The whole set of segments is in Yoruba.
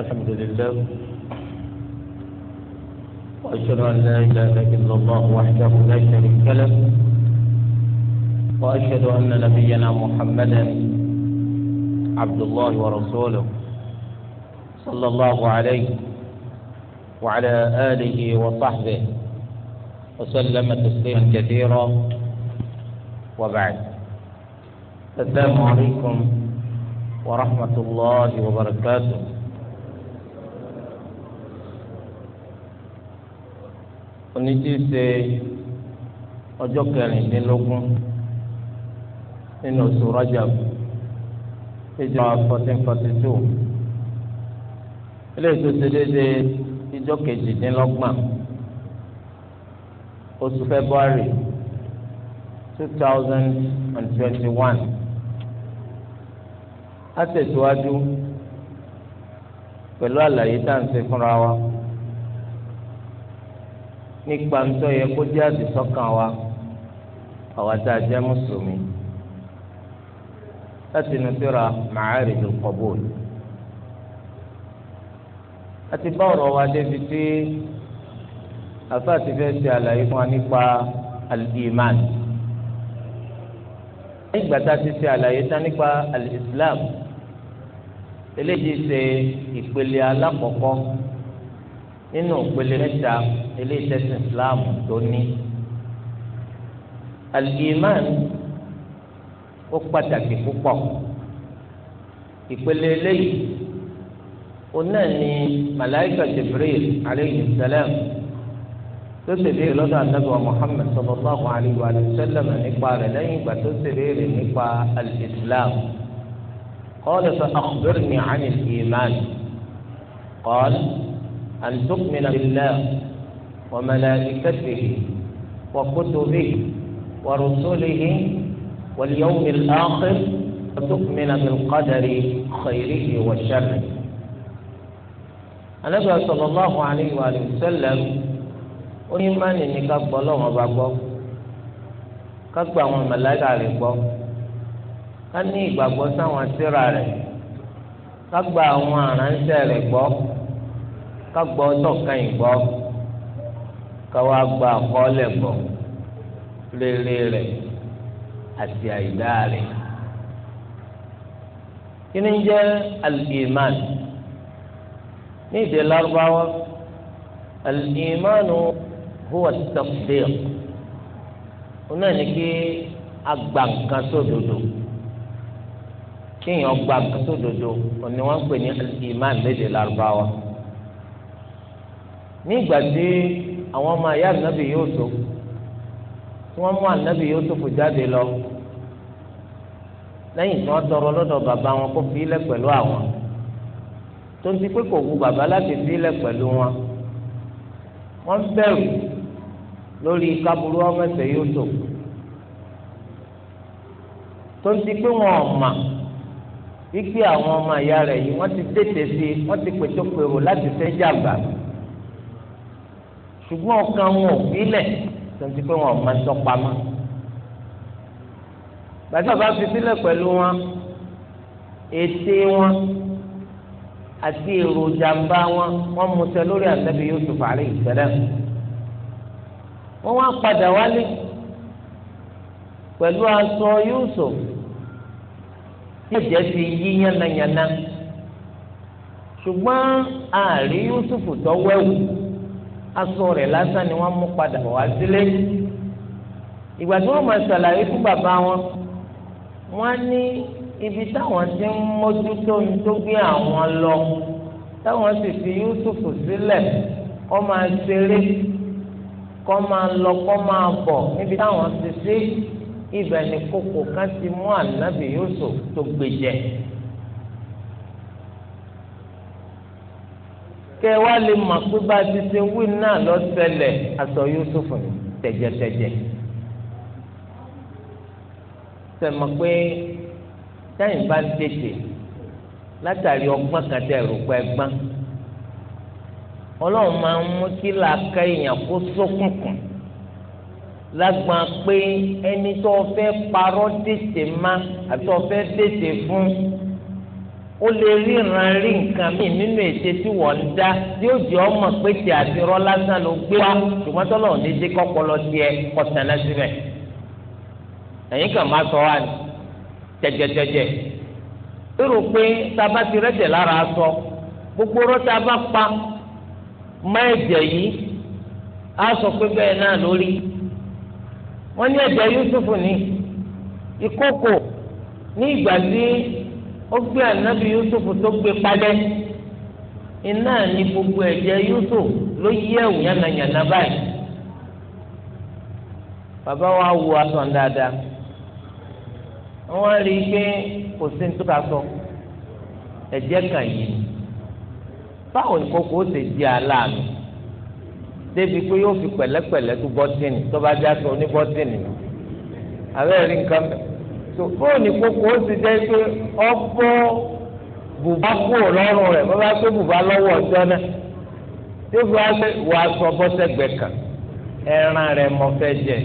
الحمد لله وأشهد أن لا إله إلا الله وحده لا شريك له وأشهد أن نبينا محمدا عبد الله ورسوله صلى الله عليه وعلى آله وصحبه وسلم تسليما كثيرا وبعد السلام عليكم ورحمة الله وبركاته òní ti ṣe ọjọ́ kẹrìndínlógún nínú oṣù Rajab ìjọ fourteen forty two ilé ìtòsí dédé ìjọ kejìdínlọ́gbọ̀n oṣù February two thousand and twenty one a tẹ̀síwájú pẹ̀lú àlàyé tá à ń ṣe fúnra wa nípa ntọ́ yẹ kó jẹ́ àdìsọ́kàn wa àwa tá a jẹ́ mùsùlùmí láti nu síra Ma'arij al-Qabul àti bá ọ̀rọ̀ wa débi tí àfa ti fẹ́ ṣe àlàyé fún wa nípa al-iman nígbà tá a ti ṣe àlàyé tán nípa al eléyìí ṣe ìpele alákọ̀ọ́kọ́ nínú òpele mẹ́ta eléyìí tẹsán islam tó ní al-iman ó pàtàkì púpọ̀ ìpele eléyìí onáà ni malaika jibril aleyhi salam tó ṣe béèrè lọ́dọ̀ anábìwá muhammed sallallahu alayhi wa sallam nípa rẹ̀ lẹ́yìn ìgbà tó ṣe béèrè nípa al-islam qala fa akhbirni ani al-iman qala. أن تؤمن بالله وملائكته وكتبه ورسله واليوم الآخر وتؤمن بالقدر خيره وشره النبي صلى الله عليه وآله وسلم onímọ̀ ní ká gbọ́ lọ́wọ́ bá gbọ́ ká gba àwọn màláíkà rẹ̀ gbọ́ ká ní ìgbàgbọ́ sáwọn tírà rẹ̀ ká gba àwọn àránṣẹ́ rẹ̀ gbọ́ kagbọ́ tọ̀ka ìgbọ́ káwa gba àkọọ́lẹ̀ gbọ́ rere rẹ̀ àti àìdá rẹ̀ kí ni jẹ́ al-iman ní ìdè lárúbáwá al iman huwa at-tasdiq oná ní kí agba nǹkan sódodo kéèyàn gba nǹkan sódodo òní wọ́n pè ní al-iman lédè lárúbáwá. So nígbà tí àwọn ọmọ ayé ànábì Yúsúf tí wọ́n mú ànábì Yúsúf jáde lọ lẹ́yìn tí wọ́n tọrọ lọ́dọ̀ bàbá wọn kó fi ilẹ̀ pẹ̀lú àwọn tó ń ti pé kò wu bàbá láti fi ilẹ̀ pẹ̀lú wọn wọ́n bẹ̀rù lórí kábúrú ọmọ ẹsẹ̀ Yúsúf tó ń ti pé wọn ò mà wípé àwọn ọmọ ìyá rẹ̀ yìí wọ́n ti tètè sí i ti pètòpèrò láti fẹ́ jàgbá ṣùgbọ́n ọkàn wọn ò bílẹ̀ tẹ̀sí pé wọn ò máa tọ́ pamọ́. bàtà bá fi sílẹ̀ pẹ̀lú wọn ète wọn àti èròjà ń bá wọn wọn mú sẹ lórí àtẹ́bí Yusuf alayhi salam wọn wá padà wálé pẹ̀lú aṣọ Yusuf ẹ̀jẹ̀ ti yí yánnayànna ṣùgbọ́n àárí Yusuf tó wẹ̀wù aṣọ rẹ̀ lásán ni wọ́n mú padà bọ̀ wá sílé ìgbà tí wọ́n máa ṣàlàyé fún bàbá wọn wọ́n ní ibi táwọn ti ń mójútó ní tó gbé àwọn lọ táwọn sì fi Yusuf sílẹ̀ kó máa ṣeré kó máa lọ kó máa bọ̀ níbi táwọn ti sí ibẹ̀ ni kókò kan ti mú ànábì Yusuf tó gbé kẹ wá lè mọ̀ pé bá a ti ṣe wí náà lọ ṣẹlẹ̀ aṣọ Yusufu ni tẹ̀jẹ̀tẹ̀jẹ̀ sẹmọ pé sẹ́yìn bá ń tètè látàrí ọgbọ́n kan tẹ ẹrù pẹ gbọ́n Ọlọ́run máa ń mú kí làákà èèyàn kó sókùnkùn lágbọn pé ẹni tó fẹ́ parọ́ tètè má àti tó fẹ́ tètè fún o lè ríran rí nǹkan mi nínú ète tí wọ́n ń dá yóò jẹ́ ọmọ pété àti rọ́lá ló gbé wá ṣùgbọ́n tó náà ní jẹ́ kọ́pọ̀lọ́ tiẹ̀ kọ̀tàn náà síbẹ̀. ẹ̀yin sọ wá ní jẹjẹjẹjẹ rírò pé tá ti rẹ́jẹ̀ lára gbogbo bá pa má ẹ̀jẹ̀ yìí á sọ pé bẹ́ẹ̀ náà lórí wọ́n ní ẹ̀jẹ̀ Yúsúfù ní ìkókò ní ìgbà ó gbé ànábì Yusuf tó gbé padẹ́ iná ní gbogbo ẹ̀jẹ̀ Yusuf ló yí ẹ̀wù yánnayànna báyìí bàbá wa wo aṣọ dáadáa wọ́n rí i pé kò sí ní tó ká sọ ẹ̀jẹ̀ kan yìí báwo ni kókó ó ti di aláàánú débi pé yóò fi pẹ̀lẹ́pẹ̀lẹ́ tó bọ́tìnì tó bá já sọ ní bọ́tìnì abẹ́rẹ́ nǹkan bẹ́ẹ̀ tó fóònù kókó ó sì jẹ́ pé ọgbọ́ bùbá kúrò lọ́rùn rẹ̀ bọ́ bá pé bùbá lọ́wọ́ ọjọ́ náà tó fi wá lé wọ aṣọ bọ́sẹ̀gbẹ̀ kan ẹran rẹ̀ mọ fẹ́ jẹ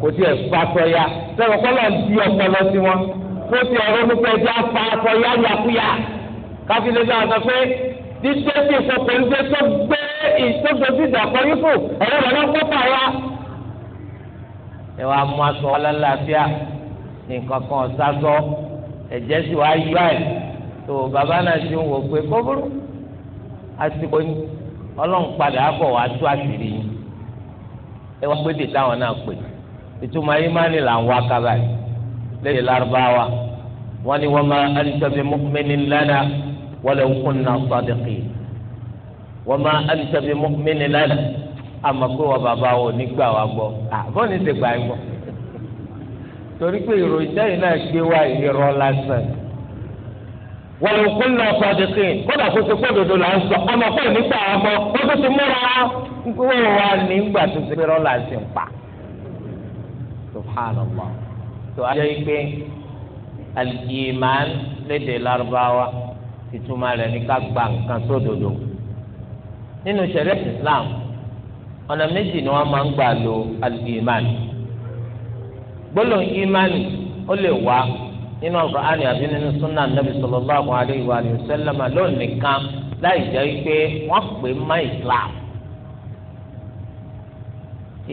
kò tiẹ̀ fa aṣọ ya sẹ́wọ̀n kọ́ lọ́n di ọpọlọ sí wọn kó tiẹ̀ ronú pé ẹjẹ́ afa aṣọ ya yakuya káfíńdé bá a sọ pé dídé ti fọkàn ń gbé tó gbé ìtòkòtì ìdàkọ yìí fò ẹ̀rọ rẹ̀ lọ́kọ́ pàrọ̀ ẹ wàá mú aṣọ alálàáfíà nǹkan kan sásọ ẹ̀jẹ̀ sì wá yọ ẹ̀ tó bàbá náà ti ń wò pé kóbúrú àsìkò yín ọlọ́run padà á bọ̀ wàá tú yín ẹ wá pété táwọn náà pè ìtumọ̀ ayé má ní là ń wá kábàáyé lẹ́yìn lárúbáwá wọ́n ní wọ́n máa ń tẹ̀sí lánàá wọ́n lè ń kún náà sọ́dẹ̀kì wọ́n máa ń tẹ̀sí lánàá àmọ́ pé wọ́n bàbá wò nígbà wa gbọ́ àbọ̀nì ti gbà gbọ́ torí pé ìròyìn sẹ́yìn náà gbé wá irọ́ lásán wọ́n lè kún náà sọ́dọ̀kì kódà kó ti kó dodo là ń sọ ọmọ pé nígbà wa gbọ́ wọ́n tó ti múra wọ́n wà nígbà tó ti rọ́ là pa subhanallah tó a jẹ́ pé alìyèmán lédè lárúbáwá ìtumọ̀ rẹ̀ ní ká gba nǹkan sódodo nínú sẹ̀rẹ̀ islam. ọ̀nà méjì ni wọ́n máa ń gbà lo al-imani gbólóhùn imani ó lè wá nínú Al-Qur'ani àbí nínú súnà nàbì lónìí kan láì jẹ́ pé wọ́n pè islam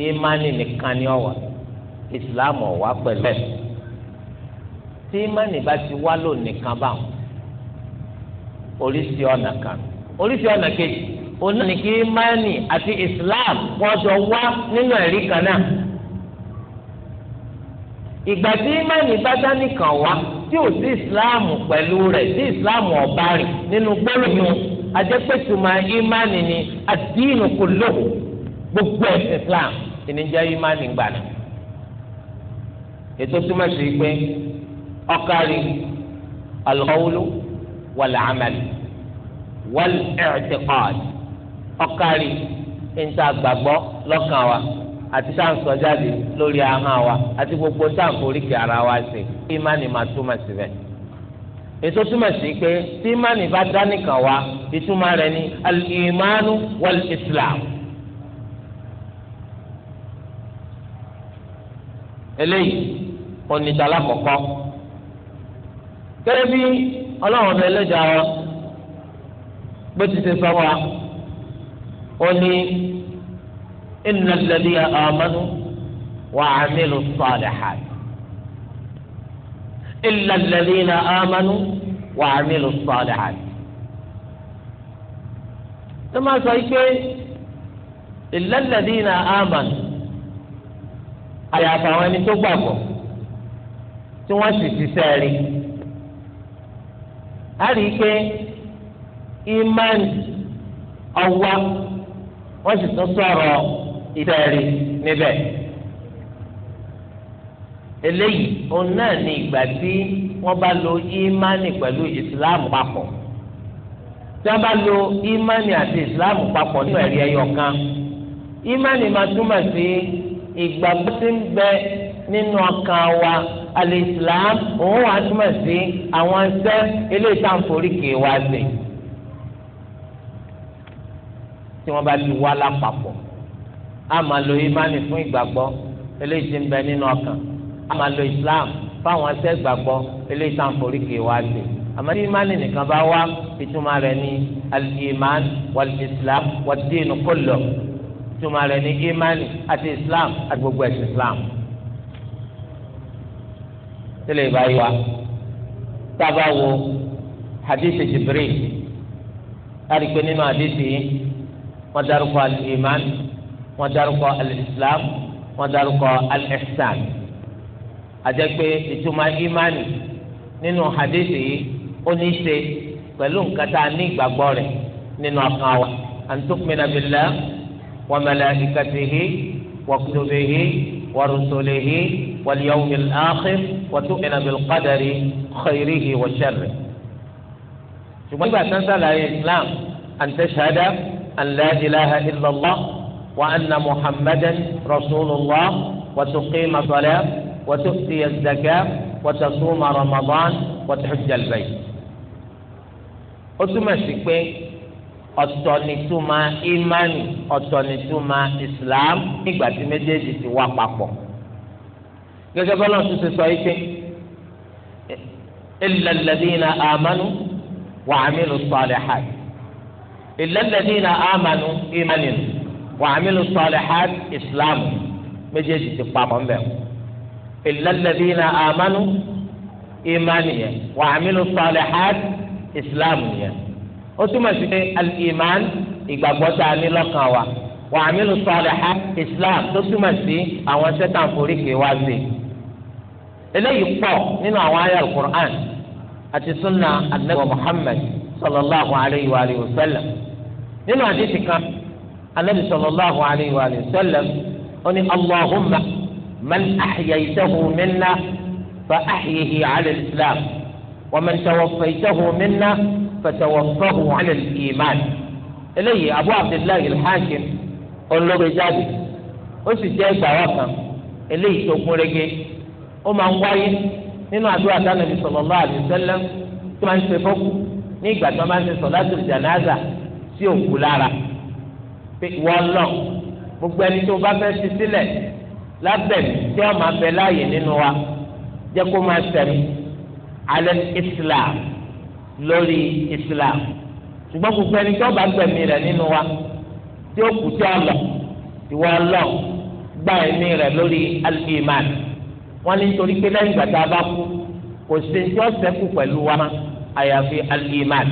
imani nìkan ni ó islam ó pẹ̀lú ẹ̀ tí imani bá ti wá lónìí kan báwọn oríṣi ọ̀nà kan oríṣi ọ̀nà kejì. onáà ní kí imáni àti islam wọ́n jọ wá nínú ẹ̀rí kan náà ìgbà tí imáni bá dání kan wá tí ò sí islam pẹ̀lú rẹ̀ tí islam ọ̀bá rẹ̀ nínú gbólóyún ajẹ́pẹ̀tùmọ̀ imáni ni àdínù kò lóhùn gbogbo ẹ̀sìn islam ìníjẹ́ imáni gbà náà ètò túmọ̀ sí pé ọkàrí alqawlu wal amal wal i'tiqad ọkàrí níta gbàgbọ́ lọ́kàn wa àti sáǹsọ jáde lórí ahọ́n wa àti gbogbo sáǹfò oríkèé ara wa ṣe kí ìmánì máa túmọ̀ sí bẹ́ẹ̀. ètò túmọ̀ sí pé tí ìmánì bá dánìkan wa ìtumọ̀ rẹ̀ ni al-imanu wal-islam. eléyìí onítàlá kọ̀kọ́ gẹ́gẹ́ bí ọlọ́run ọ̀bẹ ẹlẹ́jà wa bó ti ṣe wa ó ní innal ladhina amanu wa amilu salihat illal ladhina amanu wa amilu salihat. ló máa sọ yìí pé illal ladhina amanu àyàfà àwọn ẹni tó tí wọ́n sì ṣiṣẹ́ rí a rí i pé imani wọ́n sì tún sọ̀rọ̀ ìtẹ̀rí níbẹ̀. eléyìí òun náà ní ìgbà tí wọ́n bá lo ìmánì pẹ̀lú ìsìláàmù papọ̀ tí wọ́n bá lo ìmánì àti ìsìláàmù papọ̀ nínú ẹ̀rí ẹyọ kan ìmánì máa túmọ̀ sí ìgbàgbọ́ tí ń bẹ nínú ọkàn wa alẹ́ ìsìláàmù òun wàá túmọ̀ sí àwọn ẹsẹ́ eléyìí tá à ń forí kè wá sí i tí wọ́n bá lu wá lápapọ̀ a máa lo imani fún ìgbàgbọ́ eléyìí tí ń bẹ nínú ọkàn a máa lo islam fáwọn ẹsẹ ìgbàgbọ́ eléyìí tá à ń forí kè wá sí àmọ́ tí imani nìkan bá wá ìtumọ̀ rẹ̀ ní al-iman wal-islam wad-din kullu ìtumọ̀ rẹ̀ ní imani àti islam àti gbogbo ẹ̀sìn islam tẹ́lẹ̀ ìbáyìí wa tábà wo hadithi jibril láti pé nínú hadithi yìí wọ́n dárúkọ al-iman wọ́n dárúkọ al-islam wọ́n dárúkọ al-ihsan àjẹpé ìtumọ̀ imani nínú hadithi yìí ó ní í ṣe pẹ̀lú nǹkan tá a ní ìgbàgbọ́ rẹ̀ nínú ọkàn wa an tu'mina billah wa malaikatihi wa kutubihi wa rusulihi wal yawmil akhir wa tu'mina ṣùgbọ́n nígbà tán sàlàyé islam an أن لا إله إلا الله وأن محمدا رسول الله وتقيم صلاة وتؤتي الزكاة وتصوم رمضان وتحج البيت أتما شكوين ọ̀tọ̀nìtúmọ̀ ìmánì ọ̀tọ̀nìtúmọ̀ islam nígbà tí méjèèjì ti wá papọ̀. gẹ́gẹ́ bọ́lá tún ti sọ ike illa alladhina amanu wa amilu salihati ìlẹ́lẹ́dínà àmàlù ìmánìlù wà ámìlù sọ̀lẹ̀hát ìsìlámù méjèèjì ti papọ̀ ń bẹ̀. ìlẹ́lẹ́dínà àmàlù ìmánìyẹ wà ámìlù sọ̀lẹ̀hát ìsìlámù yẹ. ó túmọ̀ sí pé alìmán ìgbàgbọ́ tá a ní lọ́kàn wa wà ámìlù sọ̀lẹ̀hát ìsìlámù tó túmọ̀ sí àwọn sẹ́tàn foríkè wá sí. eléyìí pọ̀ nínú àwọn àyá al-Qur'an àti sunna anabi Muhammad sallallahu alayhi wa alihi wa sallam nínú àdìsí kan anabi sallallahu alayhi wa alihi wa sallam ó ní allahumma man ahyaytahu minna fa ahyihi ala islam wa man tawaffaytahu minna fa tawaffahu ala iman eléyìí abu abdullahi alhakim olóògbéjáde ó sì jẹ́ ìgbàwá kan eléyìí tó kún régé ó máa ń wáyé nínú àdúrà tánàbí sallallahu alayhi wa sallam tó máa ń ṣe fọ́kù ní ìgbà tí wọ́n bá ń ṣe sọ̀látù jànáza sí òkú lára pé wọ́n lọ gbogbo ẹni tó bá fẹ́ fi sílẹ̀ lábẹ́ tí wọ́n máa bẹ láàyè nínú wa jẹ́ kó máa sẹ̀mí alẹ́ islam lórí islam ṣùgbọ́n gbogbo ẹni tó bá gbẹ̀mí rẹ̀ nínú wa tí ó kù tí ó lọ ìwọ lọ gba ẹ̀mí rẹ̀ lórí al-iman ní nítorí pé lẹ́yìn ìgbà tá a bá kú kò sí ní tí ó ṣẹ́kù pẹ̀lú wa máa àyàfi al-iman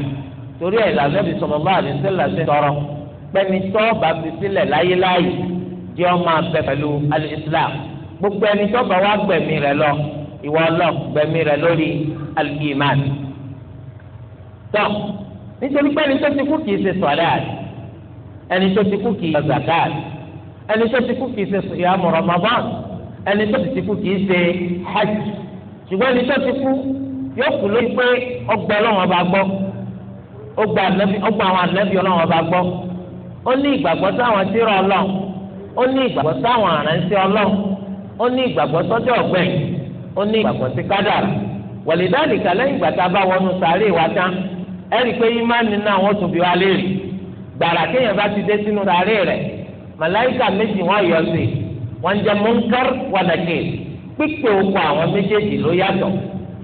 torí ẹ̀ lànàbì sallallahu alaihi wasallam ṣe tọrọ pẹ́ni tọ́ọ̀bà fi sílẹ̀ láyéláyé jẹ́ ọ máa bẹ pẹ̀lú al-islam gbogbo ẹni tọ́ọ̀bà wá gbẹ̀mí rẹ̀ lọ ìwọ ọlọ́ọ̀ gbẹ̀mí rẹ̀ lórí al-iman tọ́ nítorí pẹ́ni tó ti kú kìí ṣe sọ̀láàt ẹni tó ti kú kìí ṣe zakat ẹni tó ti kú kìí ṣe ìyàmù ẹni tó ti kú kìí ṣe hajj ṣùgbọ́n ẹni tó ti kú yọkụ kú lórí ọgbọ ọgbà ọlọ́run ọba gbọ́ ọgbà àwọn ànábì ọlọ́run ọba gbọ́ ó ní ìgbàgbọ́ sáwọn tírà ọlọ́run ó ní ìgbàgbọ́ sáwọn àránṣẹ́ ọlọ́run ó ní ìgbàgbọ́ sọ́jọ́ ọ̀gbẹ́ ó ní ìgbàgbọ́ sí kádàrà wọ̀lẹ̀dáàlì kàlẹ́ ìgbà bá wọnú sàárè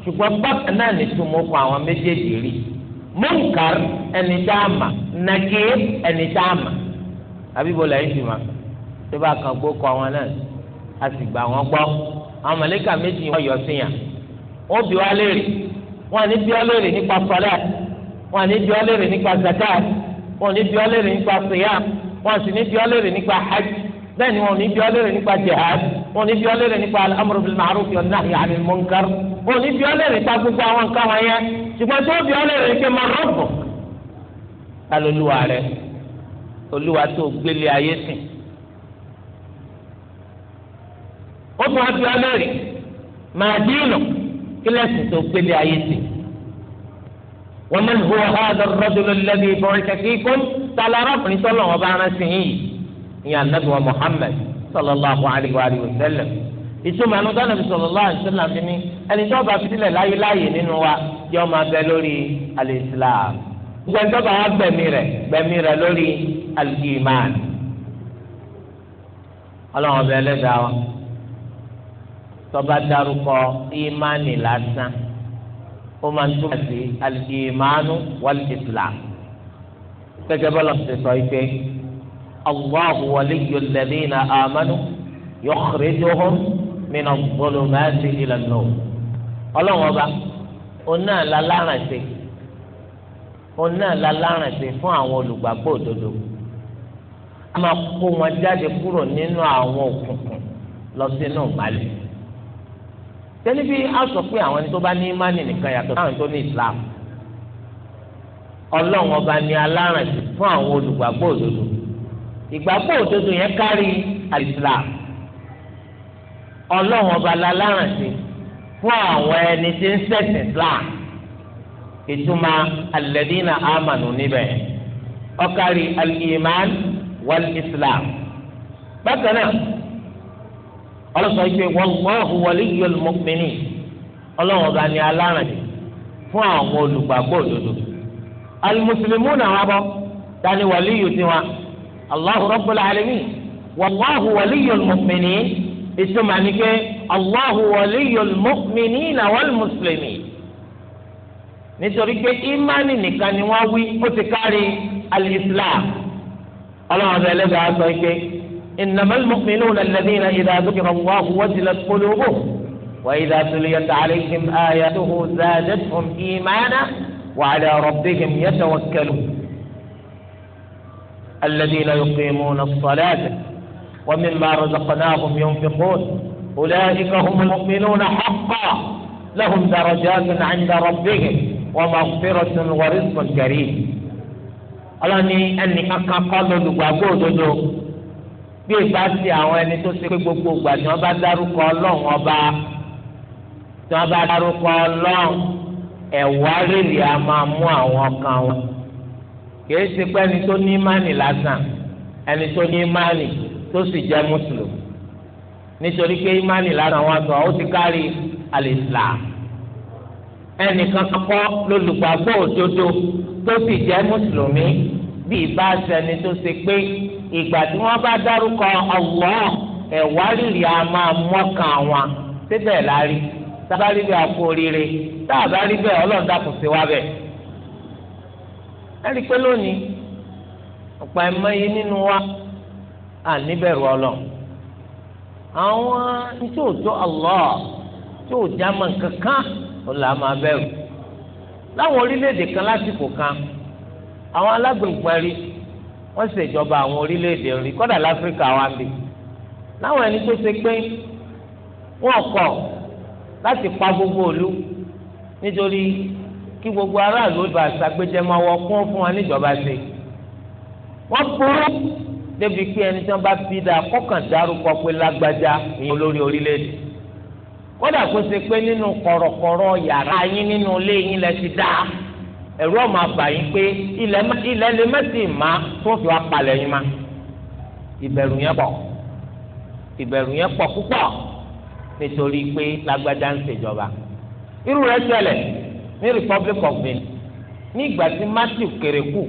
ṣùgbọ́n bákan náà nìtumọ̀ kọ àwọn méjèèjì rí munkar ẹni tá a mà nàkír ẹni tá a mà àbíbo lẹ́yìn tì mà tó bá kàn gbó àwọn náà a sì gbà wọ́n gbọ́ àwọn mọ̀lẹ́kà méjì wọ́n yọ sí yàn wọ́n bí wá léèrè wọ́n àní bí wá léèrè nípa sọ́lá wọ́n bí léèrè nípa zakat bẹ́ẹ̀ ni wọn ò ní bí ọlẹ́rẹ̀ nípa jihad wọn ò ní bí ọlẹ́rẹ̀ nípa amru bil ma'ruf wa nahy 'anil munkar wọn ò ní bí ọlẹ́rẹ̀ nípa gbogbo àwọn nǹkan wọn yẹn ṣùgbọ́n tó bí ọlẹ́rẹ̀ nípa máa rọ́bù. ta rẹ olúwa tó gbélé ayé sìn ó tún wá bí ọlẹ́rẹ̀ máa dínà kí lẹ́sìn tó gbélé ayé sìn. wa man huwa hadha ar-rajul alladhi bu'itha fikum ìyá anabi wa muhammed sallallahu alayhi wa sallam ìtumọ̀ ẹnu dáná bí sallallahu alayhi wa sallam fi ní ẹni tó bá fi sílẹ̀ láyé láàyè nínú wa yọ máa bẹ lórí al-islam gbogbo ẹni tó bá wà gbẹ̀mí rẹ̀ gbẹ̀mí rẹ̀ lórí al-iman ọlọ́run ọbẹ̀ wa tó bá dárúkọ lásán ó máa ń túmọ̀ sí al-imanu wal-islam ti sọ ife. الله ولي الذين آمنوا يخرجهم من الظلمات إلى النور ọlọ́run ọba òun náà la lárànṣe òun náà la lárànṣe fún àwọn olùgbàgbọ́ òdodo a máa kó wọn jáde kúrò nínú àwọn òkùnkùn lọ sínú ìmàlẹ̀ tẹ́lẹ̀ bí a sọ pé àwọn ẹni tó bá ní ìmánì nìkan yàtọ̀ sáwọn tó ní Islam ọlọ́run ọba ni alárànṣe fún àwọn olùgbàgbọ́ òdodo ìgbàgbọ́ òdodo yẹn kárí alìsílám ọlọ́run ọba lálárànṣe fún àwọn ẹni tí ń ṣẹ̀sìn islam ìtumọ̀ alẹ́dínà amànù níbẹ̀ ọkàrí alìmán wàl islam bákan náà ọlọ́sọ̀ ìpè wallahu waliyyul mu'minin ọlọ́run ọba ni alárànṣe fún àwọn olùgbàgbọ́ òdodo alimusulmù náà wà bọ́ tani wàlíyù tiwọn allahu rabbul alamin wàlláhu waliyyul mu'minin ìtumọ̀ àníkẹ́ allahu waliyyul mu'minina wal muslimin nítorí pé ìmánì nìkan ni wọ́n wí ó ti kárí al-islam ọlọ́run ọ̀sẹ̀ ẹlẹ́gbẹ̀ẹ́ sọ pé innamal mu'minuna alladhina idha dhukira allahu wajilat qulubuhum wa idha tuliyat alayhim ayatuhu zadatuhum imana wa ala rabbihim yatawakkalun. الذين يقيمون الصلاة ومما رزقناهم ينفقون أولئك هم المؤمنون حقا لهم درجات عند ربهم ومغفرة ورزق كريم ọlọ́ni ẹnìkan kan kọ́ lọ́lùgbàgbọ́ òdodo bí ìgbà tí àwọn ẹni tó ṣe pé gbogbo ìgbà tí wọ́n bá dárúkọ ọlọ́run ọba tí wọ́n bá dárúkọ ọlọ́run ẹ̀wá rèlè a máa mú àwọn kan wọn kìí ṣe pé ẹni tó ní ìmánì lásán ẹni tó ní ìmánì tó sì jẹ́ mùsùlùmí nítorí pé ìmánì lásán wọn sọ ó ti kárí alìsílámù ẹnìkan kọ́ lólùgbàgbọ́ òdodo tó sì jẹ́ mùsùlùmí bí ìbá sẹni tó ṣe pé ìgbà tí wọ́n bá dárúkọ Allah ẹ̀wá rírì a máa mọ́kàn wọn síbẹ̀ lárí tábàrí bẹ́ẹ̀ àpò oríire bẹ́ẹ̀ ọlọ́ọ̀dà kò sí wá bẹ́ẹ̀ ẹ̀rí pé lónìí ọ̀pọ̀ ẹ̀mọ́yé nínú wa àníbẹ̀rù ọlọ́run àwọn tí ò tó Allah tí ò já mọ́ kankan ó là máa bẹ̀rù láwọn orílẹ̀-èdè kan lásìkò kan àwọn alágbègbè wọ́n ṣèjọba àwọn orílẹ̀-èdè rí kọ́dà láfíríkà wa bì láwọn ẹni tó ṣe pé wọ́n kọ̀ láti pa gbogbo òlu nítorí kí gbogbo aráàlú bá ṣàgbéjẹmọwọ kún fún wa níjọba ṣe wọn burú débi pé ẹni tí wọn bá fi dáa kọkàn dárúkọ pé lágbájá ìyẹn olórí orílẹ̀-èdè kódà kó ṣe pé nínú kọ̀rọ̀kọ̀rọ̀ yàrá yín nínú ilé yín lẹ ti dáa ẹ̀rú ọ̀mà bà yín pé ilẹ̀ lè mẹ́sì má tó fi wá palẹ̀ yín má ìbẹ̀rù yẹn pọ̀ ìbẹ̀rù yẹn pọ̀ púpọ̀ nítorí pé lágbájá ń ṣèjọba irú rẹ̀ ṣẹlẹ̀ ní republic of benin ní ìgbà tí matthew kérékù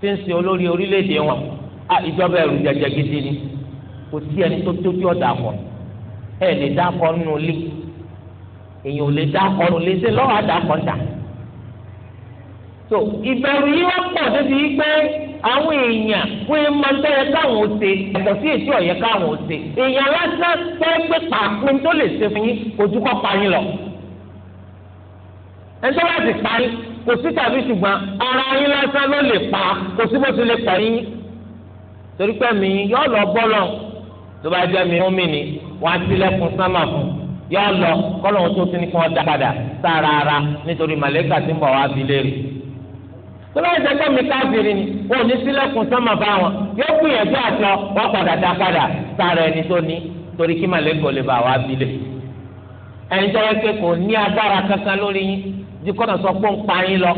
ti ń ṣe olórí orílẹ̀-èdè wọn a ìjọba ẹ̀rù jẹjẹ gidi ni kò sí ẹni tó tó tí ó dà pọ̀ ẹ lè dá pọ̀ nínú ilé èyàn ò lè dá pọ̀ nínú ilé ṣe lọ́wọ́ àdá pọ̀ níta so ìbẹ̀rù yìí wọ́n pọ̀ débi pé àwọn èèyàn wọ́n ń máa ń tẹ́yẹ káwọn ò ṣe ẹ̀kọ́ sí èsì ọ̀yẹ́ káwọn ò ṣe èèyàn lásán tẹ́ pé pàápín tó lè ṣe fún yín ojú pa yín lọ ẹjọ́ bá ti parí kò sí tàbí ṣùgbọ́n ara yín lásán ló lè pa kò sí bó ti lè pa yín torí pé mi yọ lọ bọ́lọ̀ tó bá jẹ́ mi mú mi ni wọ́n á tilẹ̀kùn sánmà fún yọ lọ kọ́lọ́hún tó ti ní kí wọ́n dá padà sára ara nítorí màlẹ́kà ti ń bọ̀ wá bi léèrè tó bá jẹ́ pé mi káfíìrì ni wọn ò ní tilẹ̀kùn sánmà bá wọn yóò gbìyànjú àtọ wọ́n padà dá padà sára ẹni tó ní torí kí màlẹ́kà lè bá wá bi léèrè ẹni tó wá pé ní agbára kankan lórí yín jikọ́nà sọ pé ń pa yín lọ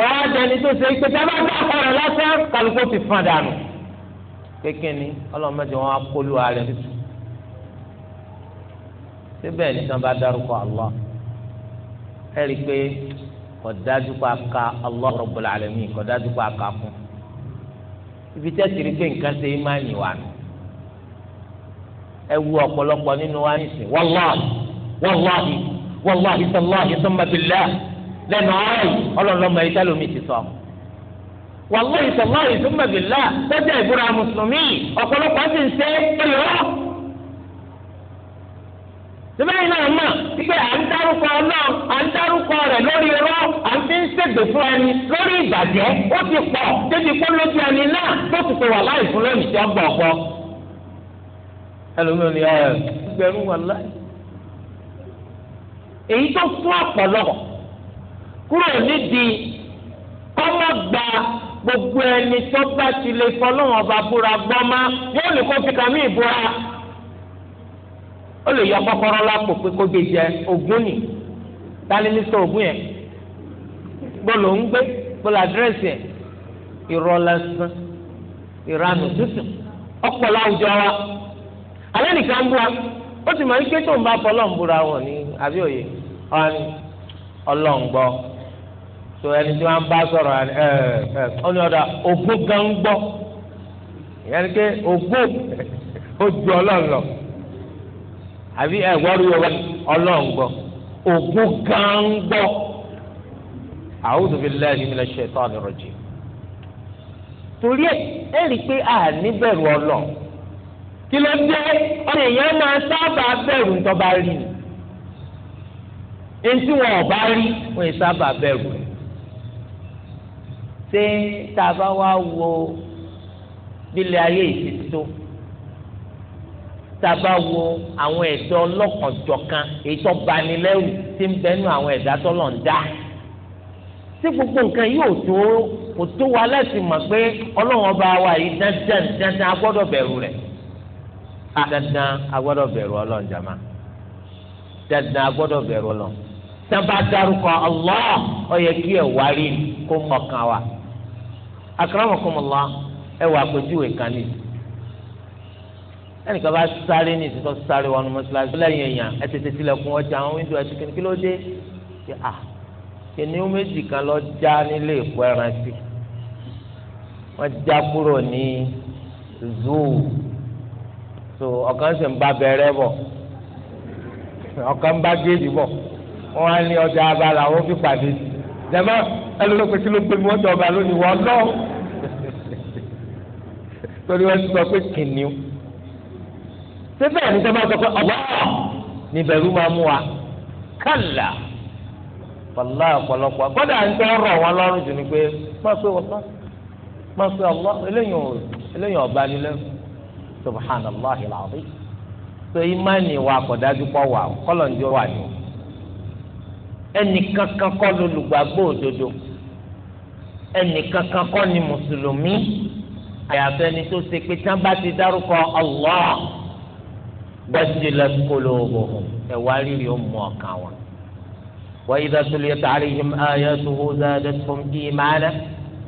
ẹ wá dẹni tó ṣe pé tábà tó àkọrọ lọ́sẹ̀ kálukó ti fún àdánù kékeré ni ọlọ́mọdé wọn á kólú ààrẹ tutù síbẹ̀ ní sábà dárúkọ Allah ẹ rí i pé kò dájú kó a ka Allah Rabbul Alamin kò dájú kó a fún ibi tẹ́ ti rí pé nǹkan ṣe é máa ń nù ẹ wú ọ̀pọ̀lọpọ̀ nínú wa nísìnyí wallahi wallahi wallahi sallahi lẹ́nu ọ̀rọ̀ yìí ọlọ́lọ́mọ yìí tẹ́lómi ti sọ. wàlúù ìsọ̀lá ìsúnmọ̀bìlá tọ́jà ìbúra mùsùlùmí ọ̀pọ̀lọpọ̀ sì ń ṣe ìrọ́. sibẹ́yìn náà mọ̀ pípẹ́ à ń dárúkọ ọlọ́run à ń dárúkọ rẹ̀ lórí irọ́ à ń fi ń ṣègbè fún ẹni lórí ìbàjẹ́ ó ti pọ̀ débi kó lójú ẹni náà tó ti pè wà láì fún lónìí tí ọ̀pọ̀. ẹlòmíràn ẹ gbẹrún wà èyí tó fún ọ̀pọ̀lọpọ̀ kúrò nídìí kọ́mọ́ gba gbogbo ẹni tó bá ti lè fọlọ́wọ́n ọba búra gbọ́má yóò ní kó fi kàmí ìbúra ó lè yọ kọ́kọ́rọ́ lápò pé kó gbé jẹ ògún ni dání mísọ ògún yẹn gbọ́dọ̀ ń gbé gbọ́dọ̀ àdírẹ́sì ẹ̀ irọ́ lásán ìranù tútù ọ̀pọ̀ láwùjọ wa alẹ́ nìkan ń búra ó sì máa ń ké tó ń bá fọlọ́ọ̀ búra wọ̀ ní àbí òye ọ̀hún ọlọ́ọ̀ tó ẹni tí wọ́n bá sọ̀rọ̀ ẹ ẹ ọ̀nà ọ̀dà ògbó gan gbọ́ ìyẹn ni pé ògbó ó ju ọlọ́run lọ àbí ẹ̀wọ́rú yorùbá ọlọ́run gbọ́ ògbó gan gbọ́ a'udhu billahi minash shaitani rajim torí ẹ ẹ rí i pé a níbẹ̀rù ọlọ́run kí ló dé ọmọ èèyàn máa sábà bẹ̀rù ntọ́ba rí ni etí wọn ò rí wọn ì sábà bẹ̀rù rẹ̀ ṣé tá a bá wá wo bílẹ̀ ayé ìtìtò tá a bá wo àwọn ẹ̀dá ọlọ́kànjọ̀kan èyí tó bani lẹ́rù tí ń bẹnu àwọn ẹ̀dá tọ́lọ̀ ń dá tí gbogbo nǹkan yóò tó kò tó wa láti mọ̀ pé ọlọ́run ọba wa yìí dandan dandan a gbọ́dọ̀ bẹ̀rù rẹ̀ dandan a gbọ́dọ̀ bẹ̀rù ọlọ́run jàmá dandan a gbọ́dọ̀ bẹ̀rù ọlọ́run tí wọ́n bá dárúkọ Allah ó yẹ kí ẹ̀ wárí kó mọ̀kan wa akramakumullah ẹ wà àpèjúwe kan ní ẹnìkan sari ni ní sari sáré wọnú mọ́ṣáláṣí lẹ́yìn èèyàn ẹ tètè tilẹ̀kùn ọjà àwọn wíńdò ẹtì kìnnìkì ló dé ṣe à kìnìún méjì kan lọ ni, nílé ìkó ẹran sí wọ́n já kúrò ní zoo so ọ̀kan sì ń bá bẹ̀rẹ̀ bọ̀ ọ̀kan ń bá géèdì bọ̀ wọ́n á ní abala wọ́n fi pàdé jẹ́mọ́ ẹlòmíràn kí ló gbé mi wọ́n tọ́ ọba lónìí wọ́n lọ. torí wọ́n ti sọ pé kìnìún. síbẹ̀ ní sọ́mọ́ sọ pé ọ̀bọ̀ ní bẹ̀rù máa mú wa kálá wàlá ọ̀pọ̀lọpọ̀ gbọ́dọ̀ à ń tẹ́ ọ̀rọ̀ wọn lọ́rùn jù ni pé má pé wàlá má pé ọ̀lá eléyìí ọ̀bá ni lẹ́nu subhanallah ilaahi so imani wa akọ̀dájú kọ́ wà kọ́lọ̀ ń jọ ẹnì kankan kọ́ lólùgbàgbọ́ òdodo ẹnìkankan kọ́ ni mùsùlùmí àyàfẹ́ ni tó ṣe pé tí wọ́n bá ti dárúkọ Allah bajilat qulubuhum ẹ̀wá rírì ó mú ọkàn wọn. wa idha tuliyat alayhim ayatuhu zadatuhum imana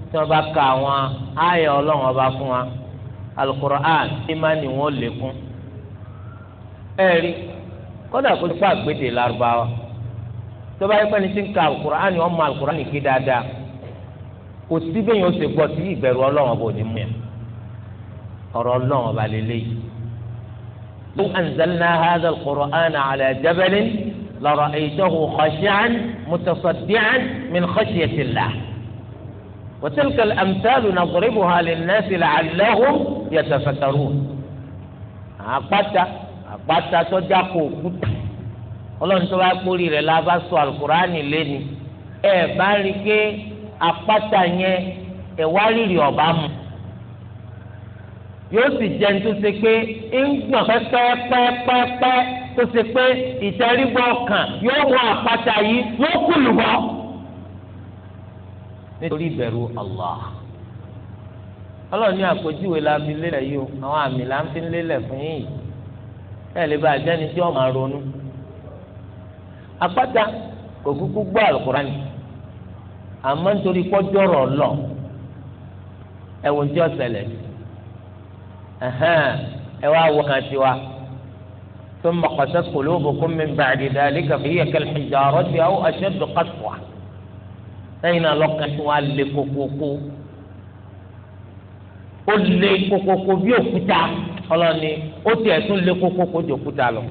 tí wọ́n bá ka àwọn ayọ̀ ọlọ́run ọba fún wa alukur'an imani wọn lékún. ẹ̀rí kọ́dà kó tó fà gbèdè lárúbáwá tó bá yẹ pé ní ti ń ka alukur'an wọn mọ alukur'an kí dáadáa kò sí bẹ́ẹ̀ yóò ṣe gbọ́ sí ìbẹ̀rù ọlọ́run ọba òní mú yẹn ọ̀rọ̀ ọlọ́run ọba lélẹ́yìí. لو أنزلنا هذا القرآن على جبل لرأيته خاشعا متصدعا من خشية الله وتلك الأمثال نضربها للناس لعلهم يتفكرون àpáta àpáta sọjá kò kúta ọlọ́run tó bá kórìí rẹ̀ la bá sọ alukurani Apata yẹn ẹ̀wá rírì ọ̀bá mu yóò sì jẹ́ ní tó ṣe pé ń gbọ̀n pẹ́pẹ́pẹ́pẹ́ tó ṣe pé ọkàn yóò wọ àpáta yìí yóò kú nítorí Allah àpèjúwe la fi lélẹ̀ yìí o àwọn àmì la fi lélẹ̀ fún yìí ẹ̀ lè bá àjẹ́ni tí ọ̀ máa ronú kò àmọ́ nítorí pọ́jọ́rọ̀ lọ ẹ̀wọ̀n tí ọ̀sẹ̀lẹ̀ ẹ wá wọ hàn tiwa ثم قست قلوبكم من بعد ذلك فهي كالحجارة أو أشد قسوة أين لقت والكوكوكو ó lé kókókó bí òkúta ọlọ́ni ó tiẹ̀ tún lé kókókó jòkúta lọ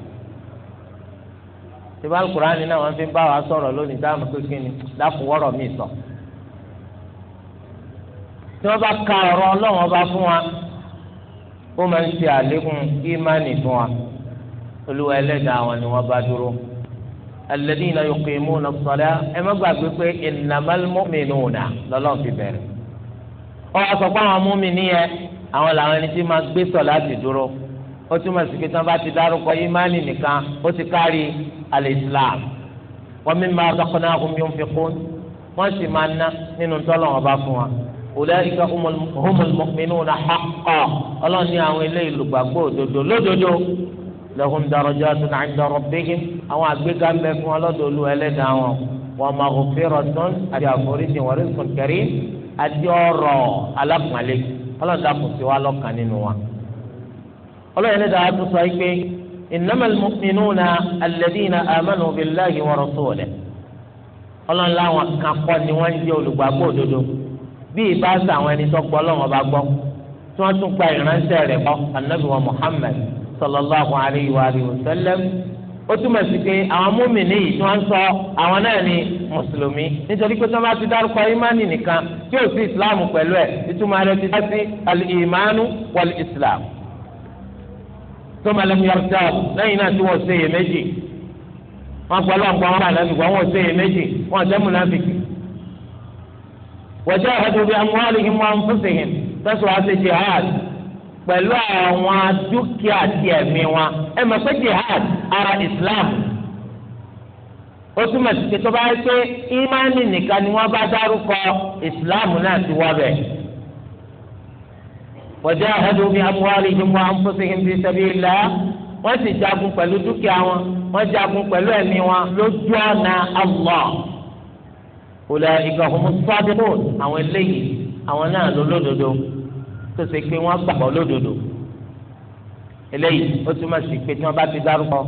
tí bá alukurani náà wọn fi bá wa sọ̀rọ̀ lónìí dáhùn kékeré ni dákúwọrọ mi sọ tí wọn bá ka ọ̀rọ̀ Ọlọ́run ọba fún wa ó máa ń ṣe àlékún ìmánì fún wa olúwa ẹlẹ́dàá wọn ni wọn bá dúró alladhina yuqimuna as-salah ẹ má gbàgbé pé innamal mu'minuna lọ́lọ́run fi bẹ̀rẹ̀ ọ àsọpọ̀ àwọn mùmínì yẹn àwọn làwọn ẹni tí máa gbé sọ láti dúró ó túmọ̀ sí pé tí wọ́n bá ti dárúkọ ìmánì nìkan ó ti kárí al-Islam wa mimma razaqnahum yunfiqun wọ́n sì máa ná nínú tọ́lọ̀ ọba fún wa ulaika humul mu'minuna haqqan ọlọ́ọ̀ni àwọn eléyìí lùgbàgbọ́ òdodo lódodo lahum darajatun 'inda rabbihim àwọn àgbéga ń bẹ fún ọlọ́dọ̀ olú ẹlẹ́dàá wọn wa maghfiratun àti àforíjì wa rizqun karim àti ọ̀rọ̀ alákùnrin ọlọ́dà kò sí wa lọ́kàn nínú wa ọlọ́yìn lẹ́dàá á tún sọ yìí pé innamal mu'minuna alladhina amanu billahi wa rasulihi ọlọ́run láwọn kan kọ́ ni wọ́n ń jẹ́ olùgbàgbọ́ òdodo bí ìbá sọ àwọn ẹni tó gbọ́ lọ́wọ́ bá gbọ́ tí wọ́n tún gba ìránṣẹ́ rẹ̀ kọ́ anabi wa muhammed sallallahu alayhi wa alihi wa sallam ó túmọ̀ sí pé àwọn múmìnì yìí tí wọ́n ń sọ àwọn náà ni mùsùlùmí nítorí pé tí ti dárúkọ ìmánì nìkan tí ò sí ìsìláàmù pẹ̀lú ẹ̀ ìtumọ̀ rẹ̀ ti dá sí al-ìmánu wal tó máa lẹ́nu yọrọ dáa lẹ́yìn náà tí wọ́n ṣe yẹ méjì wọ́n gbọ́ lọ́wọ́ gbọ́ wọn bá lẹ́nu gbọ́ wọ́n ṣe yẹ méjì wọ́n jẹ́ múnafìkì. wọ́n jẹ́ ẹ̀dùn bíi amúhálìhìn wọn ń fúnṣe yẹn tẹ́sán wá jihad pẹ̀lú àwọn dúkìá ti ẹ̀mí wọn ẹ mọ̀ pé jihad ara islam ó túmọ̀ sí pé tó bá yẹ pé ìmánì nìkan ni wọ́n bá dárúkọ islam náà ti wọ́ bẹ́ẹ̀ wajahadu bi amwalihim wa anfusihim fi sabilillah wọ́n sì jagun pẹ̀lú dúkìá wọn wọ́n jagun pẹ̀lú ẹ̀mí wọn lójú ọ̀nà Allah ulaika humus sadiqun àwọn eléyìí àwọn náà ló lódodo tó ṣe pé wọ́n gbàgbọ́ lódodo eléyìí ó túmọ̀ sí pé tí wọ́n bá ti dárúkọ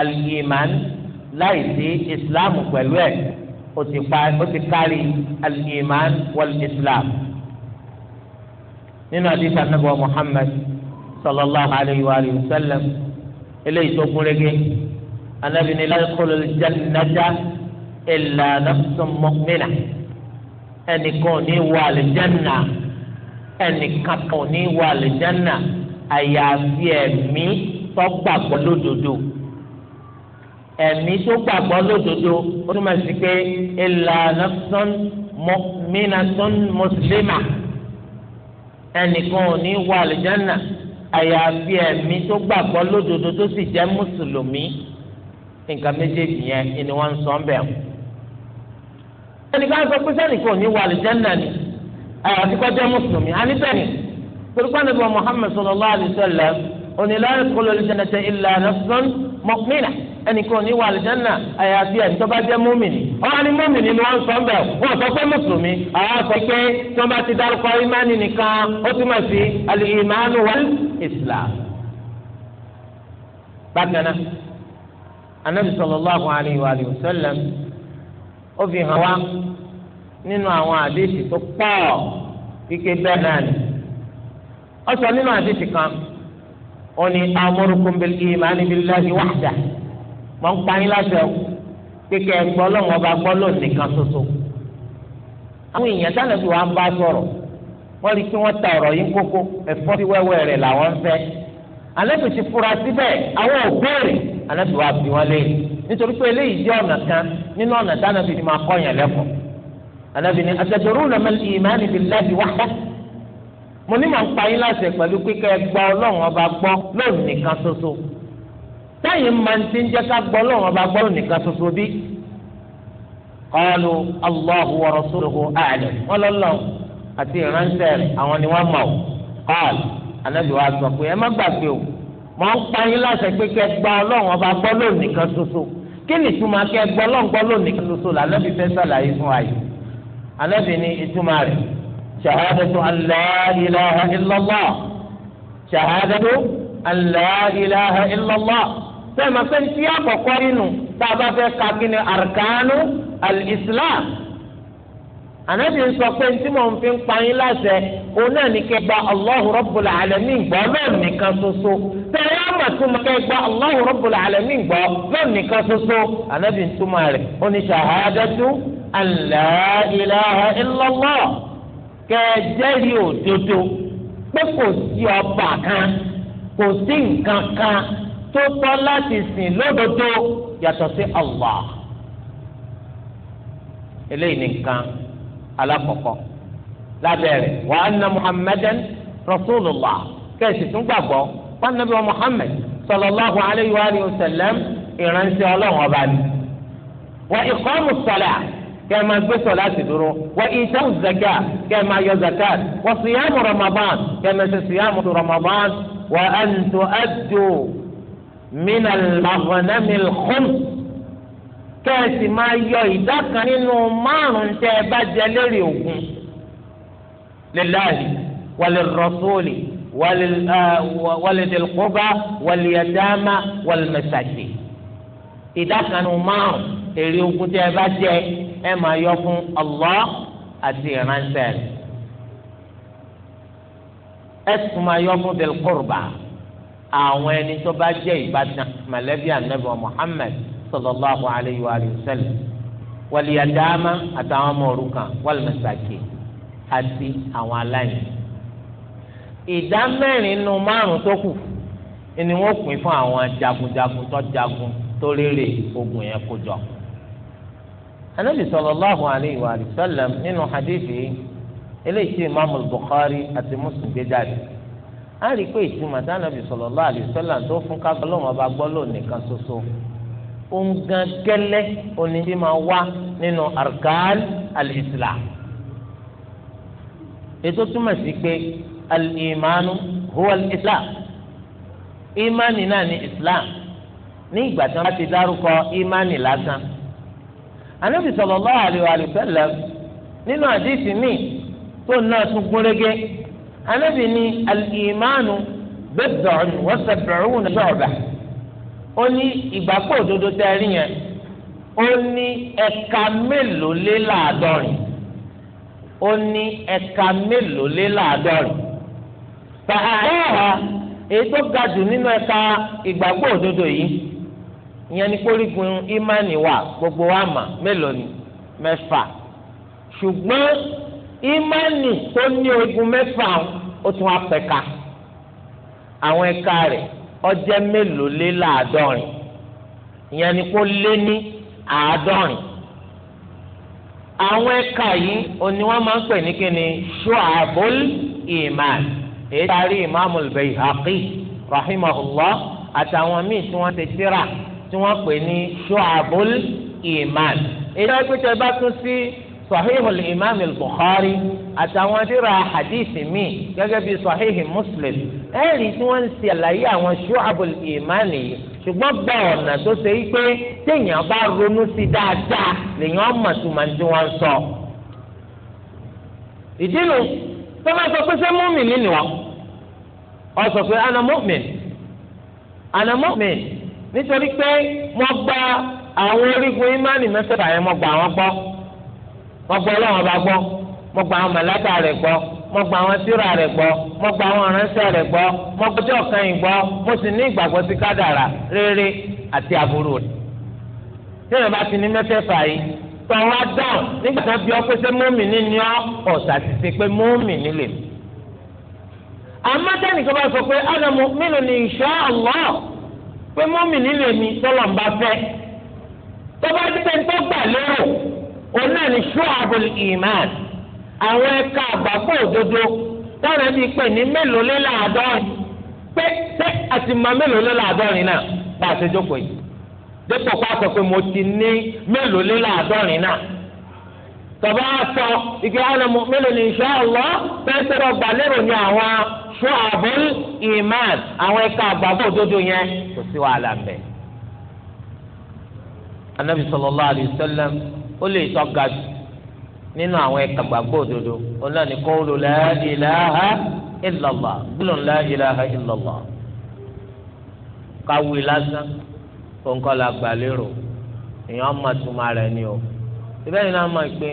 al-iman láì sí islam pẹ̀lú ẹ̀ ó ti kárí al-iman wal islam nínú àdìsá nàbọ Muhammad sallallahu alayhi wa sallam eléyìí tó kún régé anabi ní la yadkhulul jannata illa nafsun mu'mina ẹnìkan ò ní wọ àlìjánà ẹnìkan kan ò ní wọ àlìjánà àyàfi ẹ̀mí tó gbàgbọ́ lódodo ẹ̀mí tó gbàgbọ́ lódodo ó ní ma pé illa nafsun mu'minatun ẹnìkan ò ní wọ àlùjánnà àyàfi ẹ̀mí tó gbàgbọ́ lódodo tó sì jẹ́ mùsùlùmí nǹkan méjèèjì yẹn ni wọ́n ń sọ ń bẹ̀ wọ́n. ẹnìkan sọ pé sẹ́nìkan ò ní wọ àlùjánnà ni àyàfi kó jẹ́ mùsùlùmí àníbẹ̀ni torípa nàbí wa Muhammad sallallahu alaihi wasallam òní la yadkhulu al-jannata illa nafsun mu'minah ẹnìkan ní wà lìjánà àyàfi ẹni tó bá jẹ́ mùmìnì ọ̀hún ni mùmìnì ni wọ́n sọ ń bẹ̀ wọ́n sọ pé mùsùlùmí àwọn sọ pé tí wọ́n bá ti dárúkọ ìmánì nìkan ó túmọ̀ sí alìmánu wal islam. bákan náà anabi sallallahu alayhi wa sallam ó fi hàn wá nínú àwọn àdéhìí tó pọ̀ kíké bẹ́ẹ̀ náà ni ó sọ nínú àdéhìí kan ó ní amurukum bil imani billahi wahda mọ̀ ń pààyàn láṣẹ o kékeré ẹgbọ́ lọ́wọ́ ọba gbọ́ lónìí nìkan ṣoṣo. àwọn èèyàn dáná bí wàá bá sọ̀rọ̀ wọ́n rí i pé wọ́n ta ọ̀rọ̀ yín kókó ẹ̀fọ́ sí wẹ́wẹ́ rẹ̀ làwọn ń fẹ́. àlẹ́bí ti fura síbẹ̀ àwọn ò béèrè àlẹ́bí wàá bí wọ́n léèrè nítorí pé eléyìí jẹ́ ọ̀nà kan nínú ọ̀nà dáná bí ni máa kọ́ yẹn lẹ́kọ̀ọ́. àlẹ́bí ni atadruna mal imani billahi wahda mo ní màá ń sẹ́yìn máa ń ti ń jẹ́ ká gbọ́ lọ́wọ́ bá gbọ́ nìkan ṣoṣo bí. qalu allahu wa rasuluhu a'lam wọn lọ́lọ́ àti ìránṣẹ́ rẹ̀ àwọn ni wọ́n mọ̀ ọ́ qalu anabi wa sọ pé ẹ má gbàgbé o mọ̀ ń pa yín láṣẹ pé kẹ́ gba ọlọ́wọ́ bá gbọ́ lọ́wọ́ nìkan ṣoṣo kí ni ìtumọ̀ kẹ́ gbọ́ lọ́wọ́ nìkan ṣoṣo lànàbì fẹ́ sàlàyé fún ayé anabi ni ìtumọ̀ rẹ̀ shahadatu bẹ́ẹ̀ máa fẹ́ ti àkọ́kọ́ nínú tá a bá fẹ́ ka kí ni arkanu al-islam ànábì ń sọ pé tí mò ń fi ń pa yín láṣẹ òun náà ní kẹ́ gba Allahu Rabbul Alamin gbọ́ lọ́ọ̀ nìkan ṣoṣo tẹ̀lé àmàtúmọ̀ kẹ́ gba Allahu Rabbul Alamin gbọ́ lọ́ọ̀ nìkan ṣoṣo ànábì túmọ̀ rẹ̀ ó ní shahadatu an la ilaha illallah jẹ́rìí òdodo pé kò sí ọba kan kò sí nǹkan kan tó tọ́ láti sìn lódodo yàtọ̀ sí Allah eléyìí nìkan alákọ̀ọ́kọ́ lábẹ́rẹ̀ wa anna muhammadan rasulullah kẹ́sì tún gbàgbọ́ wọn nàbí wa muhammad sallallahu alayhi wa alihi wa sallam ìránṣẹ́ ọlọ́run ọba ni wa iqamu salah kẹ́ máa gbé sọ láti dúró wa ìtàn zaka kẹ́ máa yọ zakat wa siyamu ramadan kẹ́ máa ṣe siyamu ramadan wa an tu'addu mina lọ́fọ̀nẹ́mi lọ́kùn kẹ́ẹ̀sì máa yọ ìdá kan nínú márùn-ún tẹ́ ẹ bá jẹ lérè ògùn lillahi walirrasuli walidilquba ah, waliyadama walmasaki ìdá kan nínú márùn-ún èrè ògùn tẹ́ ẹ bá jẹ ẹ máa yọ fún Allah àti ìránṣẹ́ rẹ̀ ẹ sì fún bilqurba àwọn ẹni tó bá jẹ́ ìbátan mọ̀lẹ́bí anabi muhammed sallallahu alayhi wa sallam wàlíyàdáàmà àtàwọn ọmọ òrukàn wàlùmẹsàkì àti àwọn aláìní. ìdá mẹ́rin nu márùn tó kù ni wọ́n pín fún àwọn jagunjagun tó jagun tó rere ogun yẹn kó jọ. anabi sallallahu alayhi wa sallam nínú hadithi eléyìí tí imaamu bukhari àti muslim gbé jáde á rí i pé ìtumọ̀ tánàbì sallallahu alaihi wasallam tó fún ká Ọlọ́run ọba gbọ́ lò nìkan ṣoṣo òun gan gẹ́lẹ́ òní máa wá nínú arkan al-islam ètò túmọ̀ sí pé al-imanu huwa al-islam imani náà ni islam ní ìgbà tí wọ́n bá ti dárúkọ imani lásán anabi sallallahu alaihi wasallam nínú àdìsí míì tó náà tún gúnrégé anabi ni alìmánu bẹ́ẹ̀dọ̀n wọ́sẹ̀bẹ̀rún ṣọ̀bà ó ní ìgbàgbọ́ òdodo tẹ́rí yẹn ó ní ẹ̀ka mélòó lé láàdọ́rin ó ní ẹ̀ka mélòó lé láàdọ́rin fàáhà èyí tó ga jù nínú ẹ̀ka ìgbàgbọ́ òdodo yìí ìyẹn ni kórìkùn ìmánìwá gbogbo wa mà mélòó ni mẹ́fà ṣùgbọ́n Imani tó ní ogun mẹ́fà ó tún wá pẹ̀ka àwọn ẹ̀ka rẹ̀ ọjẹ́ mélòó lé láàdọ́rin ìyẹn ni kó lé ní àádọ́rin àwọn ẹ̀ka yìí òní wọ́n máa ń pè ní kíni ṣuabul iman èyí tari imaamu al-Bayhaqi rahimahullah àtàwọn míì tí wọ́n ti tírà tí wọ́n pè ní ṣuabul iman èyí tó ẹgbẹ́ tẹ bá tún sí. Si, صحيح الإمام البخاري bukhari حديث adira hadithi mi gẹ́gẹ́ bíi sahihi muslim ẹ̀rí tí الإيمان ń ṣe àlàyé àwọn shu'abul imani yìí ṣùgbọ́n gba ọ̀nà tó ṣe é pé téèyàn bá ronú sí dáadáa lèèyàn mọ̀ tó máa ń tí wọ́n ń sọ. ìdí nu tó máa sọ pé ṣé múmìnì ni wọ́n ọ sọ pé ana mu'min nítorí pé mo gba àwọn orígun imani mẹ́sẹ̀dá yẹn mo gba àwọn gbọ́ mo gbọ́ ọlọ́run ọba gbọ́ mo gba àwọn màláíkà rẹ̀ gbọ́ mo gba àwọn tírà rẹ̀ gbọ́ mo gba àwọn aránṣẹ́ rẹ̀ gbọ́ mo gbọ́jọ́ kan yìí gbọ́ mo sì ní ìgbàgbọ́ sí kádàrà rere àti aburú rẹ̀. tíyẹn bá ti ní mẹ́fẹ̀ẹ̀fà yìí tọ́ wá dáhùn nígbà tó bí ọ pé sẹ́ mọ́mìnì ni ọ ọ̀sà ti ṣe pé mọ́mìnì lè mú. àmọ́ tẹ́nìkan bá sọ pé ádámù mélòó ni insha Allah pé mọ́mìnì lè mi tọ́lọ̀ ń bá fẹ́ tọ́ bá dé òun náà ní ṣọ́ọ̀bù ìmáàn àwọn ẹ̀ka àgbàpọ̀ òdodo táwọn ẹbí pè ní mélòó lé láàdọ́rin pé pé àti máa mélòó lé láàdọ́rin náà bá a ṣe jókòó yìí dépò kó a sọ pé mo ti ní mélòó lé láàdọ́rin náà tọ́ba sọ ike alamu mélòó ní insha Allah bẹ́ẹ̀ sọ̀rọ̀ gbàlérò ní àwọn ṣọ́ọ̀bù ìmáàn àwọn ẹ̀ka àgbàpọ̀ òdodo yẹn kò sí wàhálà bẹ́ẹ̀. anabi sallallahu alayhi wa ó lè sọ ga jù nínú àwọn ẹ̀ka gbàgbọ́ òdodo ọlọ́ni kọ́ ló la ilaha ilaha illallah káwé lásán kóńkọ́ la èèyàn máa túmọ̀ rẹ̀ ni o ibẹ̀ yìí náà máa pé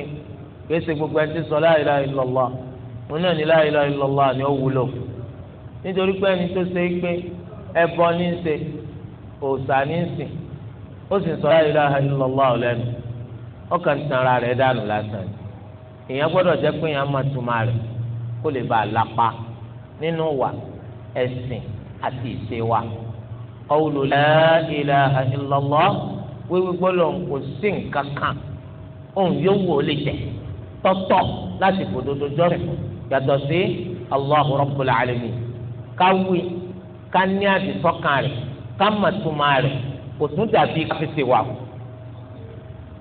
gbogbo sọ ilaha illallah mo náà ní la ilaha illallah ni ó wúlò nítorí pé ẹni tó ṣe é pé ẹbọ ní í ṣe òòṣà ní í ilaha ọkàn tanra rẹ̀ dànù lásán èèyàn gbọ́dọ̀ jẹ́ pé èèyàn máa túmọ̀ rẹ̀ kó lè bá a lápá nínú wa ẹ̀sìn àti ìṣe wa qawlu la ilaha illallah wíwí gbọ́dọ̀ kò sí nǹkan kan òun yóò wò ó lè jẹ́ tọ́tọ́ láti fòdodo jọ́sìn yàtọ̀ sí allahu rabbul alamin ká wí ká ní àdìsọ́kàn rẹ̀ ká màtúmọ̀ rẹ̀ kò tún dàbí káfíńsì wa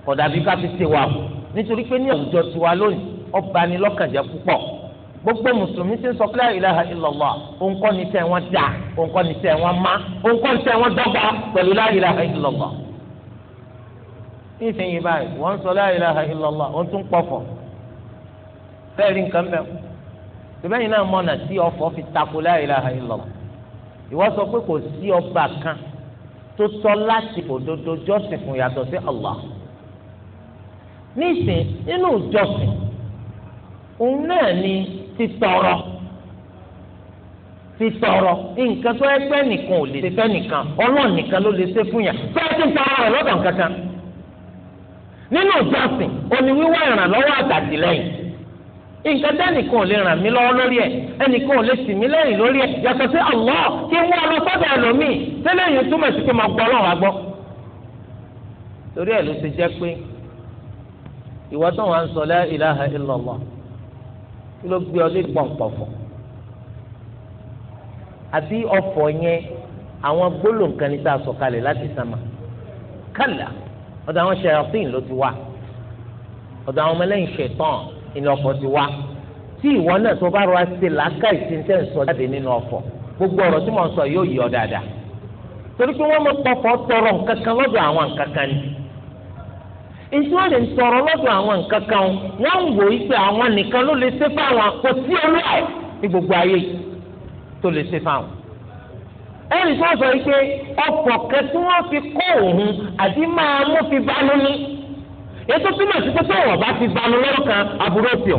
kọ̀dàbí ká fi ṣe wà o nítorí pé ní àwùjọ tiwa lónìí ọba ni lọ́kànjẹ́ púpọ̀ gbogbo mùsùlùmí ti ń sọ la ilaha illallah òǹkọ́ ni tẹ̀ wọ́n dà òǹkọ́ ni tẹ̀ wọ́n má òǹkọ́ ni tẹ̀ wọ́n dọ́gba pẹ̀lú la ilaha illallah. nísìnyí báyìí wọ́n ń sọ la ilaha illallah wọ́n tún pọ̀fọ̀ bẹ́ẹ̀ rí nǹkan bẹ́ẹ̀ tìbẹ́yìn náà mọ̀nà tí ọ̀fọ̀ fi takò la ilaha illallah ìwọ sọ pé kò sí ọba kan tó tọ́ láti òdodo jọ́sìn fún yàtọ̀ sí Allah nísìn nínú ìjọsìn òun náà ni ti tọrọ ti tọrọ nǹkan tó ẹgbẹ́ nìkan ò lè ṣe fẹ́ nìkan ọlọ́run nìkan ló lè ṣe fún yàn fẹ́ẹ́ ti ń tọrọ rẹ̀ lọ́dọ̀ kankan nínú ìjọsìn òní wíwá ìrànlọ́wọ́ nǹkan ò lè ràn mí lọ́wọ́ lórí ẹ̀ ẹnìkan ò lè mí lẹ́yìn lórí ẹ̀ yàtọ̀ sí kí wọ́n lọ sọ́dọ̀ ẹlòmíì tẹ́lẹ̀ yìí túmọ̀ sí pé máa ìwọ tó wà ń sọ la ilaha illallah kí ló gbé ọ lé pọ̀npọ̀fọ̀ àti ọ̀fọ̀ yẹn àwọn gbólóǹkan ní tá a sọ̀kalẹ̀ láti sàmà kálá ọ̀dọ̀ àwọn ṣẹ̀yàfín ló ti wá ọ̀dọ̀ àwọn ọmọlẹ́yìn ṣẹ̀tàn ìní ọ̀fọ̀ ti wá tí ìwọ náà tó bá rọ àṣìṣe làákàyè tí ń sọ jáde nínú ọ̀fọ̀ gbogbo ọ̀rọ̀ tí mo sọ yóò yí dáadáa torí pé wọ́n mọ̀ pọ̀fọ̀ ni ìjọ lè tọrọ lọ́dọ̀ àwọn nǹkan kan wọ́n ń wò wípé àwọn nìkan ló lè ṣe fáwọn ní gbogbo ayé tó lè ṣe fáwọn. ẹnì tí sọ wípé ọkọ̀ kẹ fi kọ́ òun àti máa mú fi bánú ní. ètò túmọ̀ sí pé ti òkè náà káburú ní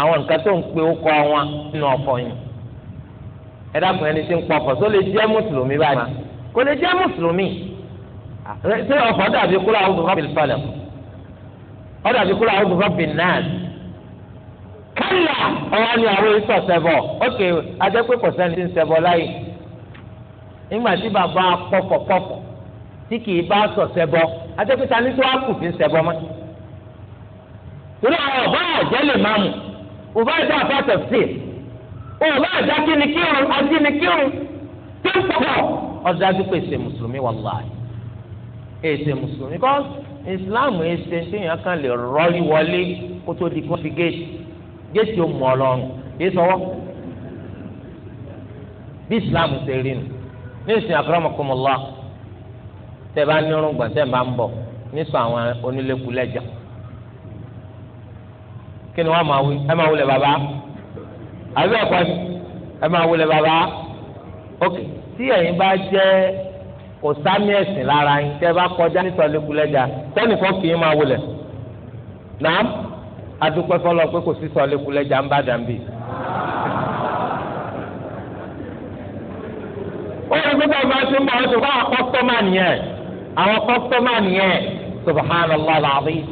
àwọn nǹkan tó ń pe ó wọn ẹ dákun ẹni tí ń pọfọ tó lè jẹ́ mùsùlùmí báyìí kò lè jẹ́ mùsùlùmí ṣé ọ̀fọ̀ dàbí kúrò àwọn òbí fọ́bìlì fọlẹ̀ ọ dàbí kúrò àwọn òbí fọ́bìlì náà kálá ọwọ́ ni àwọn ìsọ̀ sẹ́bọ̀ ókè ajẹ́ pé kò sẹ́ni tí ń sẹ́bọ̀ láyé nígbà tí bàbá pọ̀fọ̀pọ̀fọ̀ tí kì í bá sọ̀ sẹ́bọ̀ ajẹ́ pé tani tó wá kù fi ń sẹ́bọ̀ mọ́ torí àwọn ọ̀bá àjẹ́ lè máa mú ọ̀bá àjẹ́ àfàtọ̀ sí i òun náà dá kíni kírun àkíni kírun tó ń pọ̀ ọ̀dà dúpọ̀ èsè mùsùlùmí wàláì èsè mùsùlùmí kọ́ ìsìláàmù èsè téèyàn kan lè rọ́ọ̀lì wọlé kó tó di kó fi géètì géètì ó mọ̀ ọlọ́run kì í sọwọ́ bí ìsìláàmù ṣe rí nu ní ìsìn àkọ́rọ́mọkọ́mọlá tẹ́ bá ní gbọ̀n tẹ́ bá ń bọ̀ nísọ àwọn onílékulẹ́jà kí ni wọ́n máa wí ẹ máa wulẹ̀ bàbá àbí ẹ̀kọ́ ni ẹ máa wọlé bàbá ok tí ẹ̀yin bá jẹ́ kò sámi ẹ̀sìn lára yín tẹ́ bá kọjá nítorí kulẹ́jà tẹ́nìkan kì í máa wọlé náà adúpẹ́ fọlọ́ pé kò sí sọ̀lẹ́ kulẹ́jà ń bá dàbí. ó yẹ kó bàbá ti ń bọ̀ ọ́ tó bá kọ́sọ́mà nìyẹn àwọn kọ́sọ́mà nìyẹn subhanallah alazim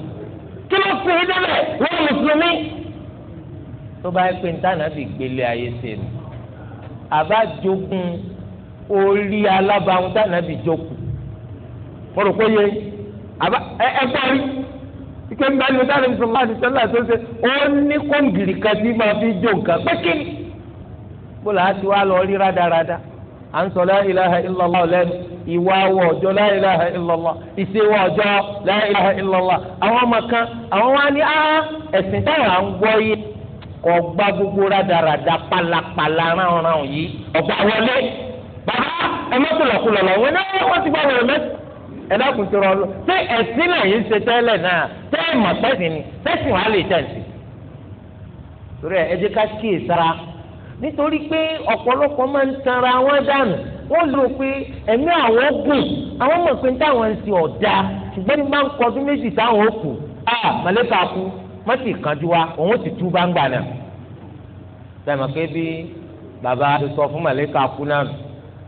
kí ló fi é débẹ̀ wọ́n mùsùlùmí. tó bá yẹ pé fi gbélé ayé ṣe nù àbá jogún orí alábàáhùn ntànàbì jogún mo àbá ẹ ike ń bá ní ọ̀tá lẹ́yìn sọ̀rọ̀ láti sọ́lá tó ṣe ó ní kóńgìrì kan tí fi jó nǹkan pékin bó ti lọ rí rádaràda à ń sọ la ilaha illallah lẹ́nu ìwà wọ ọjọ́ la ilaha illallah ìṣèwọ ọjọ la ilaha illallah àwọn ọmọ kan àwọn wa táwọn kò gbá gbogbo rádaràda pálapàla ránran yìí ọgbà wọlé bàbá ẹ má tó lọkùlọ lọ wọn náà wọn ti gbà wọlé mẹsì ẹ dákun tó rọ lọ ṣé ẹsìn náà yìí ń ṣe tẹ́lẹ̀ náà tẹ́ ẹ mọ̀ pẹ́sìn ni tẹ́sìn wàá lè tẹ̀sí. torí ẹ jẹ́ ká kíyè sára nítorí pé ọ̀pọ̀lọpọ̀ máa ń tanra wọn dànù wọ́n lò pé ẹ̀mí àwọn gùn àwọn mọ̀ pé táwọn ń ṣe ọ̀dà ṣùgbọ́n má sì kánjú wa òun ó sì tú báńgbà náà sẹ́mi pé bí bàbá ti sọ fún màlẹ́kà kú náà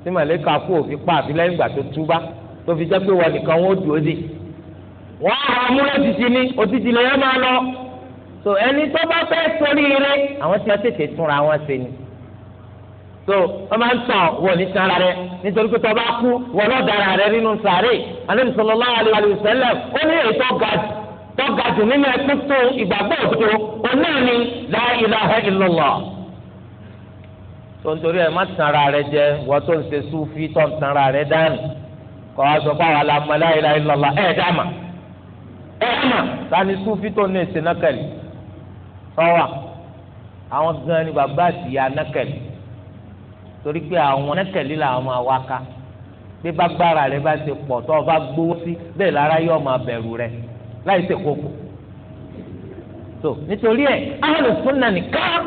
tí màlẹ́kà kú òfin pa àfi lẹ́yìn ìgbà tó tú bá tó fi jẹ́ pé wọn nìkan wọn ó dùn ó dì wọ́n á mú lọ́tìtì ni òtítì lọ́yẹ́ máa lọ so ẹni tó bá fẹ́ sórí ire àwọn tí wọ́n tètè túnra wọn ṣe ni so wọ́n máa ń tàn wọ́n ní sanra rẹ nítorí pé tó bá kú wọ́n lọ́ọ́ dára rẹ nínú sàárè alẹ́ nìsọ̀lọ́lá àlè tọ́ga jù nínú ẹkún tó ìgbàgbọ́ òdodo ọ̀nà ni la ilaha illallah. tó ń torí ẹ má tanra rẹ jẹ wọ́n tó ń ṣe súfì tó ń tanra rẹ dánù kọ́ wa sọ fún àwọn alamọ la ilaha ẹ̀ dàmà ẹ̀ dàmà sani súfì tó ní èsì nákàlì sọ́wà àwọn gan ni bàbá àtìyá nákàlì torí pé àwọn nákàlì làwọn máa wá ká bí bá gbára rẹ bá ti pọ̀ tó o bá gbowó sí bẹ́ẹ̀ lára yóò máa bẹ̀rù rẹ̀ láì ṣèkókò so nítorí ẹ ahlu sunna nìkan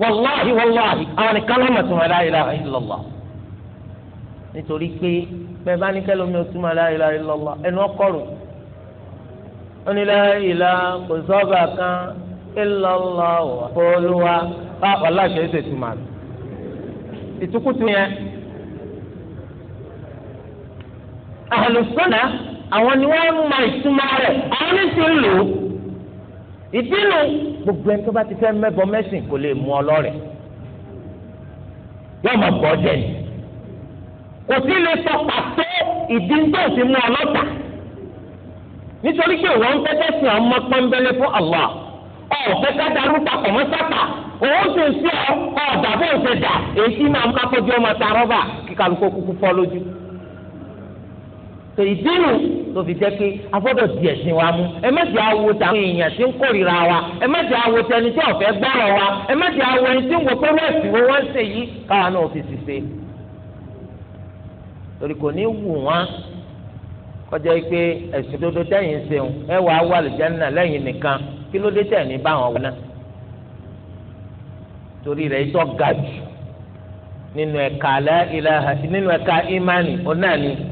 wàláhi wàláhi àwọn nìkan lọ́mọ tó wọn la ilaha illallah nítorí pé bẹ́ẹ̀ bá ní kẹlẹ́mi ó túmọ̀ la ilaha illallah ẹnu ọkọ̀rọ̀ ó ní la ilaha kò sọ́ọ̀bà kan illallah olúwa wàláhi ṣe é ṣètùmọ̀ àti ìtukùtù yẹn ahlu sunna. àwọn ni wọ́n mọ ìtumọ̀ rẹ̀ àwọn ní ti ń lò ó ìdínú gbogbo ẹni tó bá ti fẹ́ mẹ́bọ mẹ́sìn kò lè mú ọ lọ́rẹ̀ yóò máa bọ̀ jẹ́ ni kò sí lè sọ pàtó ìdí tó ti mú ọ lọ́tà nítorí pé wọ́n ń tẹ́tẹ́ sí ọmọ pọ́nbẹ́lẹ́ fún Allah ọ̀fẹ́ ká darú papọ̀ mọ́ sápà òun sì sí ọ ọ̀dà bó ṣe dà èyí máa ń kápẹ́jọ́ máa ta rọ́bà kí kálukú kúkú fọ́ lójú. tó ìdínú tó fi jẹ́ pé a gbọ́dọ̀ di ẹ̀sìn wa mú ẹ má jẹ́ awo tàwọn èèyàn tí ń kórìíra wa ẹ má jẹ́ awo tẹni tí ọ̀fẹ́ gbọ́rọ̀ wa ẹ má jẹ́ awo ẹni tí ń wò pé wẹ́ẹ̀sì wo wọ́n ń ṣe yìí káwa náà fi sì ṣe. torí kò ní wù wọ́n kọjá pé ẹ̀sìn dodo tẹ̀yìn ṣeun ẹ wàá wà lùjánà lẹ́yìn nìkan kí ló dé tẹ̀yìn bá wọn wọná. torí rẹ̀ ìtọ́ ga jù nínú ẹ̀ka ìmánì ọ̀nà ni.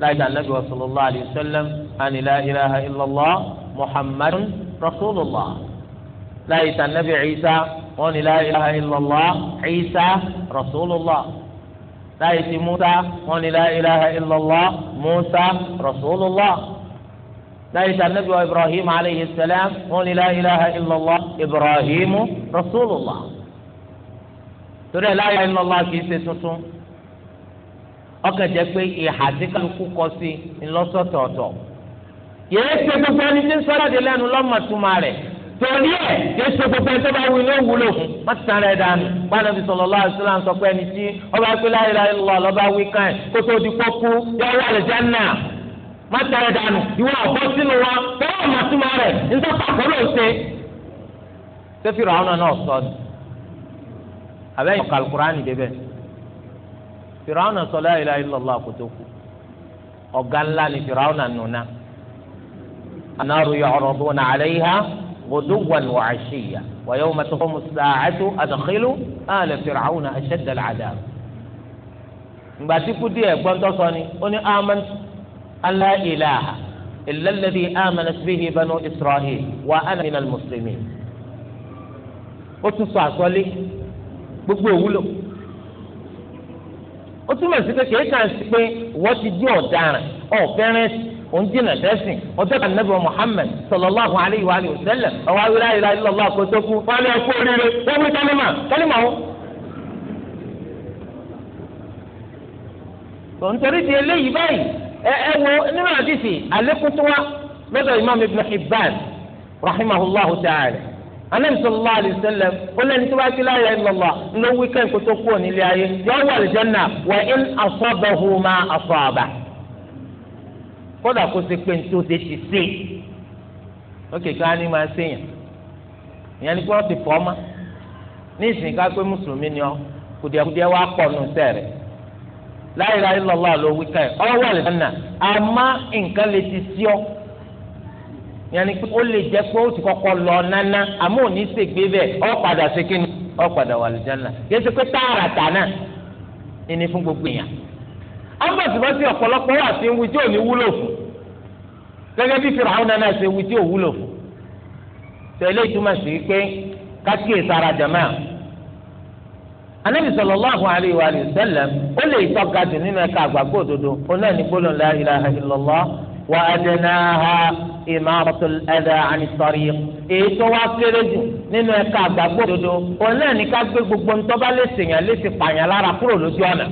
لا إله إلا صلى الله عليه وسلم أن لا إله إلا الله محمد رسول الله لا إله إلا عيسى وأن لا إله إلا الله عيسى رسول الله لا إله موسى وأن لا إله إلا الله موسى رسول الله لا إله إلا إبراهيم عليه السلام وأن لا إله إلا الله إبراهيم رسول الله ترى لا إله إلا الله في سنتهم ọkàn jẹ́ pé ìhà tí kálukú kọ sí ńlọ́sọ̀tọ̀ọ̀tọ̀ yèé ṣe gbogbo ẹni tí ń sọ́dọ̀ dé lẹ́nu lọ́mọ̀túnmá rẹ̀ torí ẹ̀ yéé ṣe gbogbo ẹni tó bá wí ló wúlò fún má ti tàn rẹ̀ dànù gbọ́dọ̀ fi sọ̀rọ̀ lọ́wọ́ àṣìlá ń sọ pé ẹni tí ọba pé láyé láyé lọ lọ́ba wí ká ẹ̀ kó tó di yọ wà má ti dànù ìwọ sínú wa ló ṣe. fìràwùnà sọ la ilaha illallah àkótó kù ọ̀gá ńlá ni fìràwùnà nùnà anáru yu'raduna 'alayha ghuduwwan wa 'ashiyya wa yawma taqumu as-sa'atu adkhilu ala fìràwùnà ashadda al-'adhab ngbàtí kú díẹ̀ gbọ́ntọ́ sọ ni ó ní amán ala ilaha illa alladhi amanat bihi banu isra'il wa ana minal muslimin ó tún sọ àsọlé gbogbo òwúlò ó túmọ̀ sí pé kìí kàn sí pé wọ́n ti di ọ̀daràn ọ̀fẹ́rẹ́ ondina dẹ́sìn ọjọ́ kan nẹ́bí Muhammad sallallahu alayhi wa alihi wa sallam ọwọ́ awúrẹ́ ayélujára ìlọ́lá àkótó kú wọ́n lé ẹkú oríire wọ́n wí kálímà kálímà ó. tó ń torí di eléyìí báyìí ẹ ẹ wo nínú àdìsí alẹ́kùn tó wá lọ́dọ̀ Imam Ibn Hibban rahimahullahu ta'ala anabi sallallahu alayhi wa sallam ó lẹni tó bá ti la ilaha illallah ló wí kẹ́ ìkótó kúrò nílé ayé yóò wà aljanna wa in asabahu ma asaba kódà kó ṣe pé nítorí ṣe ti ṣe ókè ká ní máa ṣe yàn ìyẹn ni kí wọ́n ti fọ́ ọ́ ma ní ìsìn ká pé mùsùlùmí ni ọ kùdìẹ̀kùdìẹ̀ wá pọ̀ nù sẹ́rẹ̀ la ilaha illallah ló wí kẹ́ ọ wà aljanna àmọ́ nǹkan lè ti sí ọ yẹnni pé ó lè jẹ pé ó ti kọkọ lọ nana àmọ́ òní ṣègbè bẹ́ẹ̀ ọ padà ṣe kí ni ọ padà wà lùjánà yẹn ti pé tààràtà náà ẹni fún gbogbo èèyàn. ambọ̀sibọ́sí ọ̀pọ̀lọpọ̀ wà sí ewu tí ò ní wúlò fún gẹ́gẹ́ bí fìràwọn nana ṣe ewu tí ò wúlò fún. tẹ̀lé ìtumọ̀ sí pé kákíyè sára jàmá. anábì sallallahu alaihi wa sallam ó lè nínú ẹ̀ka àgbàgbọ́ òdodo ó náà ní وأدناها إمارة الأذى عن الطريق èyí tó wá kéré jù nínú ẹ̀ka àgbàgbọ́ òdodo òun náà ní ká gbé gbogbo ń tọ́ba lè sèyàn lè sì pààyàn lára kúrò lójú ọ̀nà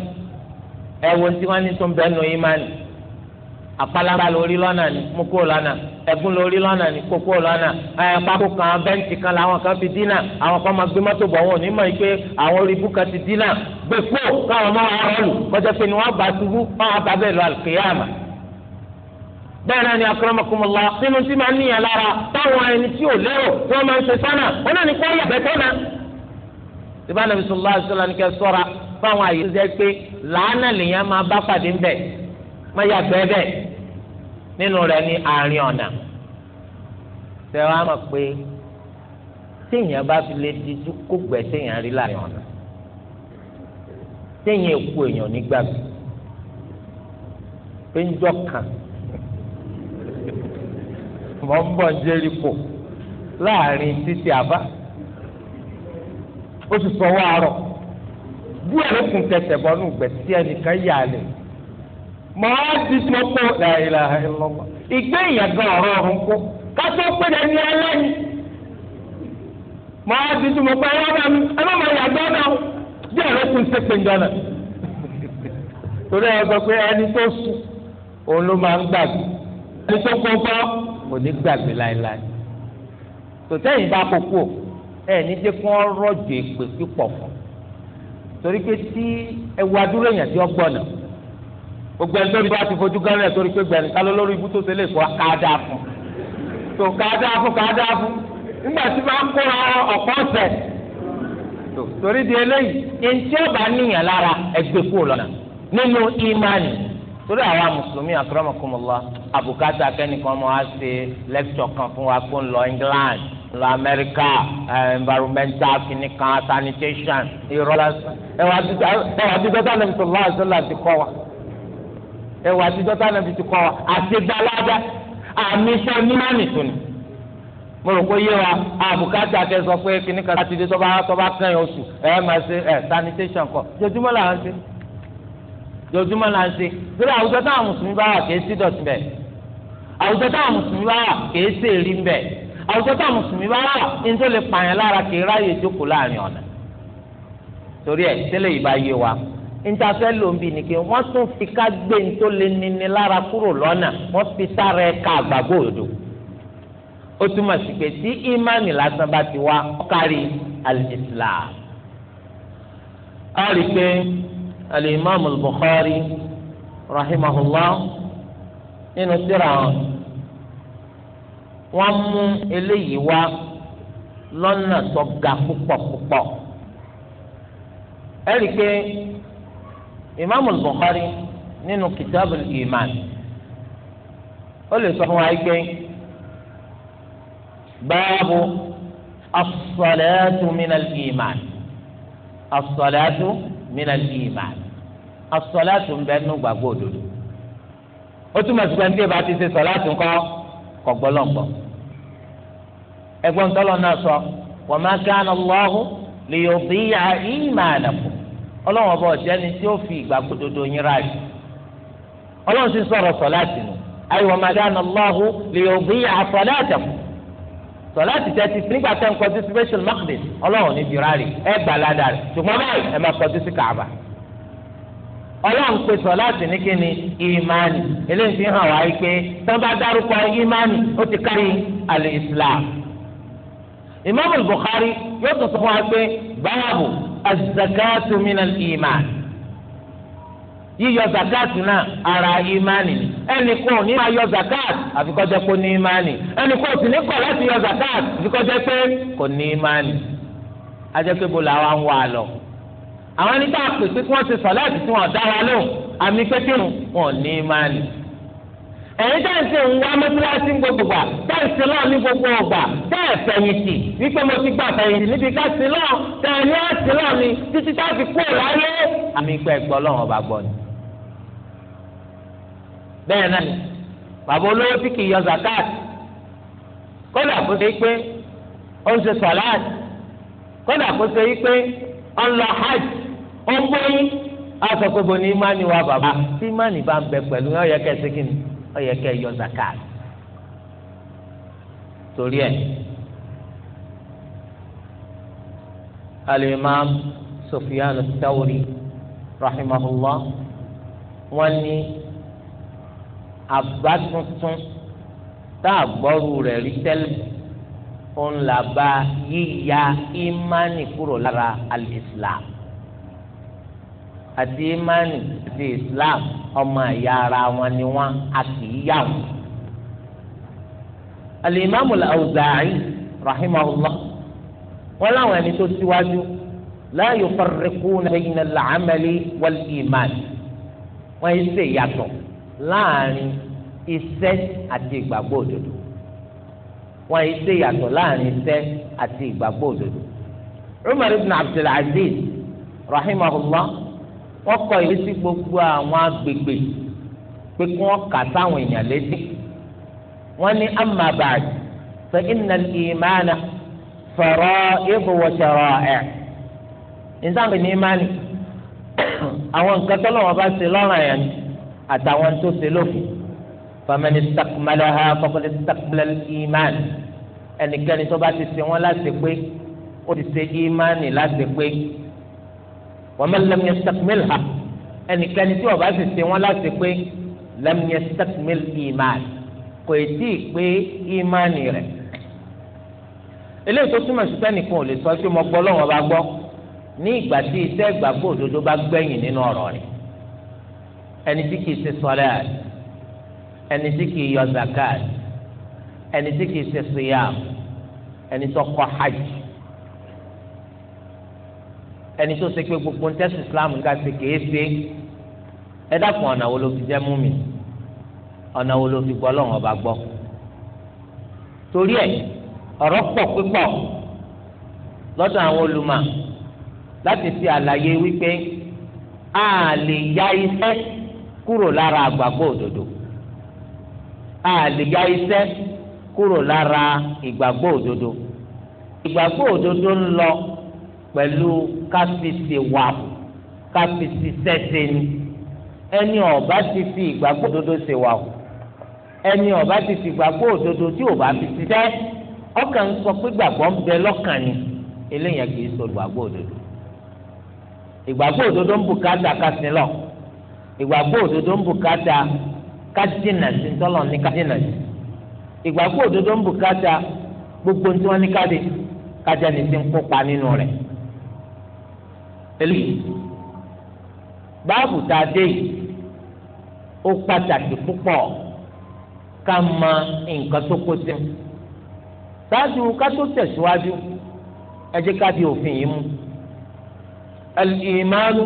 ẹ wo tí wọ́n ní tó ń bẹ́ẹ̀ nù yín máa nì àpalára lórí lọ́nà ni mú kúrò lọ́nà ẹ̀gún lórí lọ́nà ni kó kúrò lọ́nà ẹ̀ pákó kan bẹ́ǹtì kan làwọn kan fi dínà àwọn kan máa gbé mọ́tò bọ̀ wọn ò ní mọ̀ pé àwọn oríbú kan ti dínà gbé kúrò káwọn máa rọlù kọjá pé ni wọ́n bá ṣubú wọ́n á bá bẹ́ẹ̀ lọ àlùkìyàmà bẹ́ẹ̀ náà ni akramakumullah nínú tí máa ń níyàn lára táwọn ẹni tí ò lérò tí wọ́n máa ń ṣe sánà wọn náà ní kó yà bẹ́ẹ̀ tọ́nà. ìbá nàbí sọlá ṣọlá ní kẹ sọ́ra fáwọn àyè pé làánà lèèyàn máa bá pàdé má yà bẹ́ẹ̀ bẹ́ẹ̀ nínú ní àárín ọ̀nà. ṣé wàá mọ̀ pé téèyàn bá fi lè kó kan mọ̀ ń bọ̀ Jẹ́ríkò láàrin títí àbá ó sì sọ wàárọ̀ díẹ̀ ló kún tẹsẹ̀ bọ́nú gbẹ̀ tí ẹnìkan yà lẹ̀ màá ti sọ pé làyìlà ìlọ́mọ ìgbé ìyàgbọ́ ọ̀rọ̀ ọ̀run kó kátó pé ẹni ẹlẹ́ni màá ti sọ ẹ̀rọ mi ẹ̀rọ torí sọ pé ẹni tó sùn òun ló máa ń gbàgbé ẹni tó kọ́ kò ní lai lai. bá kókó ẹ ní jẹ́ kó rọ̀jò èpè pípọ̀ fún torí pé tí èèyàn tí ó gbogbo ẹni tó bá ti fojú gánà ẹ̀ torí pé gbẹ̀rù kálọ́ lórí ibú tó fún fún fún nígbà tí ń di eléyìí ẹni tí ó bá níyàn lára ẹgbẹ́ kúrò lọ́nà nínú torí àwa mùsùlùmí akramakumullah àbùkátà akẹ́nìkan ọmọ wa ṣe lẹ́kítọ̀ kan fún wa kó ń lọ England ń lọ Amẹ́ríkà eh, environmental kìnìkan sanitation ìrọ́lá ẹwà àtijọ́ tá nàbì sọ̀rọ̀ láti sọ̀rọ̀ láti kọ́ wa ẹwà àtijọ́ tá nàbì ti kọ́ wa àti gbalaja àmì iṣẹ́ ni mo rò pé yé wa àbùkátà akẹ́ sọ pé kìnìkan sátidé tọ́ba tọ́ba kẹ́yìn oṣù ẹ̀ máa ṣe sanitation kọ́ jojúmọ́ làwọn ṣe lójúmọ́ la ń ṣe torí àwùjọ táwọn mùsùlùmí bá wà kìí sí dọ̀tí bẹ̀ àwùjọ táwọn mùsùlùmí bá wà kìí sí èrí ń bẹ̀ àwùjọ táwọn mùsùlùmí bá wà ní tó lè pààyàn lára kìí ráyè jókòó láàrin ọ̀nà torí ẹ̀ tẹ́lẹ̀ yìí bá yé wa níta fẹ́ lò ń bì ní kí wọ́n tún fi ká gbé ní tó lè nini lára kúrò lọ́nà wọ́n fi sára ẹ̀ ká àgbàgbọ́ òdo ó túmọ̀ sí pé tí ìmánì lásán bá ti wá ó الإمام البخاري رحمه الله إنه سرع ومو إليه و lọ́nà tó ga púpọ̀púpọ̀ ẹ̀rí pé ìmáàmù Bukhari nínú kìtàbù ìmàn ó lè sọ fún wa pé báàbù as-salatu min al-iman as-salatu mílẹ̀ ní ìmàn asọ́láàtù ń bẹ nínú gbàgbọ́ òdodo ó túmọ̀ sí pé ní ìbá ti ṣe sọ́láàtù ńkọ́ kọ̀ gbọ́lọ́ngbọ́ ẹgbọ́n tọ́lọ́ náà sọ wa ma kana Allahu li yudi'a imanakum ọlọ́run ọba ọ̀jẹ́ ni tí ó fi ìgbàgbọ́ òdodo yín ráàyè ọlọ́run sì sọ̀rọ̀ sọ́láàtù nù aywa ma kana Allahu li yudi'a salatakum sọláàtì tẹ ti nígbà tẹ ń kọjú sí bẹ́sẹ̀ mọ́kìdì ọlọ́run ní jìrárì ẹ gbà ládàá rẹ̀ ṣùgbọ́n báyìí ẹ máa kọjú sí kàába. ọlọ́run pe sọláàtì ní kí ni ìmánì eléyìí fi hàn wáyé pé tán bá dárúkọ ìmánì ó ti kárí àlè islam. ìmáàmù Bukhari yóò tún sọ fún wa pé báàbù az-zakatu min yíyọ zakat náà ara imani ni ẹnì kan ò ní máa yọ zakat àfi kó jẹ́ ní imani ẹnì kan ò sì ní kọ̀ láti yọ zakat àfi kó jẹ́ pé kò ní imani ajẹ́pẹ́ bó làwa ń wà lọ. àwọn ẹni tá a pè pé kí wọ́n ti sọ̀láàtì tí wọ́n dá wa lóhùn àmì pékèrún wọn ò ní imani ẹ̀yin tá à ń ṣe ń wá mọ́tíláṣí ń gbogbo gbà tá à ń ṣe lọ́ọ̀ ní gbogbo ọgbà tá à fẹ̀yìntì wípé mo ti gbà fẹ̀yìntì níbi ká ṣe lọ́ọ̀ tá à ní àṣìlọ́ọ̀ ni títí tá a fi kú ọ̀rọ̀ ayé àmì ìpẹ́ ẹ̀gbọ́n lọ́wọ́ ọba bẹ́ẹ̀ náà ni bàbá olówó tí kì í yọ zakat kódà kó ṣe pé ó ń ṣe sọláàt kódà kó ṣe pé ó ń lọ hajj ó ń bóyún á sọ pé bo ní imáni wa bàbá tí imáni bá ń bẹ pẹ̀lú ó kẹ́ ṣe kí ni ó kẹ́ yọ zakat torí ẹ̀ alimam Sufyan al-Thawri rahimahullah wọ́n ní àbá tuntun tá a gbọ́rù rẹ̀ rí tẹ́lẹ̀ òun là bá yíya ìmánì kúrò lára alìsílám àti ìmánì àti ìsìlám ọmọ àyà ara wọn ni wọn a kì í yà wọn. alìmáàmù Awzaa'i rahimahullah wọn láwọn ẹni tó síwájú la yufarriquna bayna al-amali wal-iman wọn yìí ṣe ìyàtọ̀. láàrin iṣẹ́ àti ìgbàgbọ́ òdodo wọn yìí yàtọ̀ láàrin iṣẹ́ àti ìgbàgbọ́ òdodo Umar ibn Abdul Aziz rahimahullah wọn kọ ìwé sí gbogbo àwọn agbègbè pé kí wọn kà sáwọn èèyàn létí wọn ní al-imana fara'id wa shara'i' ní àtàwọn tó ṣe lófin famani sakumalaha fakọlẹ sakumalaha imaani ẹnikẹ́ni tó bá ti ṣe wọn láti pé ó ti ṣe imaani láti pé wọn bẹ lẹmìẹ sakumalaha ẹnikẹ́ni tí ó bá ti ṣe wọn láti pé lẹmìẹ sakumalaha imaani kò tí ì pé imaani rẹ eléyìí tó túmọ̀ sí sẹ́nìkan ò lè sọ pé mo gbọ́ lọ́wọ́ bá gbọ́ ní ìgbà tí iṣẹ́ ìgbàgbọ́ òdodo bá gbẹ̀yìn nínú ọ̀rọ̀ rẹ̀ ẹni tí kìí ṣe sọlẹ́t ẹni tí kìí yọ zakat ẹni tí kìí ṣe siyam ẹni tó kọ́ hajj ẹni tó ṣe pé gbogbo ntẹ́sí islam ká ṣe kìí ṣe ẹ dákun ọ̀nà wo ló fi jẹ́ múmi ọ̀nà wo ló fi gbọ́ lọ́wọ́n ọba gbọ́ torí ẹ ọ̀rọ̀ pọ̀ pípọ̀ lọ́dọ̀ àwọn olùmọ̀ láti fi àlàyé wípé a lè ya iṣẹ́ kúrò lára àgbàgbọ́ òdodo a lè ya iṣẹ́ kúrò lára ìgbàgbọ́ òdodo ìgbàgbọ́ òdodo ń lọ pẹ̀lú káfíìsì wàhù káfíìsì sẹ́sẹ́ ẹni ọba ti fi ìgbàgbọ́ òdodo ṣe ẹni ọba ti fi ìgbàgbọ́ òdodo tí ọba fi ṣiṣẹ́ ọkàn ń sọ pé gbàgbọ́ ń bẹ lọ́kàn ni eléyàn kì í sọ ìgbàgbọ́ òdodo ìgbàgbọ́ ìgbàgbọ́ òdodo ń bùkátà kájínà sí tọ́lọ̀ ní kájínà sí ìgbàgbọ́ òdodo ń bùkátà gbogbo tí wọ́n ní káde kájà ní ti ń kópa nínú rẹ̀ eléyìí báàbù tá a dé yìí ó pàtàkì púpọ̀ ká mọ nǹkan tó kó sí mu ká tó tẹ̀síwájú ẹ ká di òfin yìí mú al-imanu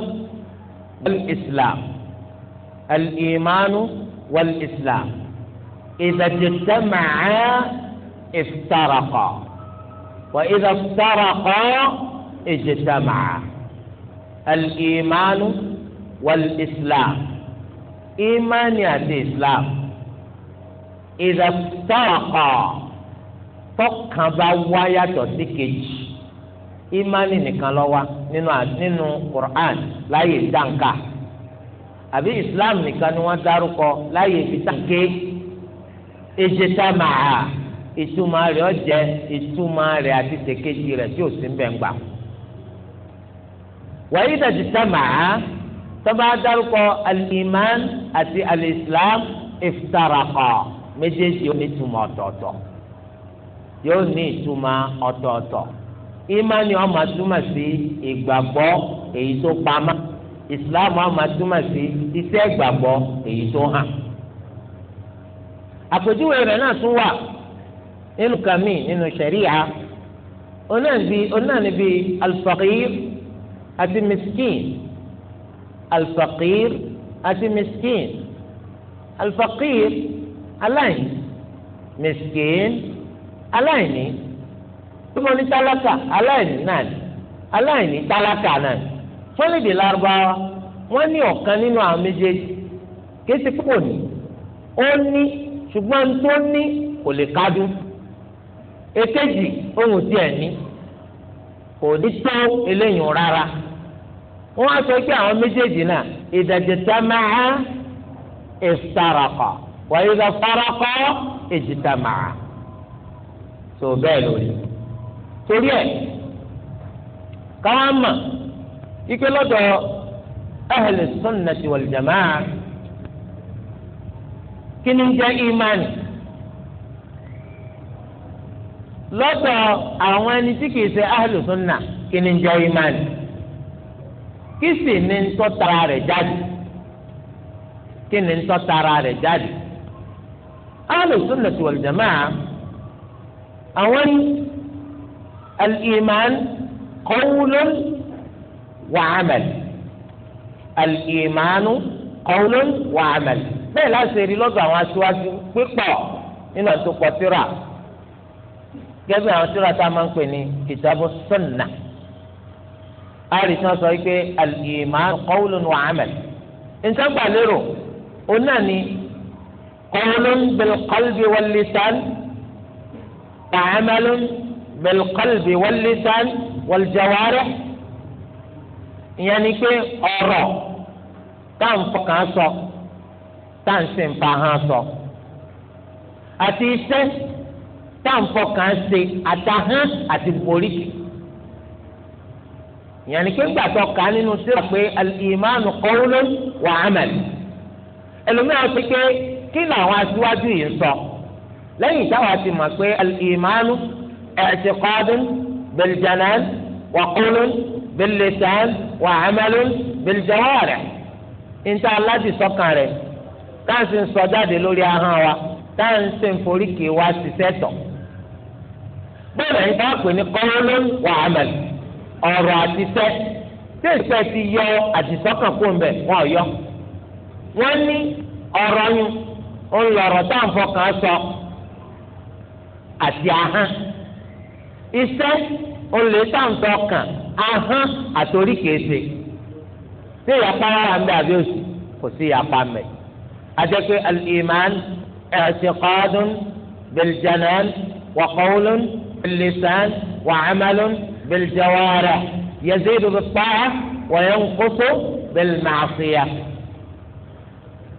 الإيمان والإسلام إذا اجتمعا افترقا وإذا افترقا اجتمعا الإيمان والإسلام إيمان يأتي إسلام إذا افترقا tọkàn bá wá إيمان sí kejì ìmánì nìkan ló wà àbí islam nìkan ni wọ́n dárúkọ láyé ìfitàgé ejetamaha ìtumọ̀ rẹ̀ ọ̀jẹ̀ ìtumọ̀ rẹ̀ àti tẹ̀kẹ́jì rẹ̀ tí ò sí mbẹ̀ ńgbà. wàyí dàtí tamaha tọ́ba dárúkọ al àti al-islam iftaraqa méjèèjì ó ní ìtumọ̀ ọ̀tọ̀ọ̀tọ̀ yóò ní ìtumọ̀ ọ̀tọ̀ọ̀tọ̀ ìmánì ó máa túmọ̀ sí ìgbàgbọ́ èyí tó pamọ́ islam á máa túmọ̀ sí iṣẹ́ ìgbàgbọ́ èyí tó hàn. àpèjúwe rẹ̀ náà tún wà nínú kàmí nínú ṣẹ̀ríà onáà níbi alfaqir àti miskin alfaqir àti miskin alfaqir aláìní miskin aláìní tí mo ní tálákà aláìní náà aláìní tálákà náà wọ́n lè dè lárúbáwá wọ́n ní ọ̀kan nínú àwọn méjèèjì kéésì púpọ̀ ní ó ní ṣùgbọ́n tó ní kò lè ohun tí ní kò ní tó eléyìí rárá wọ́n á sọ pé àwọn méjèèjì náà máa máa tó bẹ́ẹ̀ ike lọ́dọ̀ ahli sunnati wal jamaa kí ni jẹ́ ìmánì lọ́dọ̀ àwọn ẹni tí kìí ṣe ahli sunna kí ni jẹ́ ìmánì kí sì ni ń tọ́ tara rẹ̀ jáde kí ń tọ́ tara rẹ̀ jáde ahli sunnati wal jamaa àwọn al-iman qawlun. وعمل الإيمان قول وعمل bẹ́ẹ̀ láti rí lọ́dọ̀ àwọn aṣáájú pípọ̀ nínú àtúpọ̀ síra gẹ́gẹ́ àwọn síra tá a máa ń pè ní kìtàbù sùnnà àrísàn sọ wípé al-iman qawlun wa amal ìtàgbà lérò òun náà ni qawlun bil qalbi wal lisan wa amalun bil qalbi wal lisan wal jawarih ìyẹn ni pé ọ̀rọ̀ táǹfọkàn sọ táǹsìnfàhàn sọ àti iṣẹ́ táǹfọkàn ṣe àtàhán àti boríkì ìyẹn ni pé ńgbà tó kà á nínú síra pé al-imanu qawlun wa amal ẹlòmíràn ti pé kí làwọn aṣíwájú yìí ń sọ lẹ́yìn táwa ti mọ̀ pé al-imanu i'tiqadun bil-janan bilisan wà amalu biljawari níta aláti sọkàn rẹ táǹsì ń sọ jáde lórí ahọ́n wa táǹsì ń forí kì í wá ṣiṣẹ́ tọ̀ bẹ́ẹ̀ ní káàpì ní kọ́ńlọ́ wà amalu ọ̀rọ̀ àtisẹ́ tí ìṣe ti yọ àtisọ́kàn kó ń bẹ̀ wọ́n yọ wọ́n ní ọ̀rọ̀ yín ń lọ̀rọ̀ táǹfọ̀ kan sọ àti ahọ́n iṣẹ́ ń lè kan ahọ́n àtòrí kèése ṣé ìyapa wà ń bẹ àbí òsì kò sí ìyapa mẹ àjẹpẹ al-iman i'tiqadun bil-janan wa qawlun bil-lisan wa 'amalun bil-jawarih yazidu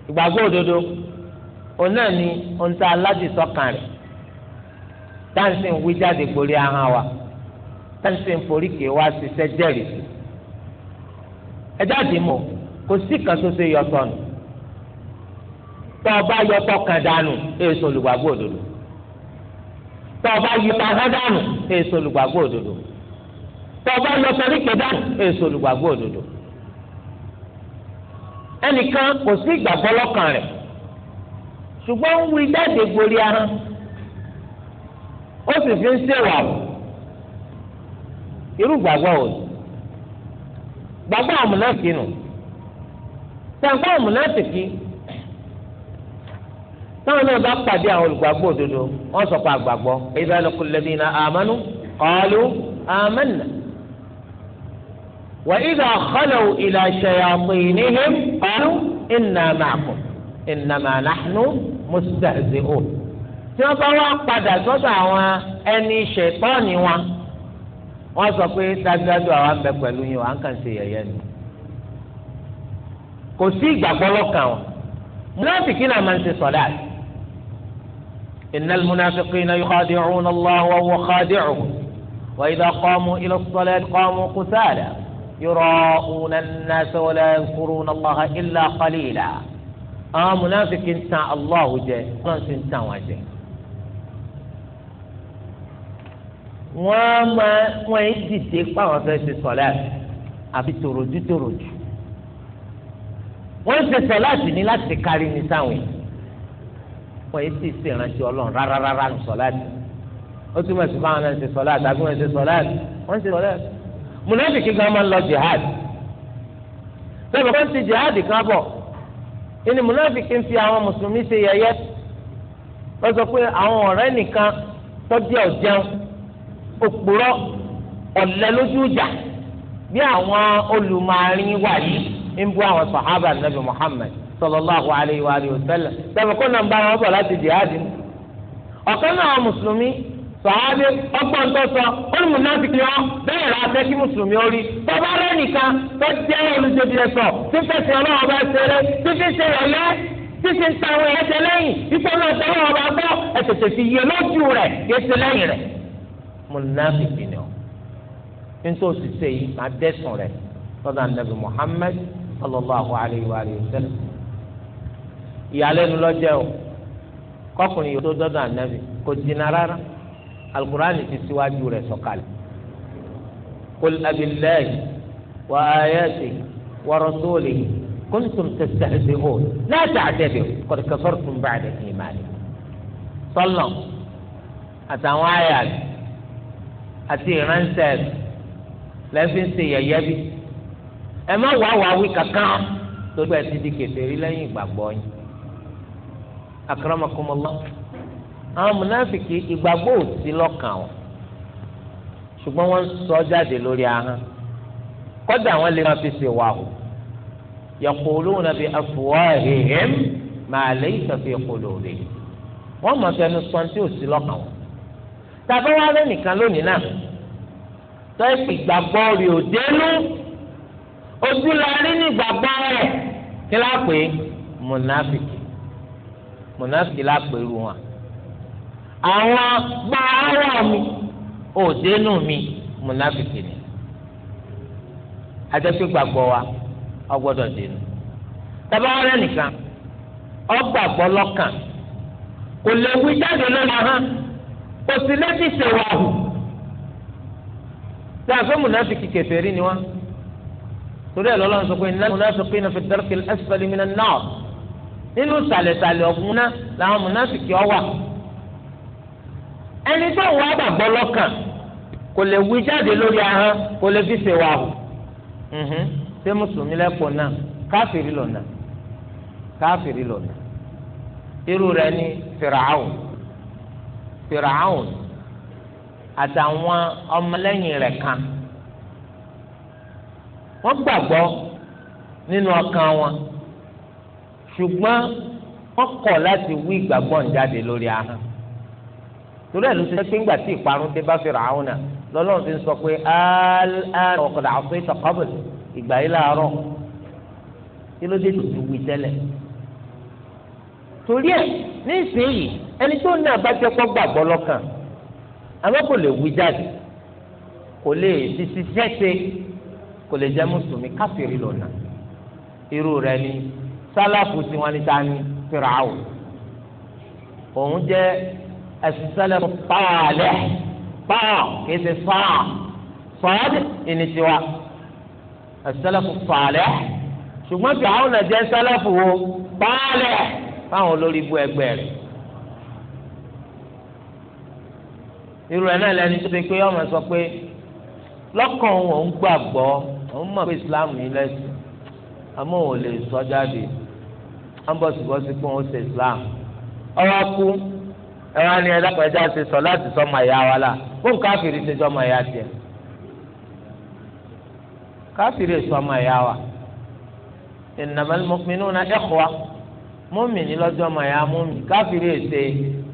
ìgbàgbọ́ òdodo òun ni ohun tá a láti táǹsì ń wí jáde gborí ahọ́n wa tẹ́ǹsì ń forí kì í wá ṣiṣẹ́ jẹ́rìí sí ẹ jáde mọ̀ kò sí kan tó ṣe yọtọ̀ nù tọ́ ọ bá yọtọ̀ kan dànù èso olùgbàgbọ́ òdodo tọ́ ọ bá yọtọ̀ kan dànù èso olùgbàgbọ́ òdodo tọ́ ọ bá yọtọ̀ nípe dànù èso olùgbàgbọ́ òdodo ẹnìkan kò sí ìgbàgbọ́ lọ́kàn rẹ̀ ṣùgbọ́n ń wí jáde gborí ara ó sì fi ń ṣèwà irú gbàgbọ́ wò ni gbàgbọ́ àwọn mùnáfì nù tẹ̀gbọ́ àwọn mùnáfì kí táwọn náà bá pàdé àwọn olùgbàgbọ́ òdodo wọ́n sọ pé àgbàgbọ́ idha laqul ladhina amanu qalu amanna wa idha khalaw ila shayatinihim qalu inna ma'akum innama nahnu mustahzi'un tí wọ́n bá wá padà sọ́dọ̀ àwọn ẹni ṣètọ́ọ̀nì wọn wọ́n sọ pé dájúdájú àwọn abẹ pẹ̀lú yín wọ́n kàn ṣe yẹ̀yẹ́ ni kò sí ìgbàgbọ́ lọ́kàn wọn múnáfìkì náà máa ń ṣe sọ̀dá innal munafiqina yukhadi'una Allah wa huwa khadi'uhum wa idha qamu ila as-salati qamu qusala yura'una an-nasa wa la yadhkuruna Allah illa qalila àwọn múnáfìkì ń tan Allah jẹ wọ́n sì ń tan wọn jẹ. wọ́n máa wọ́n yìí dìde páwọn fẹ́ẹ́ ṣe sọ̀lá àfi tòròjú tòròjú wọ́n ṣe sọ̀lá sí ni láti kárí ní sáwọn yìí wọ́n yìí sì ṣe ìrántí ọlọ́run rárá rárá ní sọ̀lá sí ó túmọ̀ sí báwọn náà ṣe sọ̀lá àtàkùn ẹ̀ ṣe sọ̀lá wọ́n ṣe sọ̀lá mùnàfíkì gan máa ń lọ jihad sọ́dọ̀ kọ́ńtì jihad kan bọ̀ ìní mùnàfíkì ń fi àwọn mùsùlùmí ṣe yẹ̀yẹ́ wọ́n sọ pé àwọn ọ̀rẹ́ nìkan tọ́jú ọ̀jẹun okpuru ọ̀lẹ lójú ìjà bí àwọn olùmọ̀ọ́rin wà yìí ń bú àwọn sàhábà nàbì Muhammad sallallahu alayhi wa sallam sọ̀rọ̀ kó nàmbá wọn bọ̀ láti jihad ni ọ̀kan náà mùsùlùmí sọ̀hábí ọgbọ́n tó sọ olùmùnáfíkì ni ọ́ bẹ́ẹ̀ rà fẹ́ kí mùsùlùmí ó rí tọ́ba tó jẹ́ ẹ̀sọ̀ tí fẹsẹ̀ ọlọ́wọ́ bá ṣeré tí fi ṣe tí fi àwọn ẹ̀ṣẹ̀ lẹ́yìn munafiki ni ọ nítorí òṣìṣẹ́ yìí máa dẹ́sùn rẹ̀ lọ́dọ̀ ànábì Muhammad sallallahu alayhi wa sallam ìyàlẹ́nu lọ́jẹ́ o kọkùnrin yìí tó dọ́dọ̀ ànábì kò jìnnà rárá alukurani ti síwájú rẹ̀ sọ̀kalẹ̀ kul abillahi wa ayatihi wa rasulihi kuntum tastahzi'un la ta'tadiru qad kafartum ba'da imanikum àtàwọn àyà àti ìránṣẹ́ lẹ́fí ń ṣe yẹ̀yẹ́ bí ẹ má wàá wàá wí kankan lórí ẹ ti di kèfèrí lẹ́yìn ìgbàgbọ́ yín akramakumullah àwọn mùnáfìkì ìgbàgbọ́ ò sí lọ́kàn wọn ṣùgbọ́n wọ́n sọ jáde lórí ahọ́n kọ́dà wọn lè máa fi ṣe wà o yaquluna bi afwahihim ma laysa fi qulubihim wọ́n máa fẹnu sọ tí ò sí lọ́kàn wọn tàbí wá lẹ́nìkan lónìí náà tó ẹ pè gbàgbọ́ rẹ̀ ò ojú la rí ní gbàgbọ́ rẹ̀ kí la pè é mùnàfìkì mùnàfìkì la pè wọn àwọn gbàrọ̀ mi ò mi mùnàfìkì ni gbàgbọ́ wa òsì lẹ́sìn ṣèwà hù tí a fẹ́ múnafìkì kèfèrí ni wá torí ẹ̀ lọ́lọ́run sọ pé múnafìkì náà fi dárúkì ẹsẹ̀fẹ̀lì mi náà nínú sàlẹ̀sàlẹ̀ ọ̀gbun náà làwọn múnafìkì ọ̀wà ẹni tó wà gbàgbọ́ lọ́kàn kò lè wí jáde lórí ahọ́n kò lè fi ṣèwà hù ṣé mùsùlùmí lẹ́pọ̀ náà káfìrí lọ́nà káfìrí lọ́nà irú rẹ̀ ni fìràáwò firaahun àtàwọn ọmọlẹ́yìn rẹ̀ kan wọ́n gbàgbọ́ nínú ọkàn wọn ṣùgbọ́n wọ́n kọ̀ láti wí ìgbàgbọ́ ń jáde lórí ahọ́n torí ẹ̀ ló ti jẹ́ pé ńgbà tí ìparun dé bá firaahun náà lọ́lọ́run ti ń sọ pé aláàrọ̀ ọ̀kadà àfẹ́ ìtàkọ́bẹ̀ ìgbà yìí láàárọ̀ kí ló dé tó ti wí tẹ́lẹ̀ torí ẹ̀ nísìnyí ẹni tó ní abájẹpọ gbàgbọ́ lọ́kàn àmọ́ kò lè wí jáde kò lè sisi sẹsẹ kò lè jẹ mùsùlùmí káfíìrì lọ́nà irú rẹ̀ ni sálàfù tí wọn ní ta ni fìràwù òun jẹ ẹsùn sálàfù pààlẹ pàà kìí ṣe fàà fààdì ìnìtiwa ẹsùn sálàfù pààlẹ ṣùgbọ́n fìràwù náà jẹ sálàfù wo pààlẹ fáwọn olórí bú ẹgbẹ́ rẹ̀ irú ẹ̀ náà lẹni tó ṣe pé ọmọ sọ pé lọ́kàn òun gbàgbọ́ òun mọ̀ pé islam yìí lẹ́sìn àmọ́ òun lè sọ jáde ambọ̀sibọ́sí pé òun ṣe islam ọwọ́ kú ẹ̀rọ ni ẹ̀dá pẹ̀já ṣe sọ láti sọmọ ìyá wa la fún káfíìrì ṣe sọmọ ìyá tiẹ̀ káfíìrì sọmọ ìyá wa innamal mu'minuna ikhwa. mọ́mì ní lọ́jọ́ ọmọ ìyá mọ́mì káfíìrì èsè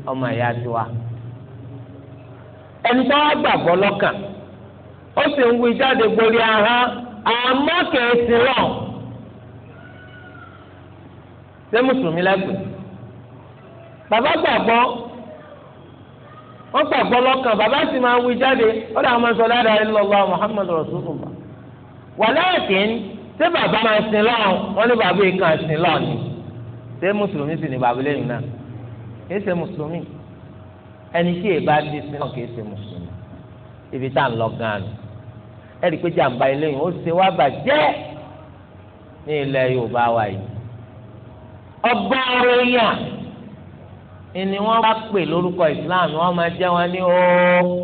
ọmọ ìyá tiwa. ẹni tó wá gbàgbọ́ lọ́kàn ó sì ń wí jáde gborí ara àmọ́ kẹ̀sì rọ̀ ṣé mùsùlùmí lẹ́gbẹ̀ẹ́ bàbá gbàgbọ́ wọ́n gbàgbọ́ lọ́kàn bàbá sì máa wí jáde ó dà máa sọ dáadáa muhammadu rasulullah wàlẹ́ ṣé bàbá máa sin wọ́n ní bàbá yìí sin Se mùsùlùmí sì ni bàbá lẹ́yìn náà kìí ṣe mùsùlùmí ẹni tí èèbá dé sí náà kìí ṣe mùsùlùmí ibi tá à ń lọ gan ni ẹ̀rí pé jàǹbá eléyìí ó ṣe wá bàjẹ́ ní ilẹ̀ Yorùbá wa yìí ọba ọ̀rẹ́yà ni wọ́n bá pè lórúkọ Islam wọ́n máa jẹ́ wọn ní ooo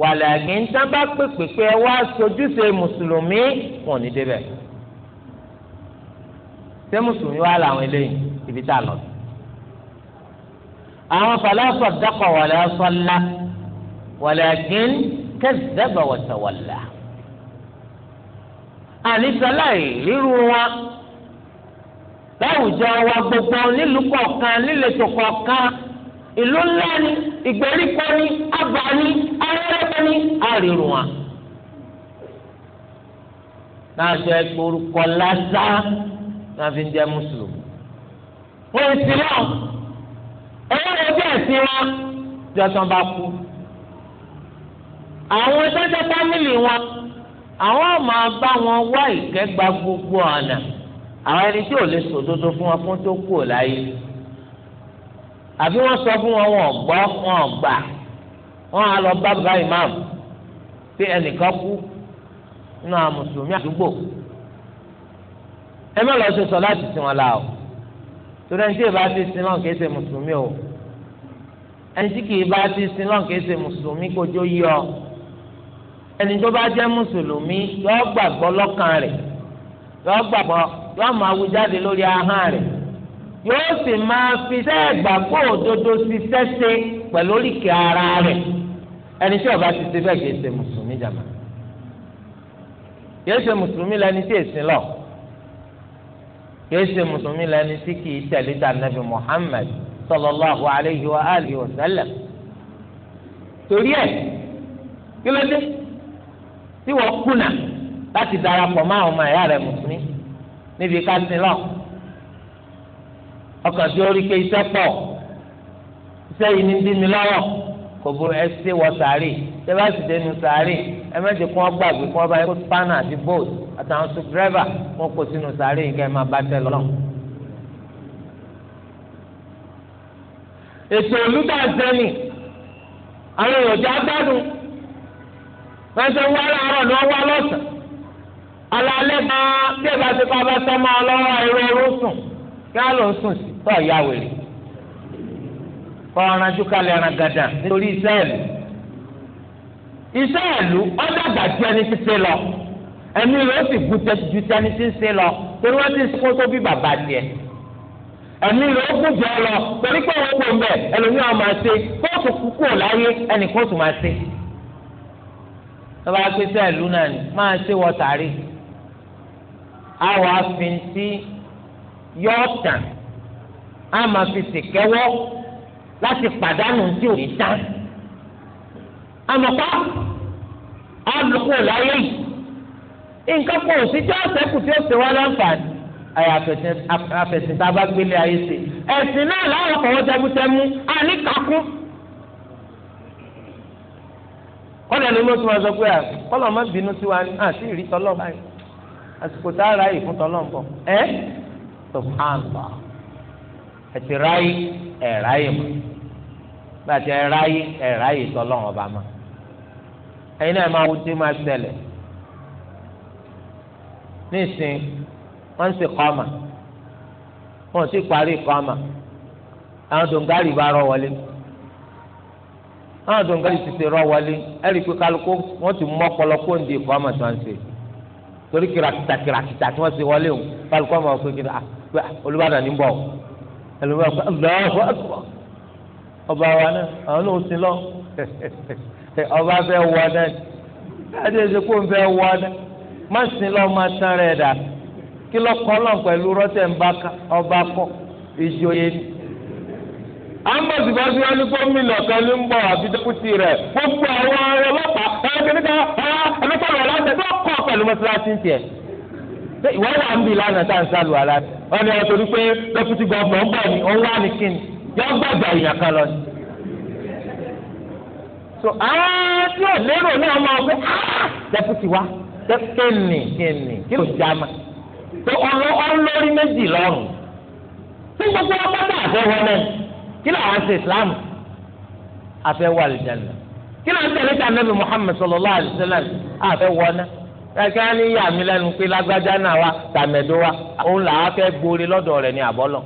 wàlàgé ń tán bá pè pé pé ẹ wá sojúṣe mùsùlùmí wọn ò ní débẹ̀ ṣé mùsùlùmí wà láwọn eléyìí ibi tá a lọ sí. àwọn fàlàfà dákọ̀ wàlẹ́ sọ́lá walakin kazzaba wa tawalla. àníṣàlá ìrírú wa láwùjọ wa gbogbo nílùú kọ̀ọ̀kan níletò kọ̀ọ̀kan ìlú ńlá ni ìgbèríko ni àbá ni arẹ́rẹ́ ni àrírú wa náà sọ ẹ kó lásán náà fi ń jẹ mùsùlùmí wọ́n yìí sí lọ́n ọlọ́run ojú ẹ̀sìn wọn jọ̀sán bá kú. àwọn sọ́jà fámìlì wọn àwọn máa bá wọn wá ìkẹ́gba gbogbo ọ̀nà àwọn ẹni tí ò lè sòdodo fún wọn fún tó kú ò láyé àbí wọ́n sọ fún wọn wọn gbọ́ wọn gbà wọn á lọ bá bàbá imam pé ẹnìkan kú nínú àwọn mùsùlùmí àdúgbò ẹ má lọ ṣe sọ láti sìn wọn la o torí ẹni tí kì í bá ti sin náà kì í ṣe mùsùlùmí o ẹni tí kì í bá ti sin náà kì í ṣe mùsùlùmí kójó yí ọ ẹni tó bá jẹ́ mùsùlùmí yọ gbàgbọ́ lọ́kàn rẹ̀ yọ gbàgbọ́ yọ máa wí jáde lórí ahọ́n rẹ̀ yóò sì máa fi sẹ́ẹ̀gbà òdodo sí sẹ́sẹ́ pẹ̀lú oríkèé ara rẹ̀ ẹni tí ọba ti ṣe bẹ́ẹ̀ kì í ṣe mùsùlùmí jàmá kì ṣe mùsùlùmí lẹni tí èsìn lọ yóò ṣe mùsùlùmí lẹni tí kì í tẹ̀lé ta nàbì Muhammad sallallahu alayhi wa alihi wa sallam torí ẹ̀ kí ló dé tí wọ́n kùnà láti darapọ̀ mọ́ àwọn ọmọ ẹ̀yà rẹ̀ mùsùlùmí níbi ká sin lọ ọkàn tí ó rí pé iṣẹ́ pọ̀ iṣẹ́ yìí ní dí mi lọ́wọ́ kò burú ẹ wọ sàárì ṣé bá sì dénú sàárì ẹ mẹ́jẹ̀ kí wọ́n gbàgbé kí wọ́n bá yẹ kó spanner àti bolt àtàwọn sùn dírẹ́fà wọn kò sínú sàárè yìí kẹ́ ẹ máa bá tẹ lọ́nà. ètò olùdásẹ́ni àwọn èròjà gbádùn wọ́n ṣe wá láàárọ̀ ni wọ́n wá lọ́sàn-án alalẹ́ gan-an bí ìbá ti kọ́ bá sọ́mọ́ ọlọ́wọ́ ẹ̀rọ ẹ̀rọ sùn kí á lọ sùn sí tọ́ ìyá wèrè kọ́ ọ̀ranjú kalẹ̀ ẹran gàdà nítorí iṣẹ́ ìlú iṣẹ́ ìlú ọ̀dàgbà tí ẹni ti ṣe lọ ẹni rẹ ó sì bu ju tẹni tí ń sin lọ torí wọn ti kó tó bí bàbá tiẹ̀ ẹni rẹ ó gùn jọ lọ torí pé wọn kò mbẹ ẹlòmíràn máa ṣe kóòtù kúkú láyé ẹnì kóòtù máa ṣe tọ́ba pé sẹ́ẹ̀lú náà ni máa ṣe wọ tàrí àwọn afintí yọ̀ọ́ tàn á máa fi ṣèkẹ́wọ́ láti pàdánù tí ò ní tán àmọ́ pa á lọ́kùn láyé yìí nǹkan kan ò sí tí ọ̀sẹ̀ kù tí ó ṣe wá láǹfààní àfẹ̀sìn tá a bá gbélé ayé ṣe ẹ̀sìn náà láwọn kọ̀wọ́ tẹmútẹmú á ní kakún. kọ́lẹ̀ ló ló tún wọn sọ pé ah, kọ́lọ̀ má bínú sí wa àti ìrí tọ́lọ̀ báyìí àsìkò tá a ra yìí fún tọ́lọ̀ ń bọ̀ ẹ̀ ti ráyè ẹ̀ ráyè mọ́ gbàtí ẹ̀ ráyè ẹ̀ ráyè tọ́lọ̀ ọba mọ́ ẹ̀yin náà máa wo tí máa ṣẹlẹ̀ nísìn wọ́n ń ṣe kọ́ọ̀mà wọ́n sì parí kọ́ọ̀mà àwọn dòǹgárì bá rọ wọlé àwọn dòǹgárì ti ṣe rọ wọlé ẹ̀rí pé kálukú wọ́n ti mú ọpọlọ kó ń di kọ́ọ̀mà tó ń ṣe torí kìràkìtà kìràkìtà tí wọ́n ṣe wọlé o kálukú ọmọ òfin kìrà ah, pé ah, Olúbàdàn ní bọ̀ Olúbàdàn pé ọlọ́wọ́ ọba wa náà àwọn náà ó sin lọ ọba fẹ́ wọ náà ẹ̀ẹ́dẹ́gbẹ́ kó ń fẹ́ wọ náà. má sin lọ́ọ́ máa dà kí lọ́ kọ́ pẹ̀lú rọ́tẹ̀ ń bá ọba ni. Amos bá ti wá ní gómìnà kan ń bọ̀ àbí dẹ́kùtì gbogbo àwọn ọlọ́pàá ẹ̀rọ kìnnìkan ẹ̀rọ kọ̀ọ̀rọ̀ láti tó ìwọ wà ń bì lánàá tá à ń sálù ara wọ́n ní ọ̀tọ̀ wípé dẹ́kùtì gọ́ọ̀mọ̀ ń pé kéènì kéènì kí ló já ma tó ọlọ́rí méjì lọ́rùn tó gbogbo ọgbọ́dọ̀ àfẹ́wọlé kí ló àwọn ṣe islam kí ló ń tẹ̀lé tí anabi muhammed pé lágbájá náà wa wa òun là á gbóore ní àbọ́lọ̀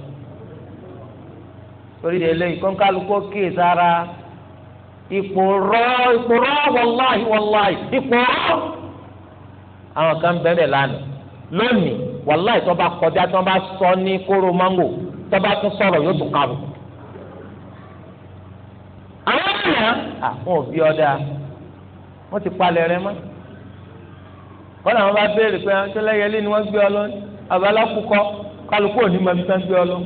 torí sára ipò ipò àwọn kan bẹ̀rẹ̀ lánàá lónìí wàláì tó bá kọjá tó bá sọ ní kóró mángò tó bá tún sọ̀rọ̀ yóò tún kàrò. àwọn ènìyàn àwọn òbí ọ̀dà wọ́n ti palẹ̀ rẹ mọ́ kọ́nà àwọn bá béèrè pé àwọn tẹ́lẹ̀yẹlé ni wọ́n gbé ọ lọ àbálákùkọ kálukú òní mọ̀ ní sàn gbé ọ lọ.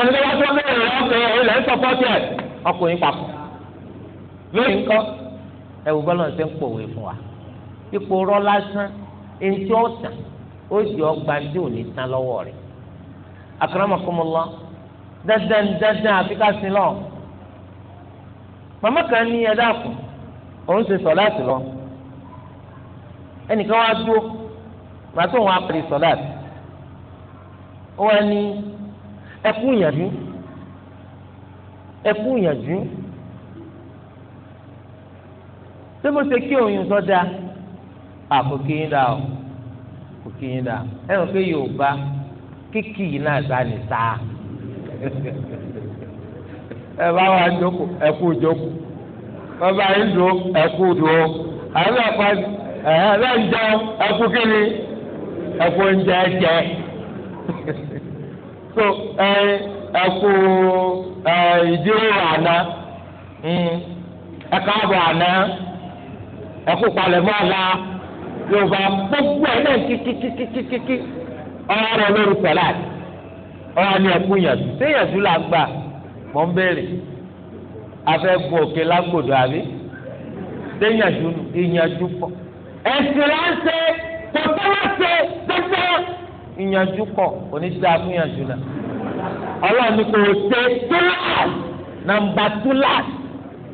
ẹni tó bá tó mẹ́rin lọ́wọ́ pé ilẹ̀ ń sọpọ́tì ẹ̀ ọkùnrin papọ̀ lórí nǹkan ẹ̀wù bọ́lọ̀ ń sẹ́ ń pòwe fún wa ipò rọ lásán etí ọ̀tàn ó di ọgbà tí ò ní tán lọ́wọ́ rẹ̀ akramakumullah dandan dandan àfi ká sin lọ màmá kan ní ẹ̀dá kù òun ṣe sọ̀láàtì lọ ẹnìkan wá dúró màtó òun apèrè sọ̀láàtì ó wá ní ẹkú ìyànjú ẹkú ìyànjú tí mo ṣe kí òun sọ dáa. àkókìyìn dà o àkókìyìn dà ẹ rò pé yorùbá kíkì yìí náà sá ni sá ẹ bá wà jókòó ẹ kú jókòó bàbá yìí dùn ẹ kú dùn àwọn ẹ̀fọ́ ẹ kú kíni ẹ kú jẹ so ẹ ẹ kú ẹ àná hmm. ẹ àná ẹ kú yorùbá gbogbo ẹ̀ náà kíkíkíkíkí ọ̀rọ̀ lórí sọ̀láàtì ọ̀rọ̀ ni ẹ̀kú yàtú ṣé yàtú là ń gbà mọ̀ ń béèrè afẹ́ gun òkè lágbòdo àbí ṣé yàtú ìyàtú pọ̀ ẹ̀sìn láńṣẹ́ tọ́tọ́ láńṣẹ́ tọ́tọ́ ìyàtú pọ̀ oníṣẹ́ àfúnyàtú náà ọlọ́run ni kò ṣe túláàsì nàmbà túláàsì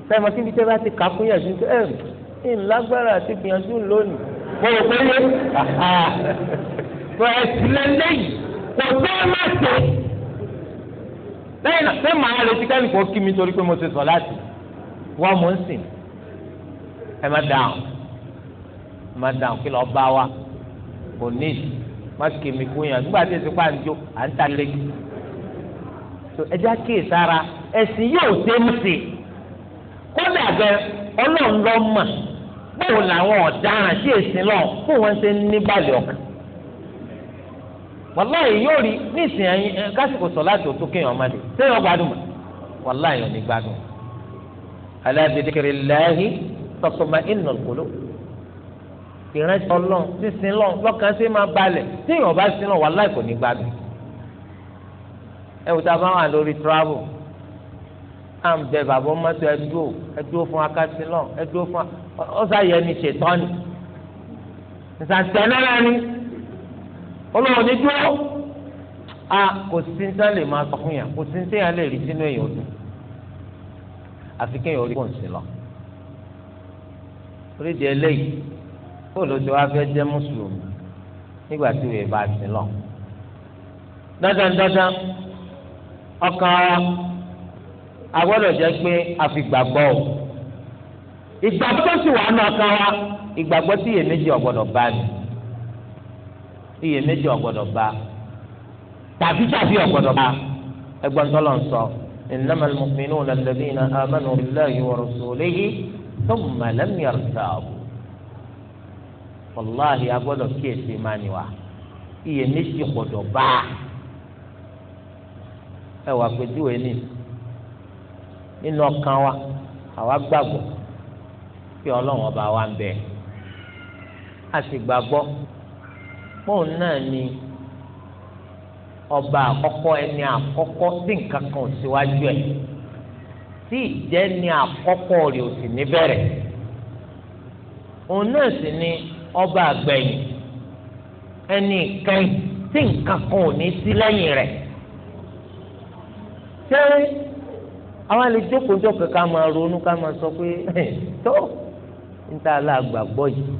sẹ́yìn síbi tẹ́ bá ti kà fún yàtú ẹ̀ ńlágbára àti gbìyànjú lónìí mo rò pé yé bẹ̀rẹ̀ sílẹ̀ lẹ́yìn kò tó má ṣe lẹ́yìn náà ṣé màá retí kẹ́mi kò kí mi torí pé mo ti sọ láti wọ́n mò ń sìn ẹ má dáhùn ẹ má dáhùn kí lọ́ọ́ bá wa kò ní ìsì má kí mi kú yàn nígbà tí èsì pa àǹjọ à ń ta lẹ́kì tó ẹja kíyè sára ẹ̀sìn yóò ṣe é mú sí kódà gan ọlọ́run lọ́ọ́ mọ̀ bóun làwọn ọ̀daràn sí èsì lọ bóun wọn ṣe ní balẹ̀ ọ̀kan wàláyé yóò rí nísìnyí ẹyin kásìkò sọ láti òtún kéèyàn ọmọdé séèyàn gbádùn mọ wàláyé ò ní gbádùn ala bi dhikrillahi tatma'innul qulub ìrántí Ọlọ́run sísìn lọ lọ́kàn sí máa balẹ̀ téèyàn bá sin lọ wàláyé kò ní gbádùn ẹ wò tá a bá wà lórí travel à ń bẹ bàbá mọ́tò ẹdúró ẹdúró fún akásílọ̀ ẹdúró fún ọ̀sàyẹ ni ṣètọ́ni ìsàtẹ́nẹ́lá ni olóhùn ní dúró a kò sí ní sáà lè máa sọ fún yàn kò sí ní sáà lè rí sínú èèyàn dùn àfi kéèyàn orí kò ń sí lọ oríṣi eléyìí kó ló ti wá fẹ́ jẹ́ mùsùlùmí nígbà tí wèé bá sí lọ dandan dandan ọkàn ara agbọ́dọ̀ jẹ́ pé àfìgbàgbọ́ o ìgbàgbọ́ sì wà nù ọkàn wa ìgbàgbọ́ tí iyèméjì ọ̀gbọ́dọ̀ bá ni iyèméjì ọ̀gbọ́dọ̀ bá tàbí tàbí ọ̀gbọ́dọ̀ bá ẹgbọ́n tó lọ sọ innamal mu'minuna alladhina amanu billahi wa rasulihi thumma lam yartabu wàláhi agbọ́dọ̀ kíyèsí máa ni wa iyèméjì ọ̀gbọ́dọ̀ bá ẹ wà pé díwèé nìyí. nínú ọkàn wa àwa gbàgbọ́ pé ọlọ́run ọba wa ń bẹ a sì gbàgbọ́ fóun náà ni ọba àkọ́kọ́ ẹni àkọ́kọ́ tí nǹkan kan ò síwájú ẹ̀ tí ìjẹ́ ni àkọ́kọ́ rẹ̀ ò sì ní bẹ̀rẹ̀ òun náà sì ni ọba àgbẹ̀yìn ẹni ìkẹyìn tí nǹkan kan ò ní sí lẹ́yìn rẹ̀ ṣé àwọn àlejòkòjọ kankan máa ronú kama sọ pé tó níta aláàgbàgbọ́ yìí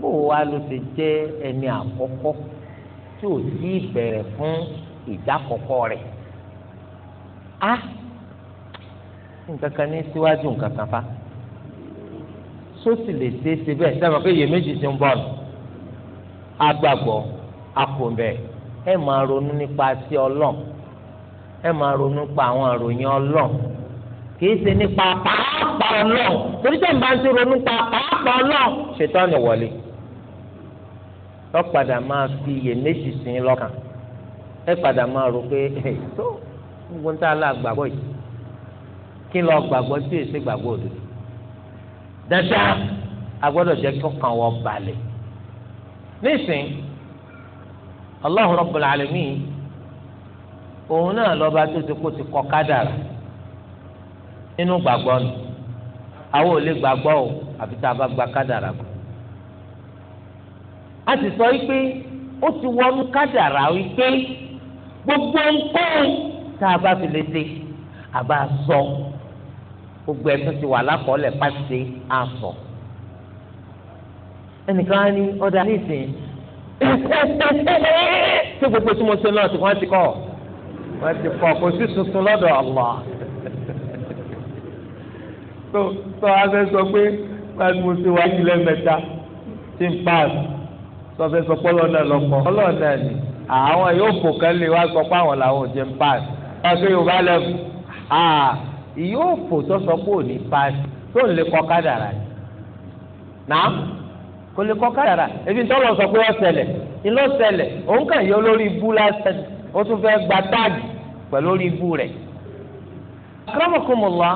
bó wa ló ti jẹ́ ẹni àkọ́kọ́ tí ò sí fún á nǹkan kan ní síwájú nǹkan kan fa sósì lè sábà pé iyèméjì ronú nípa sí ẹ máa ronú pa àwọn àròyìn ọlọ́run kìí ṣe nípa pàápàá ọlọ́run torí tẹ̀ ń bá ń ṣe ronú pa pàápàá ọlọ́run ṣètọ́nù wọlé lọ́padà máa fi iyèméjì sí i lọ́kàn ẹ padà máa rò pé tó gbogbo ń tá a lá gbàgbọ́ yìí kí lọ gbàgbọ́ tí èsì gbàgbọ́ òdodo dáṣá agbọ́dọ̀ jẹ́ kọ́kàn wọ balẹ̀ nísìnyí Allahu Rabbul Alamin òun náà lọ́ba tó ti kó ti kọ kádàrà nínú gbàgbọ́ nù àwọn ò lè gbàgbọ́ o àfi tá a bá gba kádàrà gbọ́. a sì sọ wípé ó ti wọnú kádàrà wípé gbogbo nǹkan tá a bá fi lè ṣe àbá sọ gbogbo ẹ̀sùn ti wà lákọọ́lẹ̀ pàṣẹ àsọ. ẹnìkan á ní ọ̀dà nísìnyí ṣé gbogbo tí mo ṣe náà ti kọ́ ti kọ́ ọ̀ wọ́n ti kọ́ kò sí tuntun lọ́dọ̀ Allah tó tó a fẹ́ sọ pé pàṣẹ mo ti wá ilé mẹ́ta tí n pass tó a fẹ́ sọ pé ọlọ́ọ̀nà lọ́kọ̀ ọlọ́ọ̀nà ni àwọn yóò fò kẹ́lẹ́ wá sọ pé àwọn làwọn ò jẹ́ n pass wọ́n fi yorùbá lẹ́fù yóò fò tó sọ pé ò ní pass tó ń lè kọ́ kádàrà ni náà kò lè kọ́ kádàrà ebi tó lọ sọ pé ó ṣẹlẹ̀ ni ló ṣẹlẹ̀ òun kàn yọ lórí bú lásán ó tún fẹ́ gba táàgì pẹ̀lú orí ibú rẹ̀. akramakumullah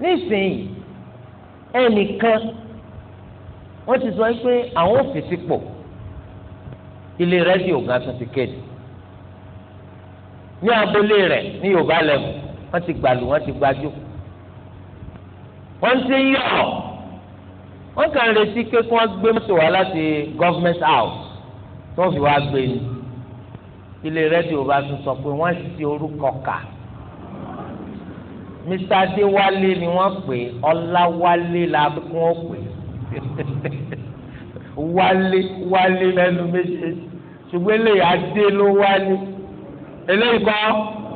nísìnyí ẹnìkan wọ́n ti sọ pé àwọn òfìsí pọ̀ ilé rẹ́díò gan tó ti kéde ní abúlé rẹ̀ ní yorùbá lẹ́mù wọ́n ti gbàlù wọ́n ti gbájú wọ́n ti yọ̀ wọ́n kàn retí pé kí wọ́n gbé mọ́tò wá láti government house tó fi wá gbé ni ilé rédíò bá tún sọ pé wọ́n ṣe orúkọ kà Mr. Adéwálé ni wọ́n pè Ọláwálé la kún ó pè wálé wálé lẹ́nu méjèèjì ṣùgbọ́n eléyìí adé ló wálé eléyìí kọ́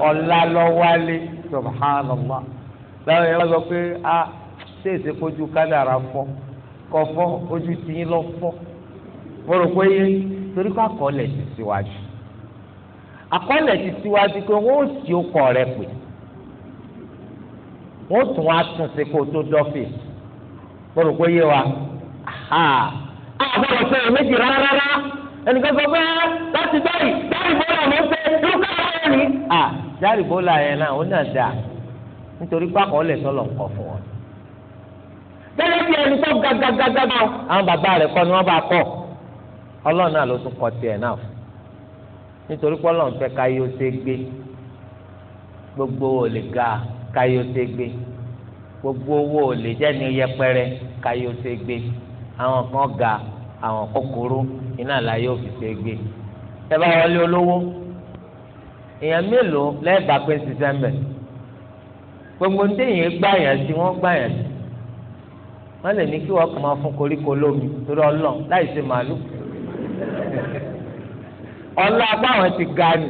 ọ̀la lọ wálé subhanallah láwọn yẹn wọ́n sọ pé a ṣé èsè kojú kádàrà fọ́ kọ́ fọ́ ojú tìyín lọ fọ́ mo rò pé torí kọ́ àkọọ́lẹ̀ ti síwájú àkọọ́lẹ̀ ti síwájú pé wọ́n ó sì ọkọ rẹ̀ pè wọ́n tún wá tún sí kó tó dọ́fíìsì mo rò yé wa àbúrò sẹ́yìn méjì rárá ẹnìkan sọ pé ah, láti báyìí báyìí bọ́lá ló ṣe irú káwọn ni. jáde bọ́lá yẹn náà ó nítorí fún wọn. bí ẹni tó gàgàgàgà àwọn bàbá rẹ̀ kọ́ ni wọ́n bá kọ́ ọlọ́run náà ló tún tiẹ̀ náà fún nítorí pọ́lọ́ ń fẹ́ káyọ̀ ṣe gbé gbogbo ò lè ga káyọ̀ ṣe gbé gbogbo owó ò lè jẹ́ ní yẹpẹrẹ káyọ̀ ṣe gbé àwọn kan ga àwọn kan kúrú iná láyé òfin ṣe gbé ẹ bá wọlé olówó èèyàn mélòó lẹ́ẹ̀bà pé ń ṣiṣẹ́ mbẹ̀ gbogbo ń déyìn gbà yàn sí wọ́n gbà yàn sí wọ́n lè ní kí wọ́n kàn máa fún koríko lómi torí ọlọ́ọ̀ láì ṣe màálù ọlá báwọn ti ga ni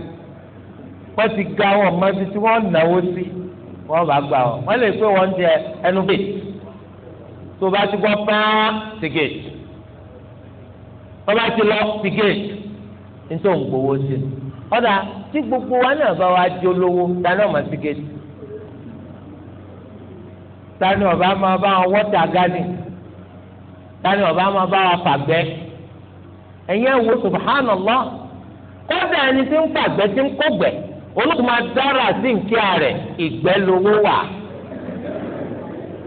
wọ́n ti ga wọn mọ ibi tí wọ́n náwó sí wọ́n bá gbà wọn wọ́n lè pé wọ́n jẹ ẹnu bèè tó bá ti gbọ́ pẹ́ẹ́ tìgéètì tó bá ti lọ tìgéètì nítorí òun gbowó sí i ọ̀dà tí gbogbo wa náà bá wa di olówó dáná ọmọ tìgéètì tani ọba máa bá wọn wọ́tà gani tani ọba máa bá wọn fàgbẹ́ ẹ̀yin wo subhanallah kódà ẹni tí ń pàgbẹ́ tí ń kọ́gbẹ́ olóòtú máa dára sí nkíá rẹ̀ ìgbẹ́ lówó wà.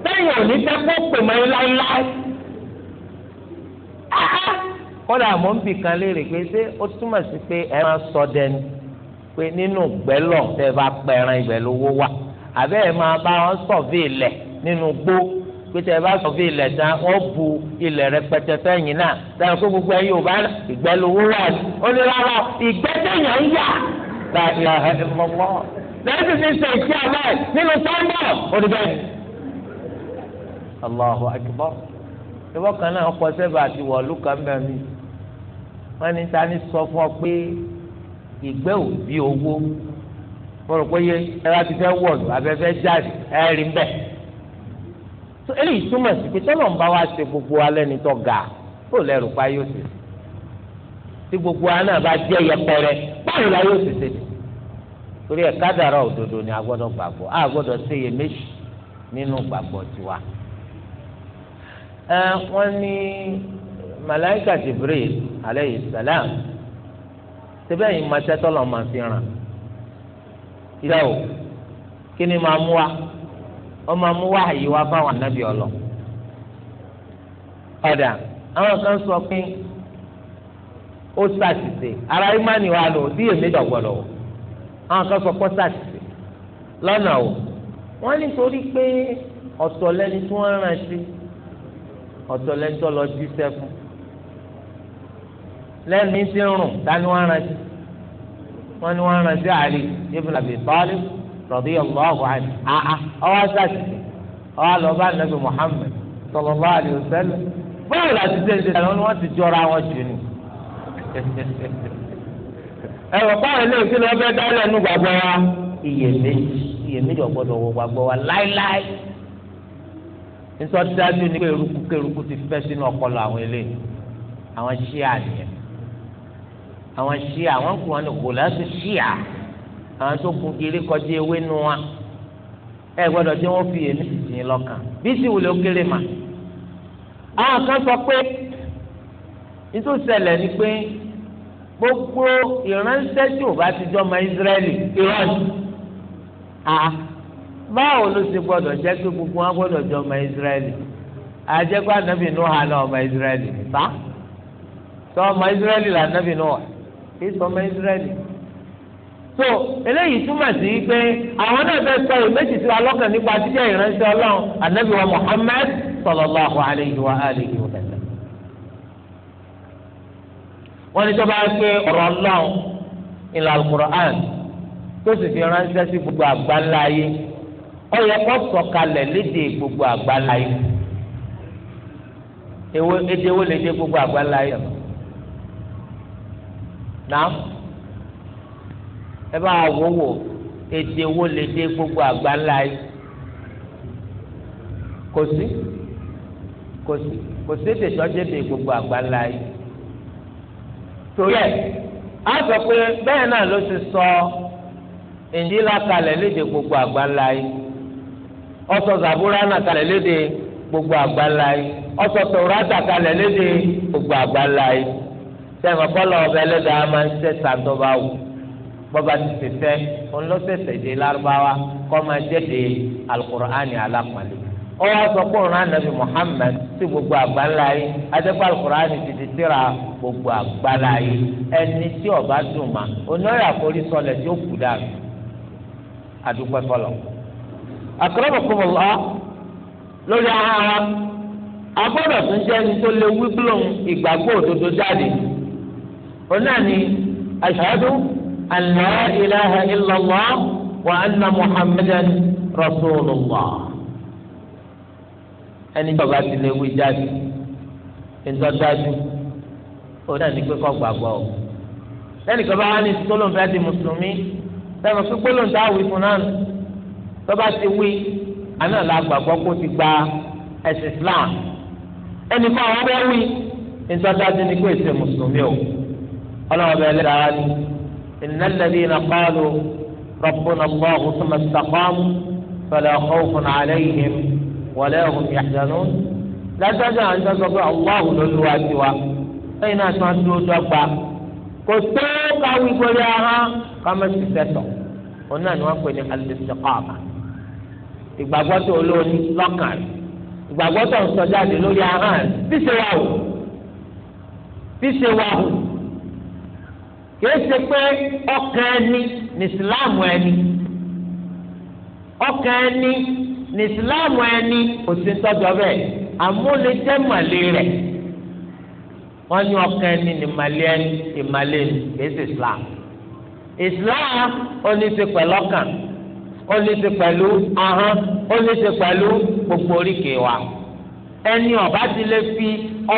sẹ́yìn ò ní fẹ́ kó pè mọ́ ẹ láéláé. kódà mọ̀ ń bì kan léèrè pé ṣé ó túmọ̀ sí pé ẹ máa sọ dẹni pé nínú gbẹ́lọ̀ tẹ́ bá pẹran ìgbẹ́ lówó wà àbẹ́ ẹ máa bá wọn sọ̀vé ilẹ̀ nínú gbó pété ẹ bá sọ fún ilẹ̀ tán wọ́n bu ilẹ̀ rẹpẹtẹ fẹ́yìn náà dáhùn pé gbogbo ẹ̀yin ò bá ìgbẹ́ lówó wà ní. ó ní rárá ìgbẹ́ tẹ̀yàn ń yà láti ẹ̀ lọ́wọ́. lẹ́yìn tí ṣe ìṣe àlọ́ ẹ̀ nínú sọ́ńdọ̀ òdìbẹ́. Allahu akbar ìwọ́n kan náà kọ sẹ́fà àti wọ̀ọ́lù kan bẹ̀ mí. wọ́n ní ta ni sọ fún ọ pé ìgbẹ́ ò bí owó. mo rò pé ẹ bá ti fẹ́ wọ̀lù àbẹ́fẹ́ jáde ẹ tó eléyìí túmọ̀ sí pé tọ́lọ̀ ń bá wa ṣe gbogbo alẹ́ ní tọ́ ga ó lẹ́rù pa yóò ṣe tí gbogbo wa bá jẹ́ yẹpẹrẹ báwo la yóò ṣe ṣe torí ẹ̀ kádàrá òdodo ni a gbọ́dọ̀ gbàgbọ́ a gbọ́dọ̀ ṣeyè méjì nínú gbàgbọ́ tiwa. ẹ wọ́n ní malaika jibril aleyhi salam síbẹ̀ yìí máa ṣẹ́ tọ́lọ̀ máa fi ràn. ìdáwó kí ni máa mú wa ọmọ mú wáyé wá fáwọn anábì ọlọ ọdà àwọn kan sọ pé ó ṣàṣìṣe ara ìmánì wa lò sí èméjì ọgbọdọ wò àwọn kan sọ pé ó ṣàṣìṣe lọ́nà o wọ́n nítorí pé ọ̀tọ̀ lẹni tí wọ́n rán sí ọ̀tọ̀ lẹni tó lọ jíṣẹ́ fún lẹni tí ń rùn tani wọ́n rán sí wọ́n ní wọ́n rán sí Ali ibn Abi Talib. رضي الله عنه. ọwọ́ sàṣìṣe ọwọ́ àlọ́bá nàbì محمد. صلى الله عليه وسلم. la ti ṣe ṣe àwọn ni wọ́n ti jọra wọn jù ni. ẹ wọ báwo ilé ìṣúná ọbẹ̀ dálẹ̀ nù gbàgbọ́ wa iyèméjì iyèméjì ọ̀gbọ́dọ̀ wọ gbàgbọ́ wa láíláí nsọdájú ni kéruku kéruku ti fẹ́ sínú ọpọlọ àwọn eléyìí àwọn ṣíà nìyẹn àwọn ṣíà àwọn kò wọn ni kò lẹ́sìn ṣíà àwọn tó kun kiri kọjá ewé nu wa ẹ gbọ́dọ̀ tí wọn fi èmi sìn lọ́kàn bí sì wùlé ó kéré mà àwọn kan sọ pé nítorí ṣẹlẹ̀ ni pé gbogbo ìránṣẹ́ tí ò bá ti jọ ọmọ Ísírẹ́lì ìrọ̀lì àá báwo ló ṣe gbọ́dọ̀ jẹ́ pé gbogbo wọn gbọ́dọ̀ jọ ọmọ Ísírẹ́lì àjẹgbá nàbì nù hà náà ọmọ Ísírẹ́lì bá sọ ọmọ Ísírẹ́lì là nàbì nù hà kí sọ ọmọ Ísírẹ́lì so eléyìí túmọ̀ sí pé àwọn náà fẹ́ sọ ìmẹ́jì sí wa lọ́kàn nípa jíjẹ́ ìránṣẹ́ ọlọ́run anabi wa muhammad sallallahu alayhi wa alihi wa sallam. wọ́n ní sọ́ba pé ọ̀rọ̀ ọlọ́run ìlà alukur'an tó sì fi ránṣẹ́ sí gbogbo àgbáńlá ayé ó yẹ kó sọ̀kalẹ̀ lédè gbogbo àgbáńlá ayé èdè wo lédè gbogbo àgbáńlá ayé ẹ bá wò wò èdè wo lè dé gbogbo àgbáńlá yìí kò sí kò sí kò sí gbogbo àgbáńlá yìí torí ẹ a sọ pé bẹ́ẹ̀ náà ló ti sọ ìdílà kalẹ̀ gbogbo àgbáńlá yìí ọsọ zabura kalẹ̀ gbogbo àgbáńlá yìí ọsọ tòrátà kalẹ̀ lédè gbogbo àgbáńlá yìí sẹ́yìn kọ́lọ́ ọbẹ̀ máa ń ṣẹ́ sàtọ́ bá wù. bọ́ba ti ṣe fẹ́ òun ló ṣẹ̀ṣẹ̀ dé lárúbáwá kọ́ máa jẹ́de alukur'ani alápàlẹ́ ó wá sọ pé òun anabi muhammed sí gbogbo àgbáńlá yìí adẹ́pọ̀ alukur'ani ti ti tíra gbogbo àgbáńlá yìí ẹni tí ọba dùn mà onáyà forí sọlẹ̀ tí ó kù dànù adúpẹ́ fọlọ́ akramakumullah lórí ara wa agbọ́dọ̀ tún jẹ́ ẹni tó lè wí ìgbàgbọ́ òdodo jáde òun náà an إله إلا الله وأن محمدا رسول الله. ẹni tó bá ti lè wí jáde ntọ́ dájú ó náà ní pé kọ́ gbàgbọ́ o lẹ́nu kan bá wà ní gbólóhùn fẹ́ẹ́ di mùsùlùmí lẹ́nu pé gbólóhùn tá a wí fún náà nù tó bá ti wí àná la gbàgbọ́ kó ti gba ẹ̀sìn Islam ẹni kan àwọn bẹ́ẹ̀ wí ntọ́ dájú ní pé èsè mùsùlùmí o ọlọ́wọ́ bẹ́ẹ̀ lẹ́dàá wá ní. إن الذين قالوا ربنا الله ثم استقاموا فلا خوف عليهم ولا هم يحزنون لا تدع أن تقول الله لولوا سوى أين أسمعتوا تقبع كتوك أو يقولها كما تستطيع هنا نقول الاستقامة ìgbàgbọ́ tó lóni lọ́kàn rẹ̀ ìgbàgbọ́ tó ń sọ jáde lórí ahọ́n rẹ̀ bí ṣe wà hù ṣe wà kìí ṣe pé ọkàn ẹni ní ìsìláàmù ẹni ọkàn ẹni ní ìsìláàmù ẹni kò sí tọ́jú ọbẹ̀ àmúlẹ̀jẹ́ màlẹ́ rẹ̀ wọ́n ní ọkàn ẹni ní màlẹ́ ẹni ìmàlẹ́ ẹni kìí ṣe ìsìláàmù ìsìláàmù ó ní ṣe pẹ̀lú ọkàn ó ní ṣe pẹ̀lú ahọ́n ó ní gbogbo oríkèé wa ẹni ọba ti lè fi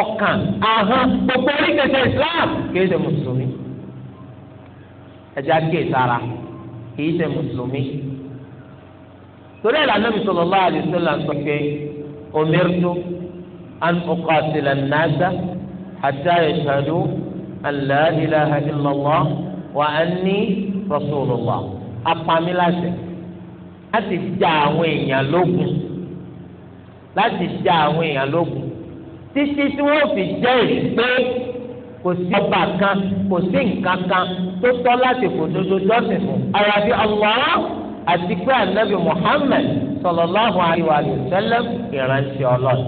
ọkàn ahọ́n gbogbo oríkèé ṣe islam kìí ṣe mùsùlùmí ẹja ké sára kì í ṣe mùsùlùmí torí ẹ̀ lànà sallallahu alaihi wasallam sọ pé umirtu an uqatila an-nasa hatta yashhadu an la ilaha illallah wa anni rasulullah apamiláṣẹ láti dá àwọn èèyàn lógun láti dá àwọn èèyàn lógun títí tí wọ́n fi jẹ́ ìpè kò sí ọba kan kò sí nǹkan kan tó tọ́ láti fòdodo jọ́sìn fún àyàfi Allah àti pé ànábì Muhammad sallallahu alaihi wa sallam ìránṣẹ́ Ọlọ́run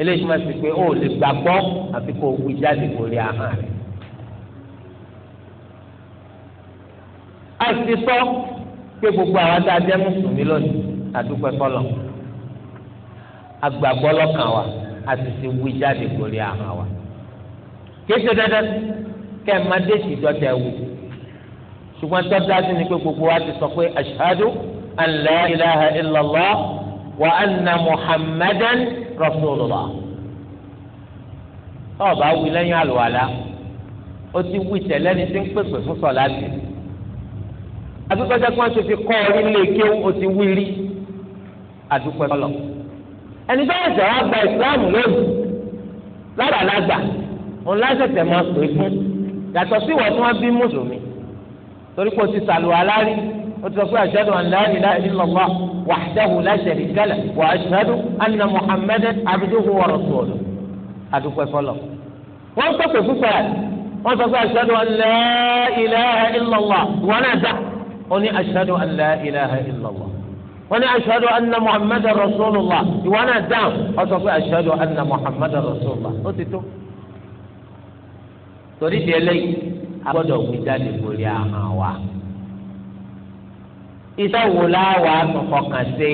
eléyìí máa ti pé ó lè gbàgbọ́ àfi kó wí jáde lórí ahọ́n rẹ̀. a ti sọ pé gbogbo àwọn tá a jẹ́ mùsùlùmí lónìí àdúpẹ́ kọ́lọ̀ agbàgbọ́ lọ́kàn wa a sì ti wí jáde lórí ahọ́n wa kìí ṣe dandan kẹ́ ẹ̀ má dé sí ìjọ́tẹ̀ wò ṣùgbọ́n tó dájú ni pé gbogbo wa ti sọ pé ashhadu an la ilaha illallah wa anna muhammadan rasulullah ọba wí lẹ́yìn àlùwàlà ó ti wí tẹ̀lẹ́ni tí ń pèpè fún sọ̀láàtì àdúgbòjá kí wọ́n fi kọ́ orí lè kéwú ó ti wí rí àdúgbò lọ. ẹni bá ẹ̀sẹ̀ wá gba ìsìláàmù lónìí lára lágbà òun lásẹ̀tẹ̀ máa pè é fún yàtọ̀ sí ìwọ tí wọ́n bí mùsùlùmí torí pé o ti sàlùwà lárí o ti sọ pé ashhadu an la ilaha illallah wahdahu la sharika lahu wa ashhadu anna muhammadan abduhu wa rasuluhu àdúpẹ́ fọlọ́ wọ́n ń pèpè púpẹ́ wọ́n sọ pé ashhadu an la ilaha illallah ìwọ náà dá o ní ashhadu an la ilaha wọ́n ní ashhadu anna muhammadan rasulullah ìwọ náà dá o sọ pé ashhadu anna muhammadan rasulullah ó ti tó torí di eléyìí a gbọ́dọ̀ wí jáde borí ahọ́n wa iṣẹ́ wo la wà kọ̀kọ̀ kàn sí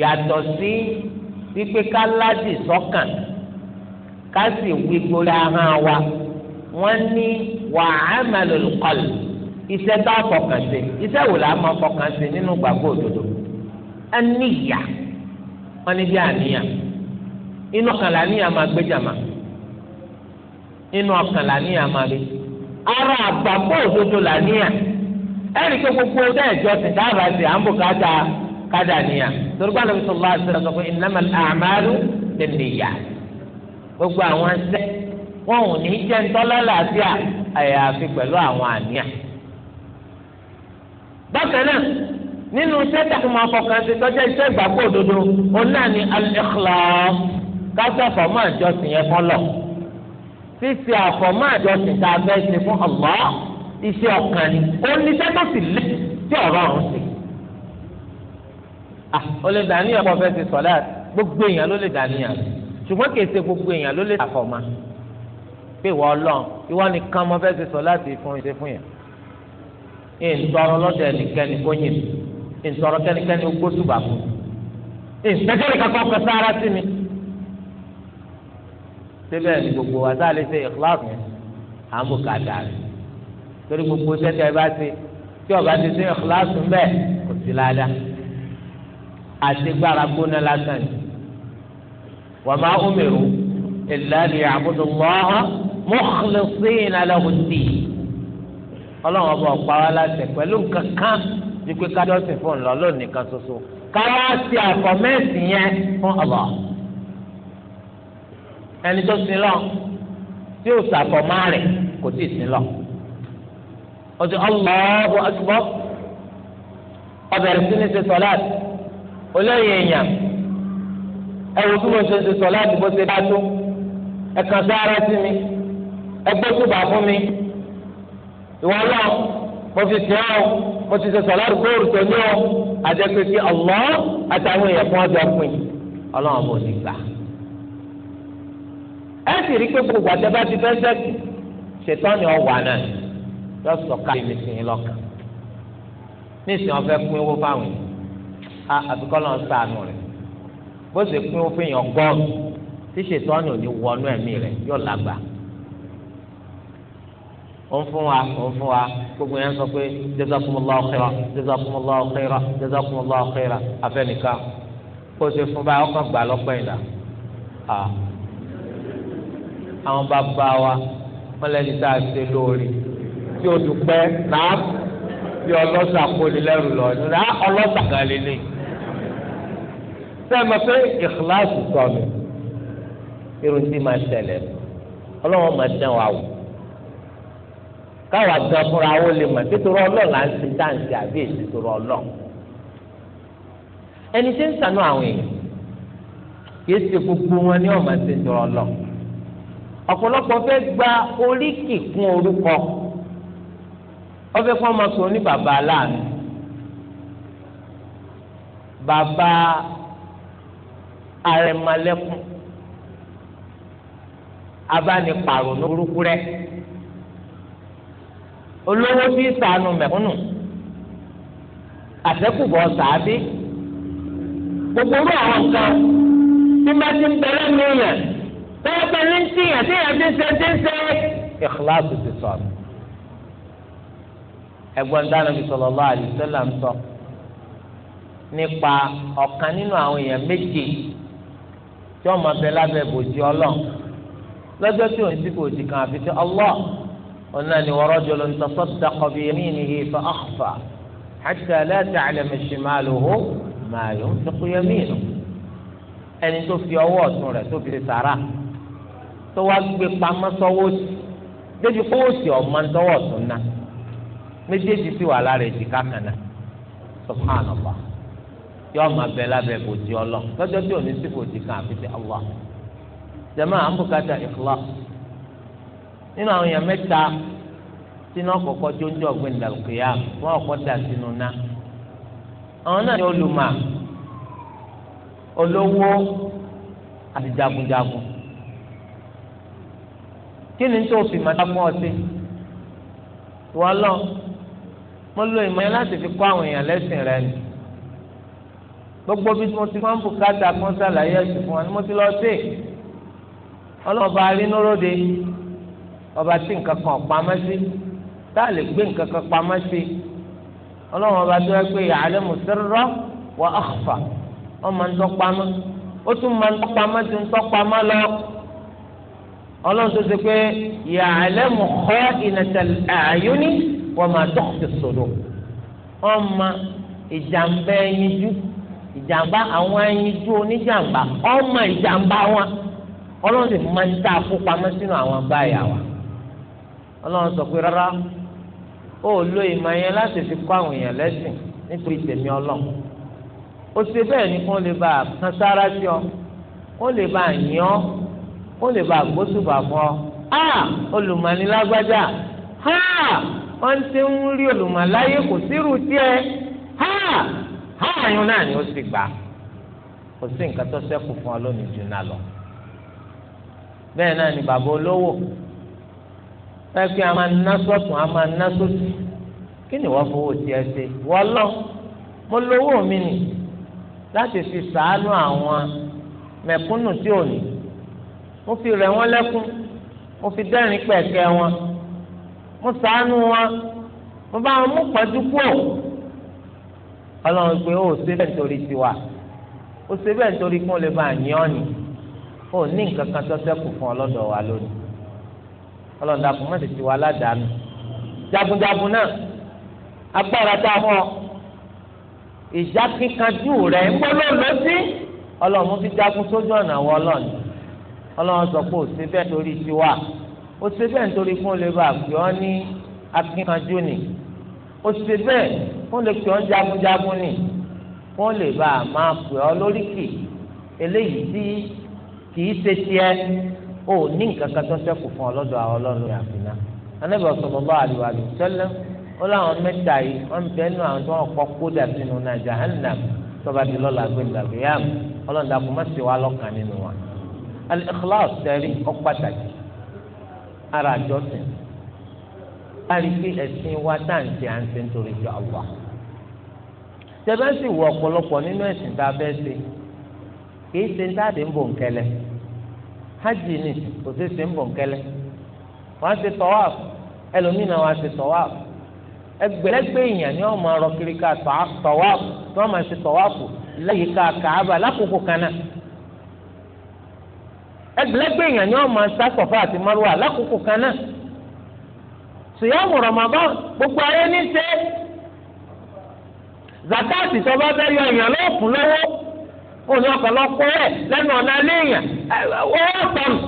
yàtọ̀ sí wípé ká ládì sọ́kàn ká sì wí borí ahọ́n wa wọ́n ní wa'amalul qalb iṣẹ́ tá a fọkàn sí iṣẹ́ wo la máa fọkàn sí nínú gbàgbọ́ òdodo àníyà wọ́n ní bí àníyà inú kan làníyà máa gbé jàmá inú ọkàn làníyàn máa rí ara àgbàgbọ́ òdodo làníyàn ẹnì pé gbogbo ọdẹ ẹjọ ti dábàá sí àǹbò kájà kájà níyà torí pé àlọ́ sọ̀rọ̀ àti sọ̀rọ̀ pé ìnáma àmàlú lè nìyà gbogbo àwọn ẹsẹ̀ wọn ò ní jẹ́ ńtọ́lá làásìá àyàfi pẹ̀lú àwọn àníyàn. bákan náà nínú iṣẹ́ tàbí máa fọkàn tọ́jú iṣẹ́ ìgbàgbọ́ òdodo òun ni al kọ́ ṣíṣe àfọ̀mọ́ àjọṣin tá a fẹ́ ṣe fún Allah iṣẹ́ ọkàn ni ó ní iṣẹ́ tó sì lé tí ọ̀rọ̀ ọ̀hún ṣe. ó lè dàníyàn kó fẹ́ ṣe sọ̀lá gbogbo èèyàn ló lè dàníyàn ṣùgbọ́n kì í ṣe gbogbo èèyàn ló lè àfọ̀mọ́ pé ìwọ ọlọ́run ìwọ nìkan mo fẹ́ ṣe sọ̀lá ti fún ṣe fún yẹn. ìǹtọ̀rọ̀ lọ́dọ̀ ẹnikẹ́ni kó yìn ìǹtọ̀rọ̀ kẹ́nikẹ́ni ó gbóṣùbà fún ìǹtẹ́kẹ́ni kankan kọ sára sí mi síbẹ̀ ní gbogbo wa sáà lè ṣe ìkíláàsì à ń bò ká dà rẹ̀ torí gbogbo sẹ́tẹ̀ bá ṣe tí ọba ti ṣe ìkíláàsì ń bẹ̀ kò sí ládàá àṣegbára gbóná lásán ni wa ma umiru illa liya'budu Allaha mukhlisina lahu ddin ọlọ́run ọba ọ̀pá wa láṣẹ pẹ̀lú kankan ní pé kájọ́sìn fún un lónìí kan ṣoṣo ká wá àkọ́mẹ́sì yẹn fún Allah ẹni tó sin lọ tí ò sàfọ̀mọ́ rẹ̀ kò tí ì sin lọ. ọtí Allahu akbar ọbẹ̀rẹ̀ sí ní ṣe sọ̀láàtì olóyè èèyàn ẹ̀rù bí mo ṣe ṣe sọ̀láàtì bó ṣe dá tó ẹ̀kan sáárẹ̀ sí mi ẹgbẹ́ kúbà fún mi ìwọ lọ mo fi sìn ọ́ mo ti ṣe sọ̀láàtì góòlù tó ní ọ́ àjẹpẹ́ sí Allah àtàwọn èèyàn fún ọjọ́ pin ọlọ́run bò ní gbà ẹ sì rí pé gbogbo àtẹ́bá ti fẹ́ sẹ́kù ṣètọ́ni ọ̀wà náà yọ sọ káyọ̀ mi sìn lọ́kàn nísìnyí wọn fẹ́ pín owó fáwọn a àbíkọ́ lọ́n sànù rẹ̀ bó ṣe pín owó fẹ́yàn gọ́ọ̀n tí ṣètọ́ni ò ní wọnú ẹ̀mí rẹ̀ yóò lágbà ó ń fún wa ó ń fún wa gbogbo yẹn sọ pé jazakumullahu khaira jazakumullahu khaira jazakumullahu khaira afẹnika kó ṣe fún báyìí ọkàn gbà lọ́pọ̀ ìlà àwọn bàbá wa wọ́n lẹ́ni tá a ṣe lóore tí o dùpẹ́ náà bí ọlọ́sà kọ́ni lẹ́rù lọ ní ọlọ́sà kan lè ní. sẹ́mi pé ìkíláàsì sọnù irun tí máa ṣẹlẹ̀ ọlọ́wọ́n máa dán wa wò káwa gan fúnra wo lè mọ̀ títorọ ọlọ́ọ̀ là ń ṣe dáǹsì àbí èsì torọ ọlọ́ọ̀ ẹni tí ń sànú àwọn èèyàn ṣe gbogbo wọn ní ọ̀mà ṣe torọ ọlọ́ọ̀ ọ̀pọ̀lọpọ̀ fẹ́ gba oríkì kún orúkọ ọfẹ́ kọ́ máa sọ ní bàbá aláàánú bàbá arẹmalẹ́kùn abánipàrọ̀ lórúkú rẹ olówó tí ṣàánú mẹ̀kúnnù àtẹkùbọ sàábí gbogbo orú àwọn nǹkan tí bá ti ń bẹ̀rẹ̀ mí bẹ́ẹ̀ pé ní tìyàn tìyàn ti ń ṣe ti ń ṣe ìkíláàsì ti sọ̀rọ̀ ẹ̀gbọ́n dáná bí sallallahu alaihi wasallam ń sọ nípa ọ̀kan nínú àwọn èèyàn méje tí wọ́n máa bẹ lábẹ́ bòjì ọlọ́run lọ́jọ́ tí òun ti bòjì kan àfi tí ọlọ́ ọ̀nà ni wa rajulun tasaddaqa bi yaminihi fa akhfa hatta la ta'lama shimaluhu ma yunfiqu yaminuhu ẹni tó fi ọwọ́ ọ̀tún rẹ̀ tó fi sàrà. tó wá gbé pamọ́ sọ́wọ́ òsì débi kó òsì ọ̀ma ń tọwọ́ ọ̀tún ná méjèèjì yọọ ma bẹ lábẹ́ bòjì ọlọ lọ́jọ́ tí òní sí bòjì kan àfi ti Allah jama àmbùkátà ikhlas nínú àwọn èèyàn mẹ́ta sínú ọkọọkọ tó ń wọn ọkọ kí ni tó fi màdá fún ọ sí wọ́n lọ mo lo ìmọ̀ yẹn láti fi kọ́ àwọn èèyàn lẹ́sìn rẹ ni gbogbo bí mo ti máa ń bùkátà kan ṣàlàyé ẹ̀sìn fún wa ni mo ti lọ sí ọlọ́ọ̀bá arínúróde ọba tí nǹkan kan pamọ́ sí tá a lè gbé nǹkan kan pamọ́ sí ọlọ́wọ́n ọba tó yẹ pé ya'lamu sirra wa akhfa ọmọ ń tọ́ pamọ́ ó tún máa ń tọ́ pamọ́ ju ń tọ́ pamọ́ lọ ọlọ́run tó ṣe pé ya'lamu kha'inatal a'yuni wa ma tukhfi sudur ọmọ ìjàmbá ẹyinjú ìjàmbá àwọn ẹyinjú oníjàmbá ọmọ ìjàmbá wọn ọlọ́run sì máa ń tá a kó pamọ́ sínú àwọn báyà wa ọlọ́run sọ pé rárá ó lo ìmọ̀ yẹn láti fi kọ́ àwọn èèyàn lẹ́sìn nítorí tèmi ọlọ́run ó ṣe bẹ́ẹ̀ ni kó lè bá a kan sára sí ọ kó lè bá a yàn ó lè bá àgbóṣùbà fọ á olùmọ̀nilágbájá á wọ́n ti ń rí olùmọ̀láyé kò sírù tiẹ̀ á á àyùn náà ni ó sì gbà kò sí nǹkan tó ṣẹ́kù fún ọ lónìí jù náà lọ. bẹ́ẹ̀ náà ni bàbá olówó fẹ́ẹ́ pé a máa ná sọ́tún a máa ná sósì kí ni wọ́n fowó tiẹ̀ ṣe wọ́n lọ mo lówó mi nì láti fi sàánú àwọn mẹ̀kúnnù tí ò ní mo fi rẹ̀ wọ́n lẹ́kún mo fi dẹ́rìn pẹ̀kẹ́ wọn mo ṣàánú wọn mo bá wọn mú pọ́njú kúrò ọlọ́run pé ó ṣe bẹ́ẹ̀ nítorí tiwa ó ṣe bẹ́ẹ̀ nítorí kí wọ́n lè bá a yàn ọ́ ni ó ní nǹkan kan tó ṣẹ́kù fún ọlọ́dọ̀ wa lónìí ọlọ́run dàpọ̀ mọ́ ti tiwa aládàánu jagunjagun náà agbára tá a fọ́ ìjà kíkanjú rẹ̀ ń gbọ́ lọ́ọ́ lọ́sí ọlọ́run fi jagun sójú ọ̀nà wọ ọlọ́run ọlọ́run sọ pé ó ṣe bẹ́ẹ̀ torí tiwa ó ṣe bẹ́ẹ̀ nítorí fún olè bá pè ọ́ ní akínkanjú ni ó ṣe bẹ́ẹ̀ fún olè pè ọ́ jagunjagun ni fún olè bá máa pè ọ́ lóríkì eléyìí tí kìí ṣe tiẹ̀ ó ní nǹkan kan tó ṣẹ́kù fún ọlọ́dọ̀ àwọn ọlọ́run àfínà anábìyà sallallahu alaihi wa sallam ó láwọn mẹ́ta yìí wọ́n bẹ́ẹ̀ nù àwọn tó wọ́n kọ́ kódà sínú náà jahannam tọ́ba di lọ́la gbẹ̀ngàgbẹ̀yàm ọlọ́dà kò má ṣe wá lọ́kàn nínú wa. al-ikhlas sẹ́rí ara àjọsìn láti fi ẹ̀sìn wa dáǹtì àǹtí nítorí ju àwa. tẹ́lẹ̀ sì wọ ọ̀pọ̀lọpọ̀ nínú ẹ̀sìn tá a fẹ́ ṣe kìí ṣe dáàdé ń bò ń kẹlẹ̀ hajj ni kò sí ṣe ń bò ń ṣe ṣe èèyàn ni wọ́n máa rọ kiri ká máa ṣe Kaaba lákòókò kan ẹgbẹ̀lẹ́gbẹ̀ èèyàn ni wọ́n máa sá Sọ̀fà àti Márùwà lákòókò kan náà sìyàmù Ramadan gbogbo ayé ní ṣe zakati sọba fẹ́ yọ èèyàn lọ́ọ̀kùn lọ́wọ́ òní ọkọ̀ lọ́kọ́ rẹ̀ lẹ́nu ọ̀nà léèyàn owó sọnù.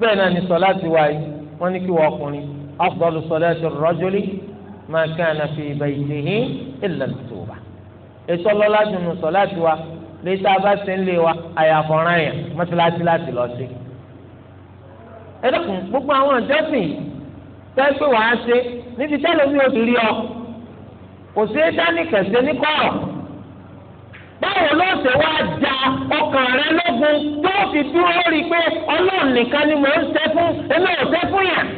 bẹ́ẹ̀ náà ni sọlá ti wáyé wọ́n ní kí wọ́n ọkùnrin afdalu salati ar-rajuli ma kana fi baytihi illa al-maktuba. ètò ọlọ́lá létí abáṣe ńlé wa àyàfọ̀ràn yẹn mọ́tíláṣí láti lọ sí. ẹ dẹ́kun gbogbo àwọn ìjọsìn yìí tẹ́ pé wàá ṣe níbi tẹ́lẹ̀ mi ò sì rí ọ kò sí dání kẹ̀sẹ̀ ní kọ́rọ̀ báwo ló ṣe wá ja ọkàn rẹ lógun tó fi dúró rí i pé ọlọ́run nìkan ni mò ń ṣe fún èmi ò ṣe fún yàn.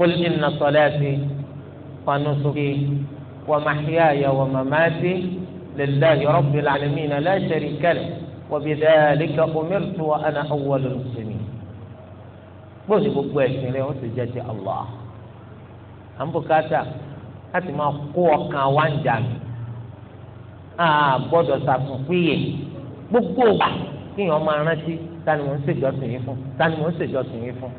قل إن صلاتي ونسكي ومحياي ومماتي lillahi rabbil alamin la sharika lahu wa bidhalika umirtu wa ana awwalul muslimin gbọ́dọ̀ gbogbo ẹ̀sìn rẹ̀ wọ́n ti jẹ́ ti Allah à ń bùkátà láti máa kó ọkàn wa ń jà mí a gbọ́dọ̀ sàkúnpìyè gbogbo ògbà kíyàn máa rántí tani mò ń ṣèjọsìn yìí fún tani mò ń ṣèjọsìn yìí fún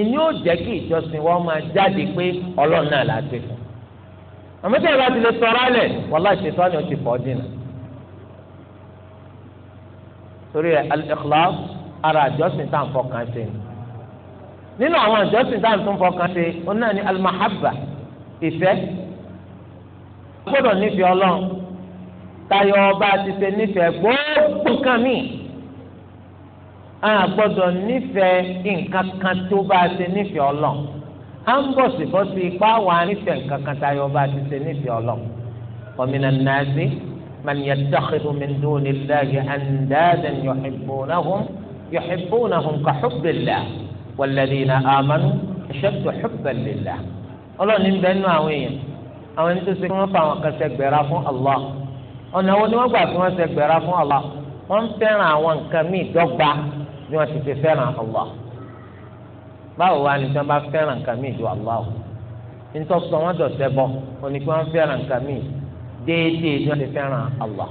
ìní ò jẹ́ kí ìjọsìn wọn máa jáde pé ọlọ́run náà láti fún àmọ́ tí ìyàrá ti lè sọ̀rọ̀ alẹ̀ wàlá ṣètò àná ti fọ́ dínà. torí al-ikhlas ara àjọsìn tá à ń fọkàn ṣe nínú àwọn àjọsìn tá à ń tún fọkàn ṣe ó náà ní al ìfẹ́ gbọ́dọ̀ nífẹ̀ẹ́ ọlọ́run tayọ ọba ti ṣe nífẹ̀ẹ́ gbogbo nǹkan míì a gbọ́dọ̀ nífẹ̀ẹ́ nǹkan kan tó bá ṣe nífẹ̀ẹ́ ọlọ́run à ń bọ̀ sí bọ́ sí ipá wa nífẹ̀ẹ́ nǹkan kan tayọ bá ti ṣe nífẹ̀ẹ́ ọlọ ọ̀mìnà nàásì mànìyà dàkìlù mi dùn ní láàyè àndáàdàn yòḥìbùnàhùn yòḥìbùnàhùn kà xubbìlà wàlẹ́dìínà àmàlù ìṣẹ́tù xubbìlà ọlọ́ọ̀ni bẹ́ẹ̀ nù àwọn èèyàn àwọn ẹni tó ṣe kí wọ́n fa àwọn kan fún Allah ọ̀nà wo ni wọ́n gbà kí wọ́n ṣẹgbẹ̀rà fún Allah wọ́n fẹ́ràn àwọn nǹkan míì dọ́gba bí wọ́n ti fi fẹ́ràn Allah báwo wá ni tí wọ́n bá fẹ́ràn nǹkan míì ju Allah nítorí sọ wọ́n dọ̀tẹ́ bọ́ òní pé wọ́n fẹ́ràn nǹkan míì déédéé tí wọ́n ti fẹ́ràn Allah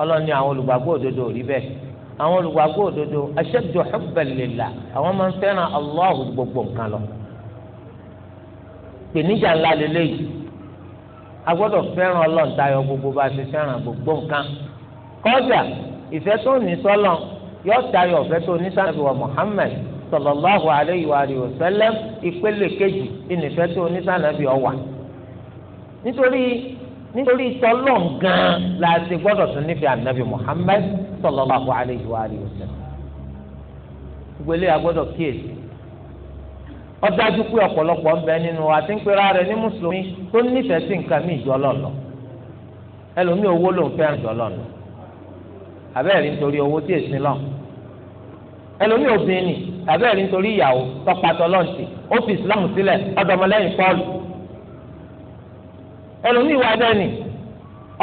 ọlọ́run ní àwọn olùgbàgbọ́ òdodo rí bẹ́ẹ̀ àwọn olùgbàgbọ́ òdodo ashaddu hubban lillah àwọn máa ń fẹ́ràn Allah gbogbo nǹkan lọ pèníjà ńlá lélẹ́yìí a gbọ́dọ̀ fẹ́ràn ọlọ́run tayọ gbogbo bá a ti fẹ́ràn gbogbo nǹkan kọ́jà ìfẹ́ tó ní sọ́lọ́ yọ tayọ ìfẹ́ tó ní sanabi wa Muhammad sallallahu alayhi wa alihi wa sallam ìpele kejì ìnìfẹ́ tó onísànàbí ọ̀wà nítorí nítorí tọ́lọ́n gan la ṣe gbọ́dọ̀ tún nífẹ̀ẹ́ ànábì Muhammad sallallahu alayhi wa alihi wa sallam ìgbélé agbọ́dọ̀ kíyèsí ó dájú pé ọ̀pọ̀lọpọ̀ ń bẹ nínú àti ń pera rẹ̀ ní mùsùlùmí tó nífẹ̀ẹ́ sí nǹkan mí ìjọ lọ́nà ẹlòmíì owó ló ń fẹ́ràn ìjọ lọ́nà àbẹ́ẹ̀rí nítorí owó tí èsì lọ́nà ẹlòmí obìnrin ni tàbí ẹ̀rí nítorí ìyàwó tọpatọ lọ́ǹtì ó fi islam sílẹ̀ ọdọmọlẹ́yìn pọ́ọ̀lù ẹlòmí ìwà bẹ́ẹ̀ ni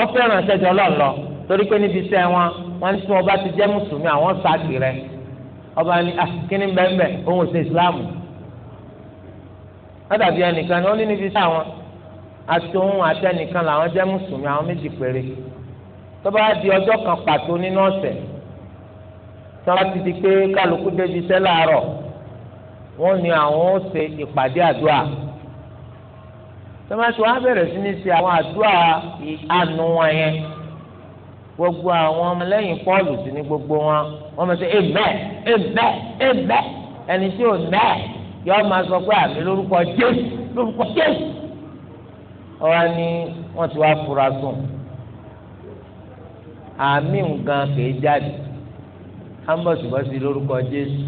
ọfẹ́ràn ṣẹjọ lọ́ọ̀lọ́ torí pé níbi iṣẹ́ wọn wọn ní wọn bá ti jẹ́ mùsùlùmí àwọn sáàkì rẹ ọba ni ah, kíni bẹ́ẹ̀ òun ò ṣe islam ọ̀dàbí ẹnìkan ni ó ní níbi iṣẹ́ àwọn àtòun àtẹnìkan làwọn jẹ́ mùsùlùmí àwọn méjì péré tó sábà ti di pé kálukú débi iṣẹ́ láàárọ̀ wọ́n ní àwọn ó ṣe ìpàdé àdúrà tọ́másì wọn á bẹ̀rẹ̀ sí ní ṣe àwọn àdúrà àánú wọn yẹn gbogbo àwọn ọmọlẹ́yìn pọ́ọ̀lù sí ní gbogbo wọn wọ́n mọ̀ sí ẹ̀mẹ́ ẹ̀mẹ́ ẹ̀mẹ́ ẹni tí ò mẹ́ yọ máa sọ pé àmì lórúkọ jésù lórúkọ jésù ọ̀rọ̀ ni wọ́n ti wá fura sùn àmì nǹkan kìí jáde ámbọ̀sibọ́sí lórúkọ jésù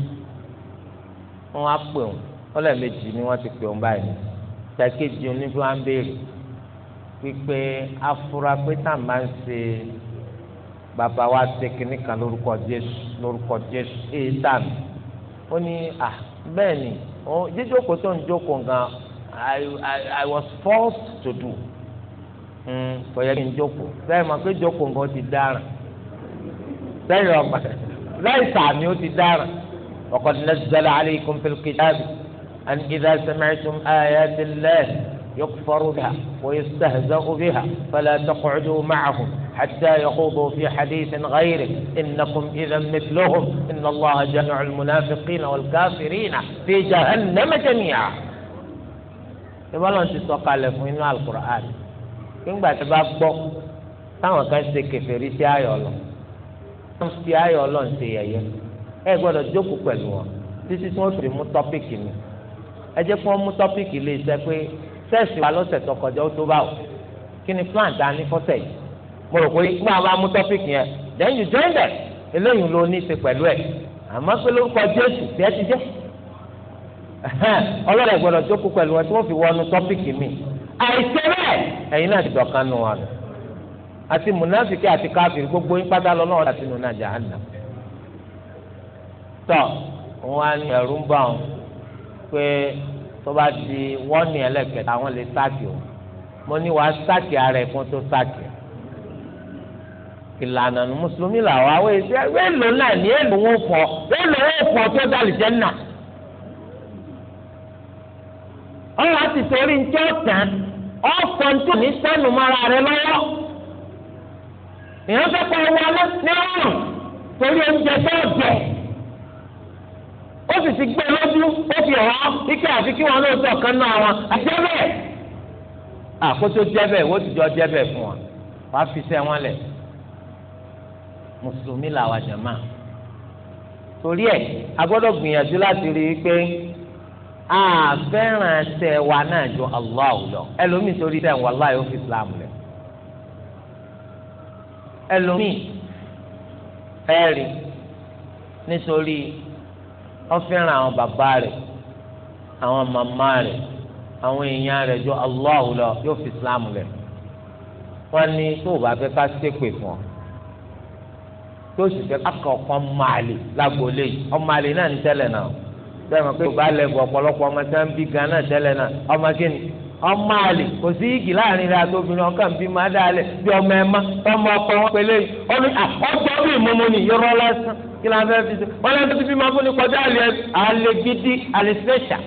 wọn á pè wọn ọlẹ́ẹ̀mejì ni wọ́n ti pè wọn báyìí tàkéjì onífẹ́ wa ń béèrè wípé afura pé tá a máa ń ṣe bàbá wa ṣe lórúkọ jésù lórúkọ jésù èyí tà mí ó ní à ah, bẹ́ẹ̀ ni jíjókòó tó ń jókòó gan I, was forced to do hmm, kò kí n jókòó sẹ́yìn mọ̀ pé jókòó nǹkan ti dára sẹ́yìn ọgbà. ليس sàmì ó ti وقد نزل عليكم في الكتاب أن إذا سمعتم آيات الله يكفر بها ويستهزأ بها فلا تقعدوا معهم حتى يخوضوا في حديث غيره إنكم إذا مثلهم إن الله جميع المنافقين والكافرين في جهنم جميعا ìbọ́lọ̀ ti sọ̀kalẹ̀ fún inú alukur'an nígbà tí bá gbọ́ táwọn kan ṣe kẹfẹ́rí sí ayọ̀ lọ wọ́n fi ayọ̀ ọlọ́run ṣe yẹ̀yẹ́ ẹ gbọ́dọ̀ jókòó pẹ̀lú wọn títí tí wọ́n fi mú tọ́pìkì mi ẹ jẹ́ kí wọ́n mú tọ́pìkì lè ṣe pé sẹ́ẹ̀sì wa lọ́sẹ̀ tó kọjá ó tó bá o kí ni plan ta ní fọ́sẹ̀ yìí mo rò pé nígbà wa mú tọ́pìkì yẹn then you join them eléyìí ló ní í ṣe pẹ̀lú ẹ̀ àmọ́ pé lórúkọ Jésù tí ẹ ti jẹ́ ọlọ́run ẹ gbọ́dọ̀ jókòó pẹ̀lú wọn tí wọ́n fi wọnú tọ́pìkì mi àìsẹ́ bẹ́ẹ̀ ẹ̀yin náà ti dọ̀kan nù wọn àti mùnàfíkì àti káfíìn gbogbo yín pátá lọ náà àti nùnà jahannam tọ wọn á ní ẹrú ń bá wọn pé tó bá di wọn ní ẹlẹkẹta wọn lè sáàkì o mo ní wàá sáàkì ara ẹ fún tó sáàkì ìlànà mùsùlùmí làwọn àwọn èsì ẹlò náà ní ẹlò wọn fọ ẹlò wọn fọ tó dàlù jẹ nà ọ̀rọ̀ àti torí ń jẹ́ ọ̀tàn ọ̀fọ̀ ń tún ní sẹ́nu mọ́ra rẹ lọ́wọ́. èèyàn fẹ́ kọ́ ọwọ́ alẹ́ ní ọrùn torí oúnjẹ tó jẹ ó sì ti gbé e lójú ó fi ike àfi kí wọn lóò sọ kan náà wọn àjẹ jebe àkótó jebe bẹ́ẹ̀ ti jọ wa fi wọn le, mùsùlùmí làwà jàmá torí e, agodo gbìyànjú láti rí pé a fẹ́ràn wa náà ju Allah lọ torí Islam ẹlòmíì ẹ̀rì nítorí wọ́n fẹ́ràn àwọn bàbá rẹ̀ àwọn màmá rẹ̀ àwọn èèyàn rẹ̀ jọ Allah lọ yóò fi Islam lẹ̀ wọ́n ní tó o bá fẹ́ ká ṣépè fún ọ tó o sì fẹ́ ká kọ̀ ọ̀kan máàlì lágboolé náà ní tẹ́lẹ̀ náà bẹ́ẹ̀ mọ̀ pé o bá lẹ̀ bọ̀ ọmọ tí wọ́n ń bí gan náà náà ọmọ kí ni ọmọ àlè kò sí igi láàrin rẹ àtòbìnrin ọkàn bíi máa dá alẹ bí ọmọ ẹ má ọmọ ọkọ wọn pẹ̀lẹ́ ọdún ọjọ́ bíi mímú ni yọrọ lásán kí la fẹ́ fi ṣe wọn lẹ́nu tó fi máa fún ni kọjá àlè àlè gidi àlè sẹ́ṣà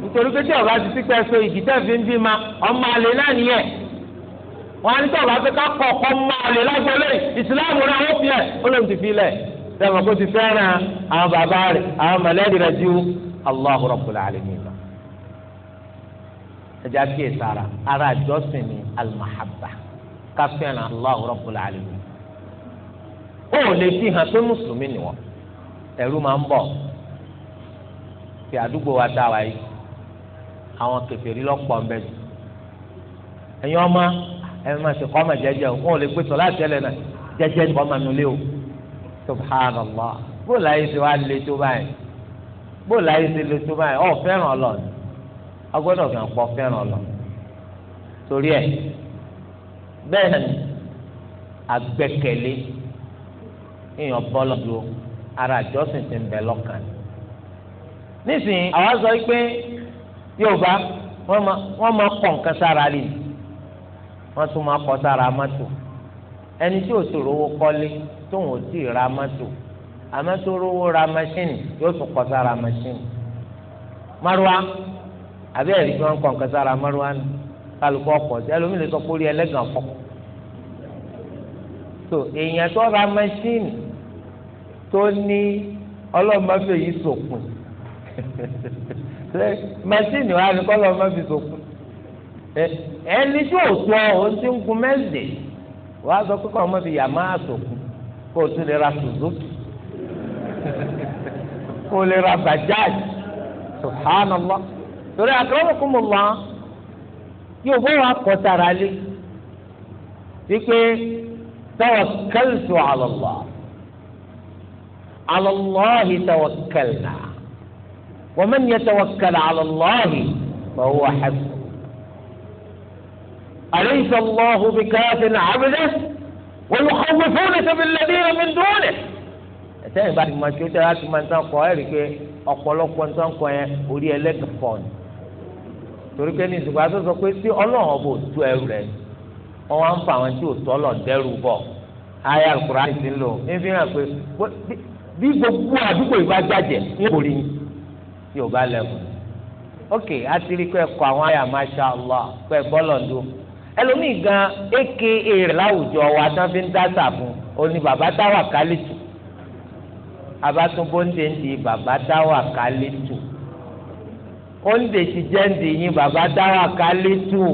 nítorí pé tí ọba ti ti pẹ́ so igi tẹ́ fi ń bí ma ọmọ àlè náà nìyẹn wọn á ní tí ọba ti ká kọ̀ ọkọ ọmọ àlè lágbọ́lé ìsìláàmù náà wọ́n fi ẹ̀ ó lóun ti fi lẹ̀ sẹ́wọ̀n kó ti fẹ́ràn àwọn bàbá rẹ̀ àwọn mọ̀lẹ́bí ẹja kíyè sára ara àjọsìn ni alimahaba káfíńnà allah rabbul alamin ó lè fi hàn pé mùsùlùmí ni wọn ẹrú máa ń bọ̀ fi àdúgbò wa dá wa yìí àwọn kèfèrí lọ́pọ̀ ń bẹ jù ẹ̀yin ọmọ ẹ̀yin máa ṣe kọ́ ọmọ jẹ́jẹ́ o wọn ò lè gbé sọlá àtẹ́lẹ̀ náà jẹ́jẹ́ ní ọmọ mi lé o subhanallah bó láyé ṣe wá lé tó báyìí bó láyé ṣe lé tó báyìí ọ̀ fẹ́ràn ọlọ́ọ̀ni agbọ́dọ̀ kàn pọ̀ fẹ́ràn lọ torí ẹ̀ bẹ́ẹ̀ ni agbẹ́kẹ̀lé èèyàn bọ́lọ̀ dúró ara àjọsìn ti ń bẹ lọ́kàn nísìnyí àwa sọ pé yorùbá wọ́n máa kọ̀ nǹkan sára lè wọ́n tún máa kọ́ sára mọ́tò ẹni tí òsì rówó kọ́lé tóun ò tí ì ra mọ́tò àmọ́ tó rówó ra mọ́ṣíìnì yóò tún kọ́ sára mọ́ṣíìnì márùá àbí ẹ̀rí tí wọ́n kọ̀ nǹkan sára mọ́rùwá ni kálukọ́ ọkọ̀ sí ẹlòmíì lè sọ pé orí ẹlẹ́gàn fọ́. tó èèyàn tó ra mẹ́ṣíìnì tó ní ọlọ́mọfẹ́ yìí sòkun mẹ́ṣíìnì wa ni kọ́lọ́mọfẹ́ sòkun ẹni tí ò sọ òun ti ń gun mẹ́sì wàá sọ pé kọ́lọ́mọfẹ́ yà máa sòkun kó o tún lè ra Suzuki kó o lè ra Bajaj subhanallah. torí yóò fún akramakumullah yóò bó wa kọ́ sára lé wípé tawakkaltu ala Allah ala Allahi tawakkalna wa man yatawakkal ala Allahi fa huwa hasbuh. أليس الله بكاف عبده ويخوفونك بالذين من دونه ẹtẹ́yìn bá ti mọ tí ó tẹ́lá ti máa ń tán kọ ẹ́ rí i pé ọ̀pọ̀lọpọ̀ ń tán kọ yẹn orí ẹlẹ́kẹ̀kọ́ ni torí pé ní ìsìnkú àti sọ pé sí ọlọ́run ọba òtú ẹrù rẹ wọn wá ń fa àwọn tí òtú ọlọ́run dẹ́rù bọ̀ ayé àkùrá ní ti ń lò ń fi hàn pé bí gbogbo àdúgbò yìí bá jàjẹ́ ní ìbòrí yóò bá lẹ́kùn ok àti rí pé kọ àwọn ayé masha Allah pé bọ́lọ̀ ń dún ẹlòmíì gan aka rẹ̀ láwùjọ wa tán fi ń dáta fún òní bàbá táwa kálí tù abatunbó ń dé ń di bàbá táwa kálí tù òǹdè sì jẹ́ ǹdè yín bàbá dáwà ká létò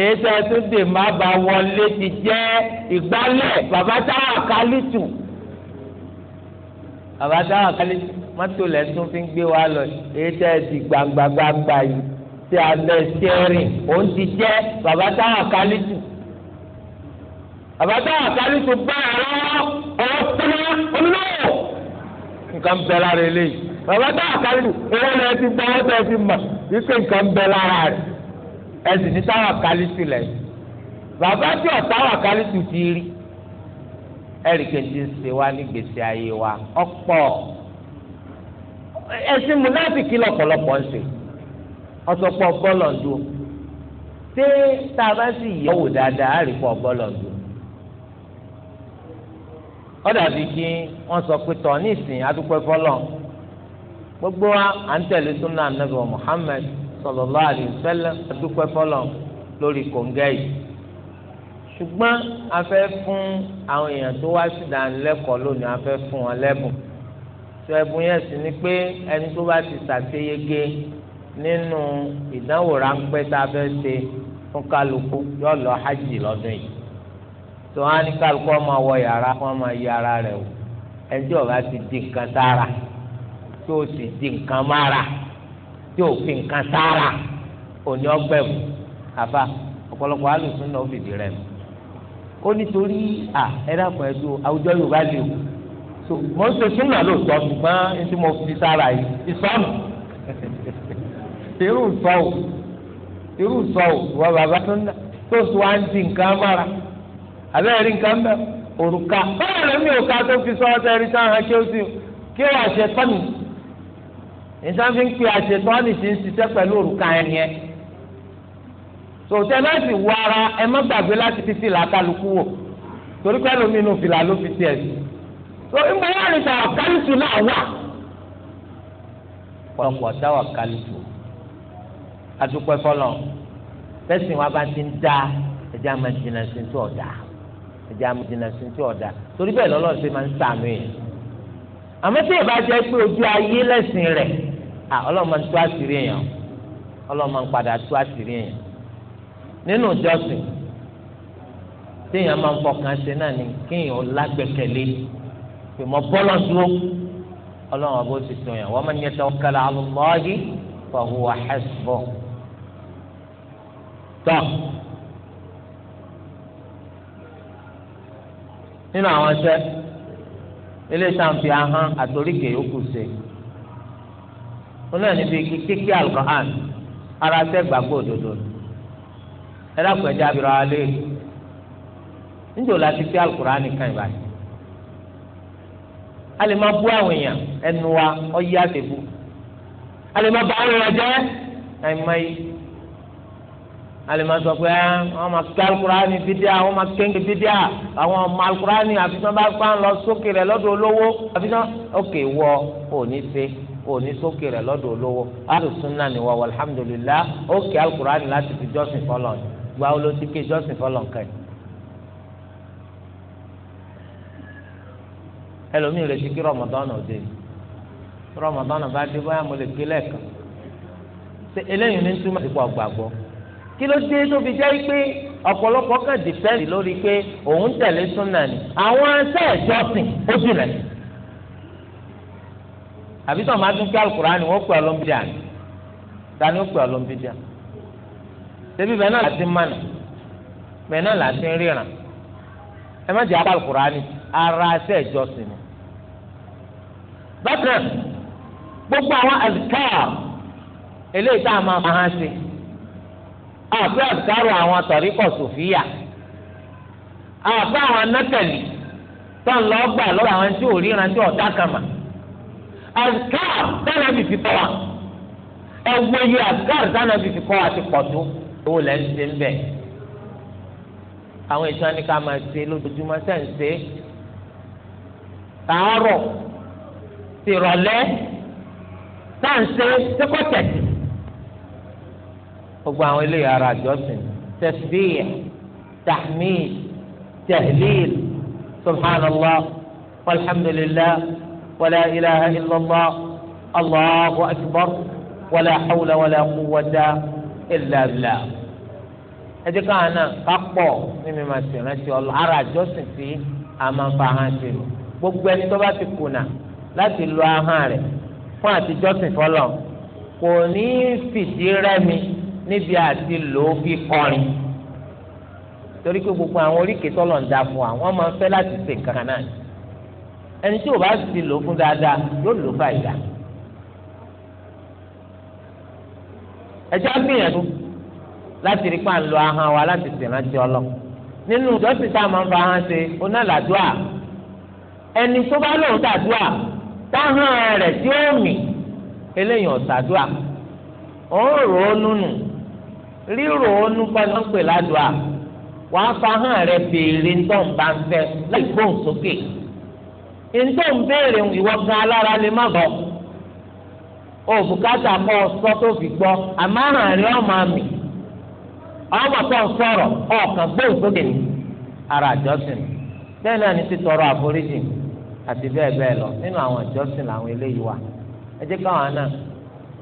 èyí tẹ́ tó dè má ba wọlé ti jẹ́ ìgbálẹ̀ bàbá dáwà ká létò bàbá dáwà ká létò mọ́tò lẹ́tún fi ń gbé wa lọ èyí tẹ́ di gbangba yìí tí a lẹ sẹ́rìn òun ti jẹ́ bàbá dáwà ká létò bàbá dáwà ká létò bá ẹ̀rọ ọ̀rọ̀ fúnra onílọ́wọ̀ nǹkan bẹ́ẹ̀ lára eléyìí bàbá tá a kálù owó lẹ ti gbọ́ owó tẹ fi mọ̀ wípé nǹkan bẹ lára rẹ̀ ẹ sì ní táwa kálù sílẹ̀ bàbá tí ọ̀tá wà kálù tù ti rí ẹ̀ríkẹ́ ti ń ṣe wá ní gbèsè ayé wa ọ̀pọ̀ ẹ̀sìn múnáfìkì lọ́pọ̀lọpọ̀ ń ṣe ọ̀sọ̀pọ̀ bọ́ọ̀lù ọ̀dọ́ ṣé tá a bá sì yẹ̀wò dáadáa àríkọ́ bọ́ọ̀lù ọ̀dọ́ ọ̀dàbí kí wọ́n sọ pé tọ̀ ní ìsìn adúpẹ́ fọ́lọ́n gbogbo wa à ń tẹ̀lé súnà anabi wa muhammed sallallahu alaihi wasallam adúpẹ́ fọlọ́ lórí kòǹgẹ́ yìí ṣùgbọ́n a fẹ́ fún àwọn èèyàn tó wá sí ìdánilẹ́kọ̀ọ́ lónìí a fẹ́ fún wọn lẹ́bùn tó ẹ̀bùn yẹn sì ni pé ẹni tó bá ti ṣàṣeyege nínú ìdánwò ráńpẹ́ tá a fẹ́ ṣe fún kálukú yóò lọ hajj lọ́dún yìí tó wá ní kálukú ọmọ wọ yàrá kó ọmọ yí ara rẹ̀ ẹjọ́ bá ti di nǹkan sára tí o sì di nǹkan mára tí o fi nǹkan sára òní ọgbẹ́mu àfa ọ̀pọ̀lọpọ̀ alùsùn náà fìdí rẹ̀ ó nítorí à ẹ dákun ẹ dúró àwùjọ yorùbá lè o so mo ń ṣe súnà lóòótọ́ ṣùgbọ́n ní tí mo fi sára yìí ìsọnù irú sọ o irú sọ o wọ bàbá tó ń dá tó sọ wá ń di nǹkan mára àbẹ́rẹ́ rí nǹkan bẹ́ẹ̀ òrùka báwo lè mi ò ká tó fi sọ ọ́ sẹ́rí sáà ṣé ó sì kí wàá ṣe tọ́nù nǹkan fi ń pe àṣetọ́ ní ti ń ṣiṣẹ́ pẹ̀lú òrùka ẹ̀ yẹn tòótẹ́ náà sì wọ ara ẹ má gbàgbé láti fi fìlà kálukú wò torí pé lómi inú fìlà ló fi tiẹ̀ sí tó ìgbà yára ní sàrà kálùtù náà wà pọ̀lọpọ̀ sáwà kálùtù adúpẹ́ fọlọ́ tẹ́sìn wa bá ti ń dá ẹ̀jẹ̀ àmàjìnà sí tó ọ̀dà ẹ̀jẹ̀ àmàjìnà sí tó ọ̀dà torí bẹ́ẹ̀ lọ́lọ́ọ̀sẹ̀ máa ń sàmì àmọ́ tí ìbá jẹ́ pé ojú ayé lẹ́sìn rẹ̀ Ah, ọlọ́mọ ń tú àṣírí èèyàn ọlọ́mọ ń padà tú àṣírí èèyàn nínú ìjọsìn téèyàn máa ń fọkàn ṣe náà ni kéèyàn lágbẹ́kẹ̀lé pé mo bọ́lọ̀ dúró ọlọ́run ọba ó ti sọ yàn wọ́n máa ń yẹ tó kala alùpàdé fọwọ́ àhẹ́sìbọ̀ tọ́ nínú àwọn ṣẹ́ ilé ìtàn ahọ́n àtòríkè yòókù ṣe wọn náà níbi kíkí alukoran ara tẹ́ gbàgbọ́ òdodo ẹ dákun ẹ̀jẹ̀ abirọ̀ alẹ́ níjọ́ la ti kí alukoran nìkan ìbáyìí a lè máa bú àwọn èèyàn ẹnu wa ọyẹ àtẹ̀bù a lè máa bá àwọn èèyàn jẹ́ ẹ̀mọ́yé a lè máa sọ pé àwọn ah, máa ké alukurani bídíà àwọn máa kéńké bídíà àwọn ni alukurani àfihàn bá gbà lọ sókè rẹ lọ́dọ̀ olówó àfihàn òkè wọ òní ṣe òní sókè rẹ̀ lọ́dọ̀ olówó alùsùnà ni wà wàlhámdùlilá ó kí alukurani láti fi jọ́sìn fọlọ́ gba olóṣìkè jọ́sìn fọlọ́ nǹkan yìí. ẹlòmíì lè ṣe kí rọmọdọ́nà òde rọmọdọ́nà bá dé báyà mo lè gbé lẹ́ẹ̀kan ṣe eléyìí ní túmọ̀ sí pọ̀ kí ló dé tó fi jẹ́ pé ọ̀pọ̀lọpọ̀ kan dìpẹ́ǹdì lórí pé òun tẹ̀lé súnà ni àwọn ẹsẹ̀ ìjọsìn ó jùlẹ̀ sí àbí sọ ma tún kí alukurani wọ́n pè ọlọ́mbìdíà ni tani ó pè ọlọ́mbìdíà débi bẹ́ẹ̀ náà láti mánà bẹ́ẹ̀ náà láti ríran ẹ má jẹ́ apá alukurani ara ẹsẹ̀ ìjọsìn ni. bákan gbogbo àwọn azikar eléyìí tá a máa máa hàn sí àfi azikar àwọn tọ̀ríkọ̀ sòfíà àfi àwọn anátẹ̀lì tó ń lọ gbà lọ́wọ́ àwọn tí ò ríran tí ọ̀dà kan mà azikar dáná bí fi kọ́ wa ẹ wo iye azikar dáná bí fi kọ́ wa ti pọ̀ tó owó lẹ́ ń ṣe ń bẹ̀. àwọn ìṣàn ni ká máa ṣe lójoojúmọ́ sẹ́ ń ṣe tàárọ̀ tìrọ̀lẹ́ táǹṣe sẹ́kọ̀tẹ̀tì gbogbo àwọn eléyìí ara àjọsìn tẹsbíyà tahmid tahlil subhanallah walhamdulillah. ولا إله إلا الله الله أكبر ولا حول ولا قوة إلا بالله ẹjẹ káwọn náà ká pọ̀ mímí máa ti rántí ọlọ ara àjọsìn tí a máa ń fa ahọ́n ṣe lò gbogbo ẹni tó bá ti kùnà láti lo ahọ́n rẹ̀ fún àtijọ́sìn fọlọ́ kò ní fìdí rẹ́mi níbi àti lò ó fi kọrin torí pé gbogbo àwọn oríkèé tọ́lọ̀ ń da fún wa wọ́n máa ń fẹ́ láti ṣe nǹkan náà ni ẹni tí o bá sì lò fún dáadáa yóò lò fàyà ẹjẹ agbìyànjú láti rí pa ńlọ ahọ́n wa láti ṣèrántí ọlọ nínú ìjọsìn tá a máa ń fa ahọ́n ṣe onálàdúà ẹni tó bá lòun tàdúà táhàn rẹ̀ tí ó mì eléyìí ọ̀tàdúà ó rò ó núnù rírò ó nú pẹ̀lú ọ̀pẹ̀ ládùá wàá fa ahọ́n rẹ̀ béèrè ńdọ̀nbà ń láì gbóhùn sókè. Okay ntọ́ ń béèrè ìwọ gan alára lè má bọ̀ o bùkátà kọ́ sọ tó fi gbọ́ àmàràn rẹ ọmọ mi ọmọ tó ń sọ̀rọ̀ ọ̀kan gbóhùn ara àjọsìn bẹ́ẹ̀ náà ní títọrọ àforíjì àti bẹ́ẹ̀ bẹ́ẹ̀ lọ nínú àwọn àjọsìn làwọn eléyìí wà ẹ jẹ́ káwọn náà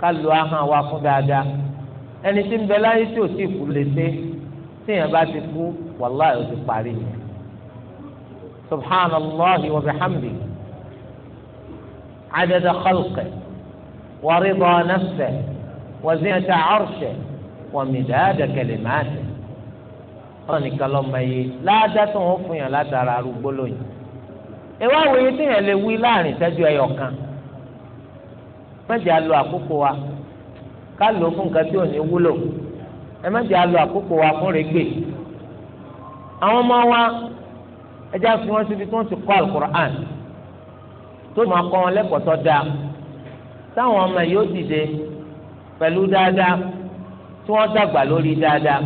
ká lu ahọ́n wa fún dáadáa ẹni tí ń bẹ láyé tí سبحان الله وبحمده عدد خلقه ورضا نفسه وزنة عرشه ومداد كلماته wọn nìkan lọ mọ iye ládàá tó ń fún yàn látara arúgbó lóyún ìwà àwòye tí yàn lè wí láàrin ìṣẹ́jú ẹyọ kan mẹ́jẹ̀ lo àkókò wa ká lò ó fún nǹkan tí ò ní wúlò ẹ lo àkókò wa fún rẹ́gbẹ̀ẹ́ àwọn ọmọ wa ẹjẹ́ àfi wọn síbi tí wọ́n ti kọ́ alukur'an tó máa kọ́ wọn lẹ́kọ̀ọ́ tó dáa táwọn ọmọ yóò dìde pẹ̀lú dáadáa tí wọ́n dàgbà lórí dáadáa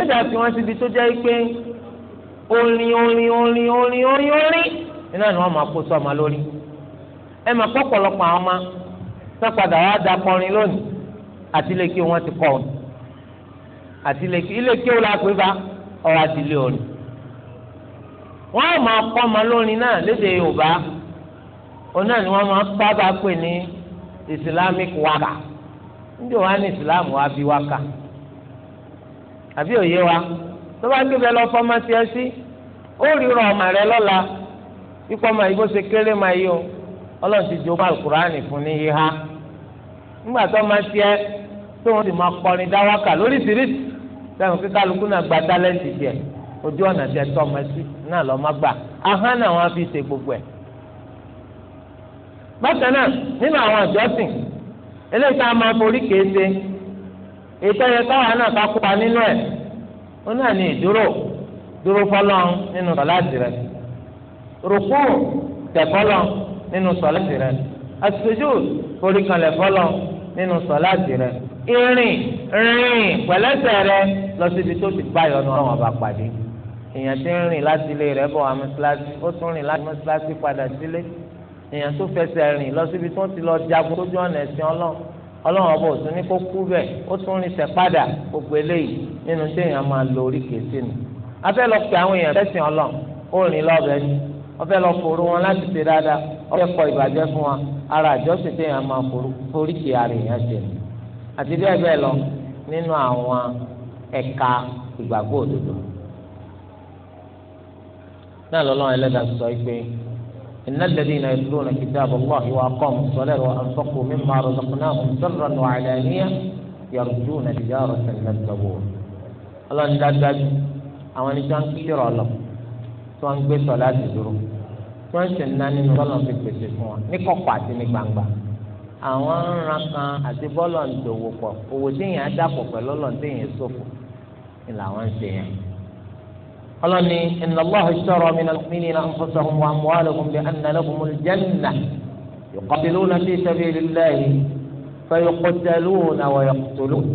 ẹjẹ́ àfi wọn síbi tó jẹ́ pé orin orin orin orin orin orin iná ni wọ́n máa kó sọ́ọ̀mà lórí ẹ máa kọ́ ọ̀pọ̀lọpọ̀ àwọn ọmọ tó padà wá da kọrin lónìí àti ilé kí wọ́n ti kọ́ ọ àti ilé kí ilé kí wọ́n la pé bá ọ̀ àti ilé orin wọ́n máa kọ́ ọmọ lórin náà lédè yorùbá òun náà ni wọ́n máa sábà pè ní islamic waka ndí wọ́n á ní islam wá bí waka àbí òye wa tó bá gbé bẹ́ẹ̀ lọ fọ́mọ sí ẹ sí ó ríran ọmọ rẹ lọ́la ikú ọmọ yìí bó ṣe kéré máa yí o ọlọ́run ti alukurani fún ní yíha nígbà tó tó sì máa kọrin kíkálukú náà gba ojú ọ̀nà tẹ tọ́mọ sí náà lọ́ọ́ má gbà ahọ́n náà wọ́n fi ṣe gbogbo ẹ̀. bákan náà nínú àwọn àjọsìn eléyìí tá a máa forí kéde ètò ẹ̀yẹ táwọn náà ká kópa nínú ẹ̀ ó náà ní ìdúró dúró fọlọ́ nínú sọ̀láàtì rẹ̀ rúkú tẹ̀fọ́lọ́ nínú sọ̀láàtì rẹ̀ àtúnṣe forí kanlẹ̀ fọlọ́ nínú sọ̀láàtì rẹ̀ ìrìn rìn pẹ̀lẹ́sẹ̀ rẹ̀ lọ síbi tó ti gbáyọ̀ náà wọ́n bá pàdé èèyàn ti ń rìn láti ilé rẹ̀ bọ̀ wá mọ́sálásí ó tún rìn láti mọ́sálásí padà sílé èèyàn tó fẹsẹ̀ rìn lọ síbi tó ti lọ jagun lójú ọ̀nà ẹ̀sìn ọlọ́run ọlọ́run ọba ò tún ní kó kú bẹ́ẹ̀ ó tún rìn sẹ̀ padà gbogbo eléyìí nínú tí èèyàn máa lo oríkèé sínú. a fẹ́ lọ pe àwọn èèyàn fẹ́sìn ọlọ́run ó rìn lọ́bẹ̀ẹ́ ni wọ́n fẹ́ lọ fòrú wọn láti ṣe dáadáa wọ́n fẹ́ kọ ìbàjẹ́ fún wa ara àjọsìn tí èèyàn máa foríkèé ara èèyàn ṣe ni. àti bẹ́ẹ̀ bẹ́ẹ̀ lọ nínú àwọn ẹ̀ka ìgbàgbọ́ náà lọ́lọ́run ẹlẹ́dàá sọ pé iná lẹ́dí iná ìlú náà kìí dáàbò wá ìwà kọ́m sọlẹ̀ wà àǹfọ̀kù mímọ́ àròsọ̀kùnà ọ̀sọ̀rọ̀ nù àlàyé yàrùdú náà ìyá ọ̀sẹ̀ lẹ́tọ̀wọ̀. ọlọ́run dájú àwọn ẹni tí wọ́n ń kírọ̀ lọ tí wọ́n ń gbé sọ láti dúró tí wọ́n ń sì ná nínú bọ́lọ̀ fi pèsè fún wọn ní kọ̀kọ̀ àti ní gbangba. àwọn ńran àti bọ́lọ̀ ọlọ́ni إن الله اشترى من المؤمنين أنفسهم وأموالهم بأن لهم الجنة يقاتلون في سبيل الله فيقتلون ويقتلون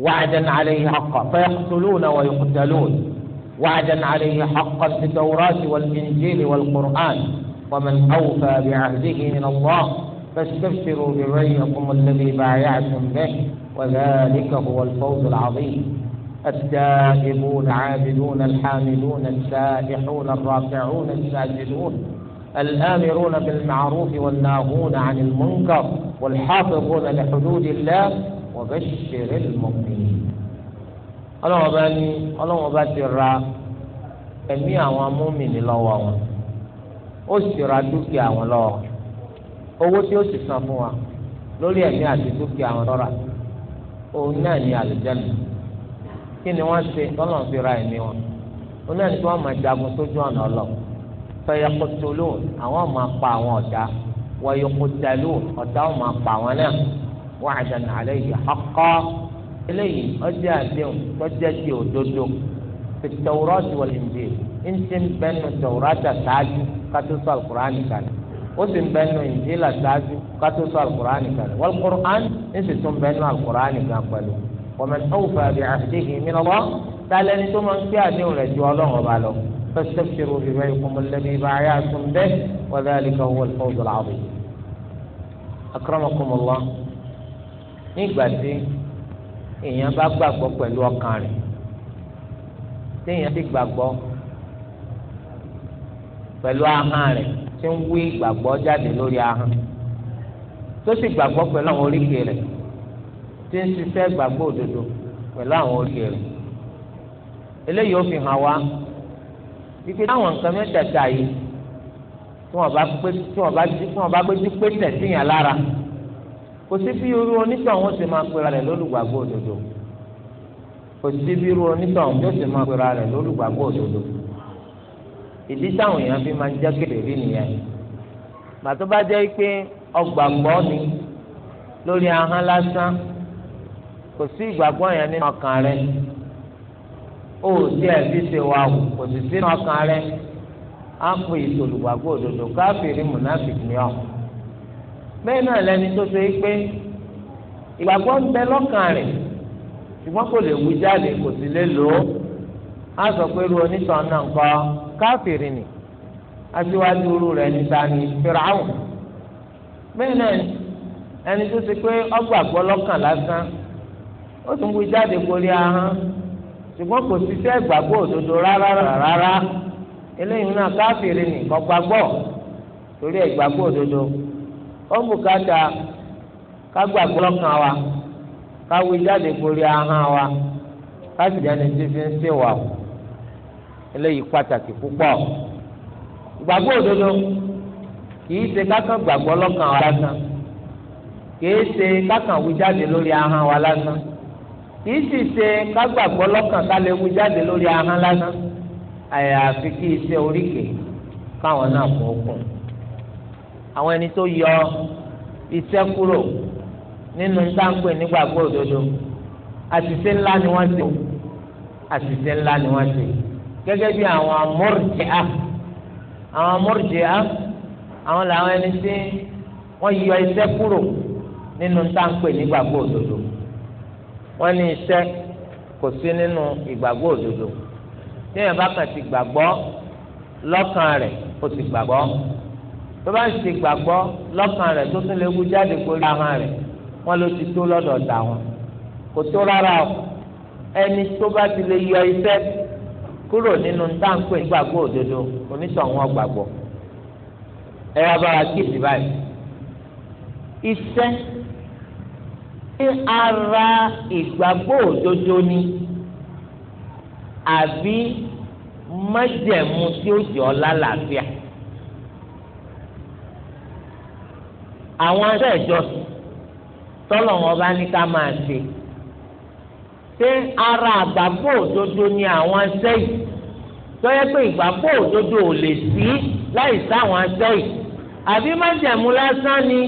وعدا عليه حقا فيقتلون ويقتلون وعدا عليه حقا في التوراة والإنجيل والقرآن ومن أوفى بعهده من الله فاستبشروا ببيعكم الذي بايعتم به وذلك هو الفوز العظيم السائمون عابدون الحامدون السائحون الرافعون الساجدون الآمرون بالمعروف والناهون عن المنكر والحافظون لحدود الله وبشر المؤمنين اللهم باني اللهم بشر أمي أو مؤمن الله أسرى دوكي أو الله أوتي أسرى فوا لولي أمي أسرى دوكي أو الله أو ناني أسرى kí ni wọ́n ṣe tọ́lọ̀ fi ra ẹ̀mí wọn ó náà ní kí wọ́n máa jagun sójú ọ̀nà ọlọ fẹ̀yẹkọtoló àwọn máa pa àwọn ọ̀tá wọ̀yọkọtaló ọ̀tá wọn máa pa àwọn náà wọ́n àdánù alẹ́ yìí ọkọ́ eléyìí ọjọ́ àdéhùn tọ́jọ́ ti òdodo fi tẹ̀wúrọ́ọ̀tì wọlé ǹdè ńṣe ń bẹ́nu tẹ̀wúrọ́ọ̀tà ṣáájú kátó sọ àlùkùránì kalẹ̀ ó sì ń bẹ́nu ìdílà ṣáájú kátó sọ àlùkùránì kalẹ̀ wọ́n kúrò án ń sì tún bẹ́nu àlùkùránì gan pẹ̀lú. ومن أوفى بعهده من الله قال أن تمن كان يولد الله وباله فاستبشروا ببيعكم الذي بايعتم به وذلك هو الفوز العظيم أكرمكم الله nígbà tí èèyàn bá gbàgbọ́ pẹ̀lú ọkàn rẹ̀ téèyàn ti gbàgbọ́ pẹ̀lú ahọ́n rẹ̀ tí ń wí gbàgbọ́ jáde lórí ahọ́n tó sì gbàgbọ́ pẹ̀lú àwọn oríkèé rẹ̀ tí ń ṣiṣẹ́ gbàgbọ́ òdodo pẹ̀lú àwọn orílẹ̀ rẹ̀ eléyìí ó fi hàn wá wípé táwọn nǹkan mẹ́tẹ̀ẹ̀ta yìí tí wọ́n bá gbé tí wọ́n bá tí wọ́n bá gbéjú pé tẹ̀síyàn lára kò sí bí irú onítọ̀hún ṣe máa pera rẹ̀ lólùgbàgbọ́ òdodo kò sí bí irú onítọ̀hún yóò ṣe máa pera rẹ̀ lólùgbàgbọ́ òdodo ìdí táwọn èèyàn fi máa ń jẹ́ kéde rí nìyẹn màtó bá jẹ́ pé ọgbàgbọ́ ni lórí ahọ́n lásán kò sí ìgbàgbọ́ yẹn nínú ọkàn rẹ ó sì ẹbí ṣe wà wò kò sì sínú ọkàn rẹ á pè ìtòlùgbàgbọ́ òdodo káfíìrì mùnáfíìkì ni ọ bẹ́ẹ̀ náà lẹni tó ṣe é pé ìgbàgbọ́ ń bẹ lọ́kàn rẹ̀ ṣùgbọ́n kò lè wí jáde kò sì lè lò ó á sọ pé irú onítàn náà kọ káfíìrì ni aṣíwájú irú rẹ̀ níta ni fìràwùn bẹ́ẹ̀ náà ẹni tó ṣe pé ọgbàgbọ́ lọ́kàn lásán ó tún wí jáde kórí ahọ́n ṣùgbọ́n kò ṣiṣẹ́ ìgbàgbọ́ òdodo rárá rárá eléyìí náà káfíìrì nìkan gbàgbọ́ torí ìgbàgbọ́ òdodo ó lọ́kàn wa jáde kórí ahọ́n wa jáde ń o eléyìí pàtàkì púpọ̀ ìgbàgbọ́ òdodo kìí ṣe kákan gbàgbọ́ lọ́kàn wa lásán kìí ṣe kákan wí jáde lórí ahọ́n wa lásán. kì í sì ṣe kágbàgbọ́ lọ́kàn ká lè mú jáde lórí ahọ́n lásán àyàfi kí iṣẹ́ oríkèé káwọn náà kún okùn àwọn ẹni tó yọ iṣẹ́ kúrò nínú sáńpẹ̀ nígbàgbọ́ òdodo àṣìṣe ńlá ni wọ́n ṣe àṣìṣe ńlá ni wọ́n ṣe gẹ́gẹ́ bí àwọn amúrùjẹ́à àwọn amúrùjẹ́à àwọn làwọn ẹni tí wọ́n yọ iṣẹ́ kúrò nínú sáńpẹ̀ nígbàgbọ́ òdodo wọ́n ní iṣẹ́ kò sí nínú ìgbàgbọ́ òdodo téèyàn bá kàn ti gbàgbọ́ lọ́kàn rẹ̀ ó ti gbàgbọ́ tó bá ti gbàgbọ́ lọ́kàn rẹ̀ tó tún lè wú jáde kórí ahọ́n rẹ̀ wọ́n ló ti tó lọ́dọ̀ dà wọn kò tó rárá o ẹni tó bá ti lè yọ iṣẹ́ kúrò nínú táǹpẹ̀ gbàgbọ́ òdodo onítọ̀hún gbàgbọ́ ẹ wá bára kíyèsí báyìí iṣẹ́ ṣé ara ìgbàgbọ́ òdodo ni àbí májẹ̀mú tí ó jọ lálàáfíà àwọn aṣọ ìjọsìn tọ́lọ̀ wọn bá ní ká máa ṣe ṣé ara àgbàgbọ́ òdodo ni àwọn aṣọ yìí tọ́yẹ́ pé ìgbàgbọ́ òdodo ò lè sí láì sáwọn aṣọ yìí àbí májẹ̀mú lásán ni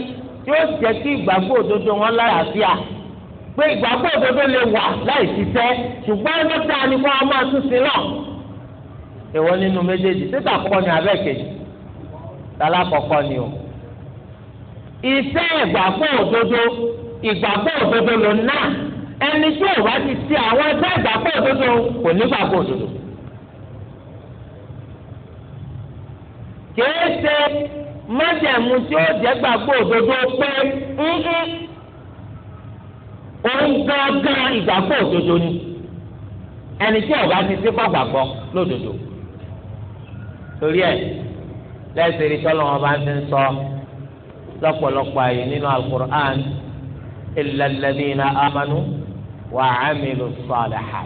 yóò jẹ́ kí ìgbàgbọ́ òdodo wọn lálàáfíà pé ìgbàgbọ́ òdodo lè wà láì ṣiṣẹ́ ṣùgbọ́n ẹni tá a ní kó a máa tún sí náà. èèwọ̀ nínú méjèèjì títà kọ́kọ́ ni abẹ́ kejì tálá kọ́kọ́ ni o. iṣẹ́ ìgbàgbọ́ òdodo ìgbàgbọ́ òdodo ló ná ẹni tí ò bá ti ṣe àwọn ẹgbẹ́ ìgbàgbọ́ òdodo kò ní ìgbàgbọ́ òdodo. kìí ṣe májẹ̀mú tí ó jẹ́ gbàgbọ́ òdodo pé ńkún òun gángan ìgbàgbọ́ òdodo ni ẹni tí ọba ti sí kọ́ gbàgbọ́ lódodo torí ẹ lẹ́sìn rí tọ́lọ́ wọn bá ti ń sọ lọ́pọ̀lọpọ̀ àyè nínú alukur'an ìlàlẹ́dínà amánú wà á mìlú sọ̀lẹ̀hà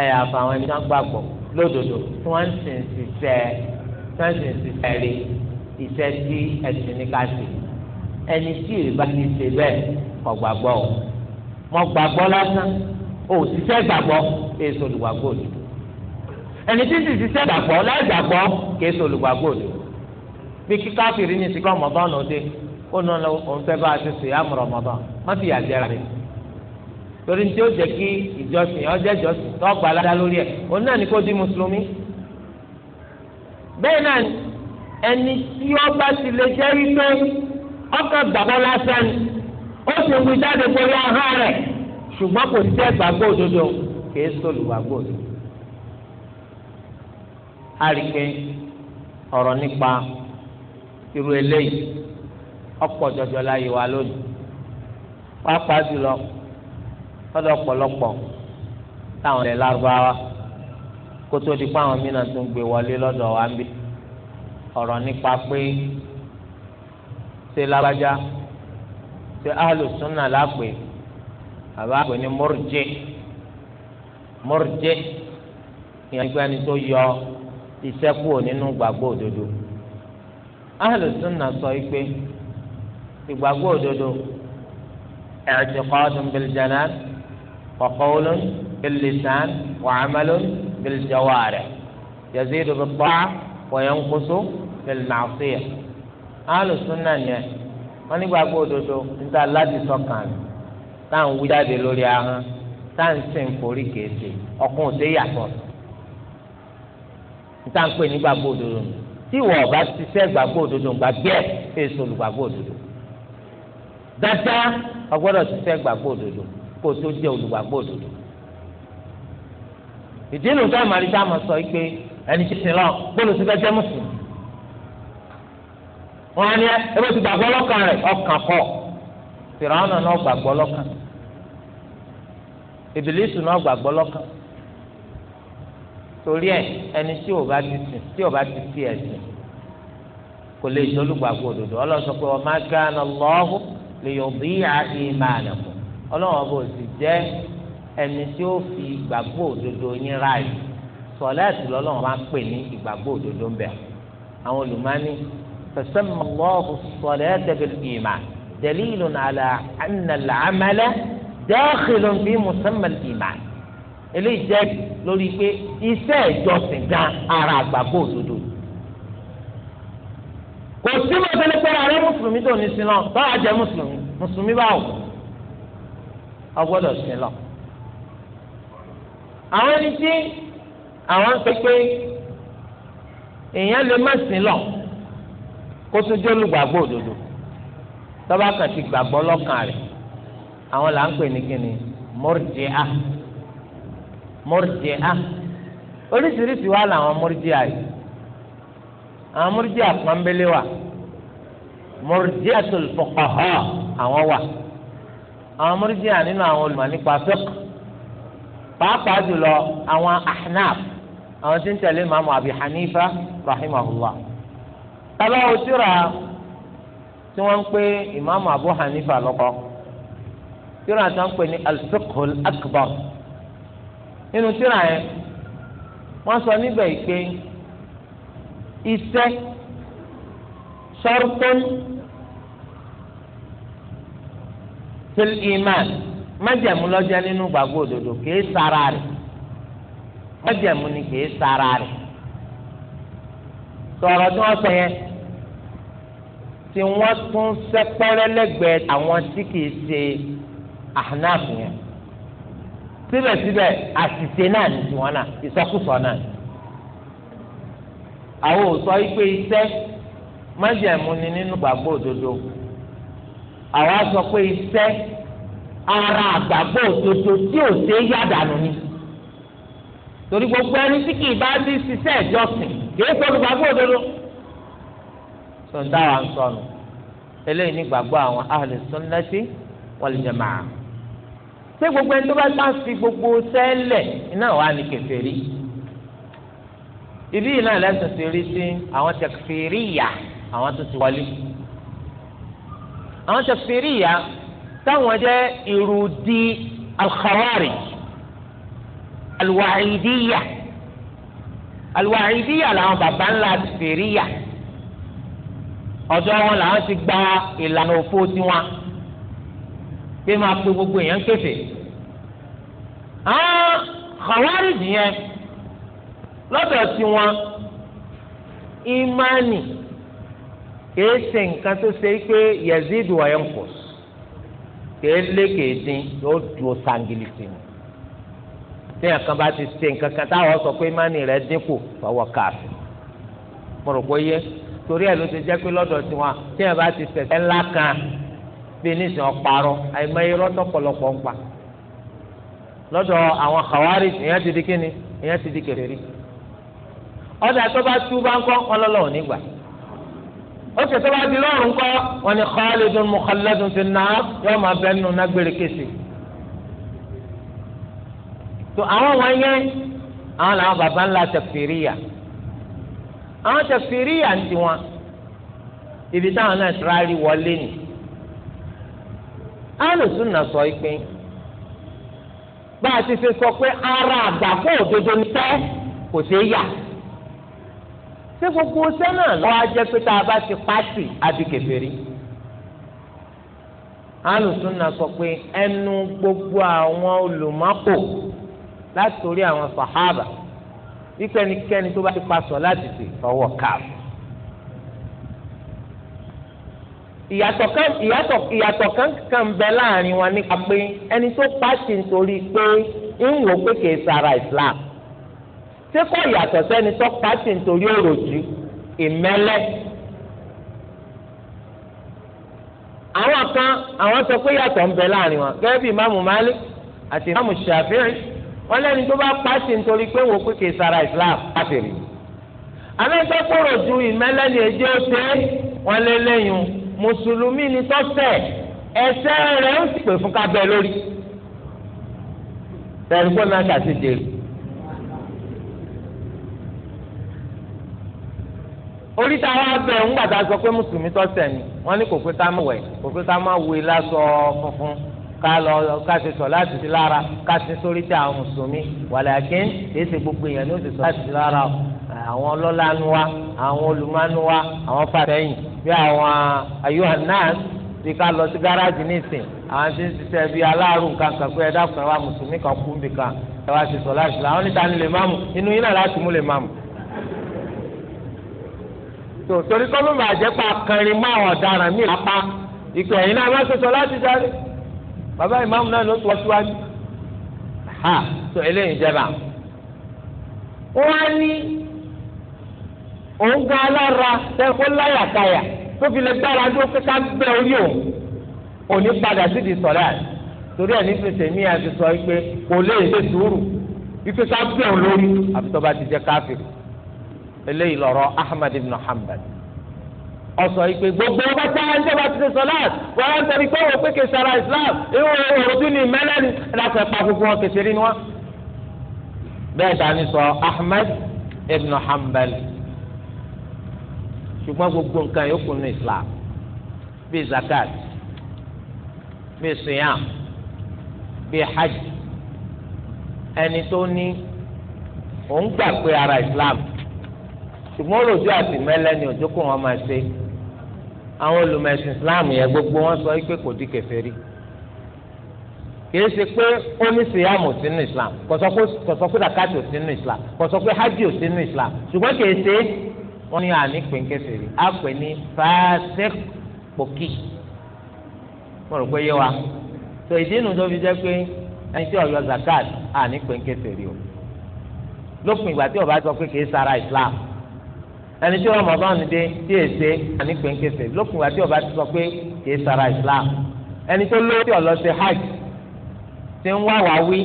ẹ̀yà àfàwọn ẹni tí wọ́n gbàgbọ́ lódodo tí wọ́n ń sìn tí wọ́n ń sìn rí iṣẹ́ tí ẹ̀sìn ní ká ṣe ẹni tí ìrìbá ti ṣe bẹ́ẹ̀ kò gbàgbọ́ o mo gbàgbọ́ lásán o ṣiṣẹ́ gbàgbọ́ èso olùgbàgbọ́ òdodo ẹni tí sì ṣiṣẹ́ gbàgbọ́ láì gbàgbọ́ késo olùgbàgbọ́ òdodo bí kíkà fìrí ní sikọ́ mọ̀bọ́n náà dé ó nà òun fẹ́ bá a ti sè é àmọ̀ràn mọ̀bọ́n má fi yà jẹ́ra rẹ̀ torí tí ó jẹ kí ìjọsìn ọjọ́ ìjọsìn tó gbà ládàá lórí ẹ̀ òun náà ní kó di mùsùlùmí bẹ́ẹ̀ náà ni ẹni tí ọba ti lè jẹ́ wípé ọkọ̀ gbàgbọ́ lásán ni ó sì wí jáde pẹ̀lú ọ̀hán rẹ̀ ṣùgbọ́n kò sí ẹgbàgbọ́ òdodo kìí sọlùwàgbọ́ òdodo. a rí i pé ọ̀rọ̀ nípa irú eléyìí ọ̀pọ̀ jọjọ láyé wa lónìí pàápàá jùlọ lọ́dọ̀ ọ̀pọ̀lọpọ̀ táwọn ilẹ̀ lárúbáwá kó di pé àwọn mìíràn tún gbé wọlé lọ́dọ̀ wa ń bí ọ̀rọ̀ nípa pé ṣe lágbájá ṣe alùsùnà lápè àbá pè ní mọ́rìjẹ́ mọ́rìjẹ́ ìyẹn gbé ẹni tó yọ iṣẹ́ kúrò nínú gbàgbọ́ òdodo alùsùnà sọ pé ìgbàgbọ́ òdodo ẹ̀ẹ́dẹ̀kọ́dún bìlìjànà kọ̀kọ́wọ́lọ́n bìlìsàn wàhámẹ́lọ́n bìlìjàwárẹ̀ yazidu bìtọ́ wọ̀nyẹ́nkoso fẹ̀lẹ̀ nàásìyà alùsùn náà yẹn wọ́n nígbàgbọ́ òdodo níta láti sọkàn rẹ̀ táwọn wí jáde lórí ahọ́n táwọn sì ń forí kéèké ọkùn òde yàtọ̀ níta ń pè nígbàgbọ́ òdodo tí ìwọ ọba ti sẹ́ gbàgbọ́ òdodo gbàgbé ẹ̀ fèsì olùgbàgbọ́ òdodo dáadáa ọgbọ́dọ̀ ti sẹ́ gbàgbọ́ òdodo kó o tó jẹ́ olùgbàgbọ́ òdodo ìdí nìkan màrí táwọn sọ yìí pé ẹni tí sin lọ́wọ́ bóòlù sí fẹ́ẹ́ jẹ́ mùsùlùmí. wọ́n á ní ẹ bó ti gbàgbọ́ lọ́kàn rẹ̀ ọkàn kọ́ fìràwọ́nà náà gbàgbọ́ lọ́kàn ìbílísù náà gbàgbọ́ lọ́kàn torí ẹ ẹni tí ò bá ti sìn tí ò bá ti sí ẹ̀sìn kò lè jọlùgbàgbọ́ òdodo ọlọ́run sọ pé wa ma kana Allahu li yudi'a imanakum ọlọ́run ọba ò sì jẹ́ ẹni tí ó fi gbàgbọ́ òdodo yín ráàyè sọláàtì lọ́lọ́run máa ń pè ní ìgbàgbọ́ òdodo ń bẹ àwọn olùmọ́ni fasamma Allahu sọláàtì bil iman dalilun ala anna al-amala dakhilun fi musamma al-iman eléyìí jẹ́ lórí pé iṣẹ́ ìjọsìn gan ara àgbàgbọ́ òdodo kò sí mọ̀tẹ́lẹ́ pẹ́lú ààrẹ mùsùlùmí tó ní sinlọ báwa jẹ́ mùsùlùmí mùsùlùmí báwo ọgbọ́dọ̀ sinlọ àwọn ẹni tí àwọn ń pè pé èèyàn lè má sìn lọ kó tó jẹ́ olùgbàgbọ́ òdodo tọ́ba kan ti gbàgbọ́ lọ́kàn rẹ̀ àwọn là ń pè ní kíni mọ́rìjìá mọ́rìjìá oríṣiríṣi wa mọ́rìjìá yìí àwọn mọ́rìjìá pọ́nbélé mọ́rìjìá tó àwọn wà àwọn mọ́rìjìá nínú àwọn olùmọ̀ nípa fiqh pàápàá jùlọ àwọn àwọn tí ń tẹ̀lé màmú àbí hanifa rahimahullah tábà ó síra tí wọ́n ń pè ìmáàmù àbú hanifa lọ́kọ́ síra tí wọ́n ń pè ní al-fiqhul akbar nínú síra yẹn wọ́n sọ níbẹ̀ pé iṣẹ́ shartun fil iman májẹ̀mú lọ́jọ́ nínú gbàgbọ́ òdodo kìí sara rẹ̀. májẹ̀mú ni kì í sara rẹ̀ sọrọ tí wọ́n sọ yẹn tí wọ́n tún sẹ́pẹ́rẹ́ lẹ́gbẹ̀ẹ́ àwọn tí kì í ṣe ahnaf yẹn síbẹ̀síbẹ̀ àṣìṣe náà ní tiwọn náà ìsọkúsọ náà àwọn ni nínú gbàgbọ́ òdodo pé ara àgbàgbọ́ òdodo tí ò ṣe é torí gbogbo ẹni tí kì í bá ti ṣiṣẹ́ ìjọsìn kìí sọ olùgbàgbọ́ òdodo. sọ̀dá wa ń sọnù eléyìí ní gbàgbọ́ àwọn ahli sunnati wal jamaa. ṣé gbogbo ẹni tó bá bá fi gbogbo sẹ́lẹ̀ iná wa ni kèfèrí. ibi yìí náà lẹ́sìn ti rí sí àwọn takfiriyya àwọn tó ti wọlé. àwọn takfiriyya táwọn jẹ́ ìrùdí al-khawarij aluwaidiyya aluwaidiyya làwọn baba ńlá fèrèyà ọ̀dọ̀ wọn làwọn ti gba ìlànà òfò tiwọn pé máa pe gbogbo èèyàn kéfè àwọn Khawarij yẹn lọ́dọ̀ tiwọn ìmánì kìí ṣe nǹkan tó ṣe pé yazidu wa yanqus lé kìí dín yóò dúró sangilisi ni téèyàn kan bá ti ṣe nǹkan kan táwọn sọ pé ìmánì rẹ̀ dínkù fọwọ́ káàfì mo rò pé yé torí ẹ̀ ló ti jẹ́ pé lọ́dọ̀ tiwọn téèyàn bá ti ṣẹ̀ṣẹ̀ ńlá kan bí nísìnyí ọ̀parọ́ àìmọ irọ́ tọ́pọ̀lọpọ̀ ń pa lọ́dọ̀ àwọn kàwárì ìyẹn ti di kíni ìyẹn ti di kèfèrí ọ̀dà tó bá tú bá ń kọ́ ọlọ́lọ́ nígbà ó ṣe bá di lọ́rùn kọ́ wọn ni khalidun mukhalladun fi an-nar yóò máa tó àwọn wọn yẹn àwọn làwọn baba ńlá tẹfìríyà àwọn tẹfìríyà ń tiwọn ibi táwọn náà tíráàlì wọlé ni alùsùn náà sọ ìpín bá a ti fi sọ pé ara àgbàfọ òdodo ní tẹ kò ṣeé yà ṣé gbogbo sẹ́nà lọ́wọ́ á pé tá a bá ti pàṣẹ àti alùsùn náà sọ pé ẹnu gbogbo àwọn olùmọ́kò láti orí àwọn sàhábà wípé ẹnikẹ́ni tó bá ti pa sọ láti sè fọwọ́ káàbù. ìyàtọ̀ kan ìyàtọ̀ ìyàtọ̀ kan kan bẹ láàrin wọn nípa pé ẹni tó pàṣẹ nítorí pé ń wò pé kìí sara Islam ṣé kò yàtọ̀ sẹ́ni tó pàṣẹ nítorí òròjú ìmẹ́lẹ́ àwọn kan àwọn sọ pé yàtọ̀ ń bẹ láàrin wọn gẹ́gẹ́ bí ìmáàmù Malik àti ìmáàmù Shafi'i wọn lẹ́ni tó bá pàṣẹ nítorí pé wò pé kìí sara islam káfíìrì amẹ́tọ́ kúrò ju ìmẹ́lẹ́ni èdè ọ̀sẹ̀ wọn lé lẹ́yìn mùsùlùmí ni tọ́sẹ̀ ẹsẹ̀ rẹ̀ ń pè fún kábẹ́ lórí tẹ̀lé kó náà kàṣí dèrè. oríta wa bẹ ń gbàdá sọ pé mùsùlùmí tọ́sẹ̀ ni wọ́n ní kò pé ká má wẹ̀ kò pé ká má wẹ̀ lásọ funfun ká lọ ká ṣe sọ láti ti lára ká ṣe sórí tí àwọn mùsùlùmí wàlàkín kì í ṣe gbogbo èèyàn ní òṣìṣẹ́ láti ti lára àwọn ọlọ́lánuwa àwọn olùmọ́nuwa àwọn fàtẹ́yìn bí àwọn ayọ́hánnáà bí ká lọ sí gáràjì nísìn àwọn tí ń ṣiṣẹ́ bíi aláàrùn kankan pé ẹ̀dá kan wà mùsùlùmí kan kú níbi kan ẹ wá ṣe sọ láti ti lára àwọn níta ni lè máàmù inú yín náà láti mú lè máàmù. torí kọ́mọ́ bàjẹ́ pa kẹrin máa ọ̀daràn mí bàbá ìmáàmù náà ló sọ síwájú ha sọ eléyìí jẹba wọn ní òun gan alára tẹkọ láyàkáyà tó fi lè gbára dó kíkà bẹ orí òun òní padà sí di sọlá torí ẹ ní fèsì mi àti sọ pé kò lè ṣe sùúrù ife ká bẹ òun lórí àfi tó bá ti jẹ káfíìn eléyìí lọ́rọ̀ Ahmad ibn Hanbal ọsọ ìpè gbogbo ọba tá a ń jọba ti ṣe sọlá wọn á ń tẹ̀lé pé òun pékè sara islam ìwọ òròjú ni mẹ́lẹ́ ni ẹ̀dàkọ̀ ẹ̀pà gbogbo wọn kẹsẹ̀ rí ni wọn. bẹ́ẹ̀ dání sọ Ahmed ibn Hanbal ṣùgbọ́n gbogbo nǹkan yòókù ní islam bíi zakat bíi siyam bíi hajj ẹni tó ní òun gbà pé ara islam ṣùgbọ́n olùjọ́ àti mẹ́lẹ́ ni òjò máa ṣe àwọn olùmẹ̀sìn islam yẹn gbogbo wọn sọ pé kò di kèfèrí kì í ṣe pé ó ní síyàmù islam kò sọ pé dàkátì ò sínú islam kò sọ pé hajj ò sínú islam ṣùgbọ́n kì í ṣe wọ́n ní àní pé kèfèrí á pè ní fàṣẹ pòkì mo rò pé yé wa tó ìdí inú tó fi jẹ́ pé ẹni tí ó zakat àní pé kèfèrí o lópin ìgbà tí ó sọ pé kì sara islam ẹni tí ni dé tí èsè àní pèǹkèsè lókun àti ọba ti sọ pé kì í sara islam ẹni tó lówó tí ọlọ ṣe hajj ti ń wá wá wí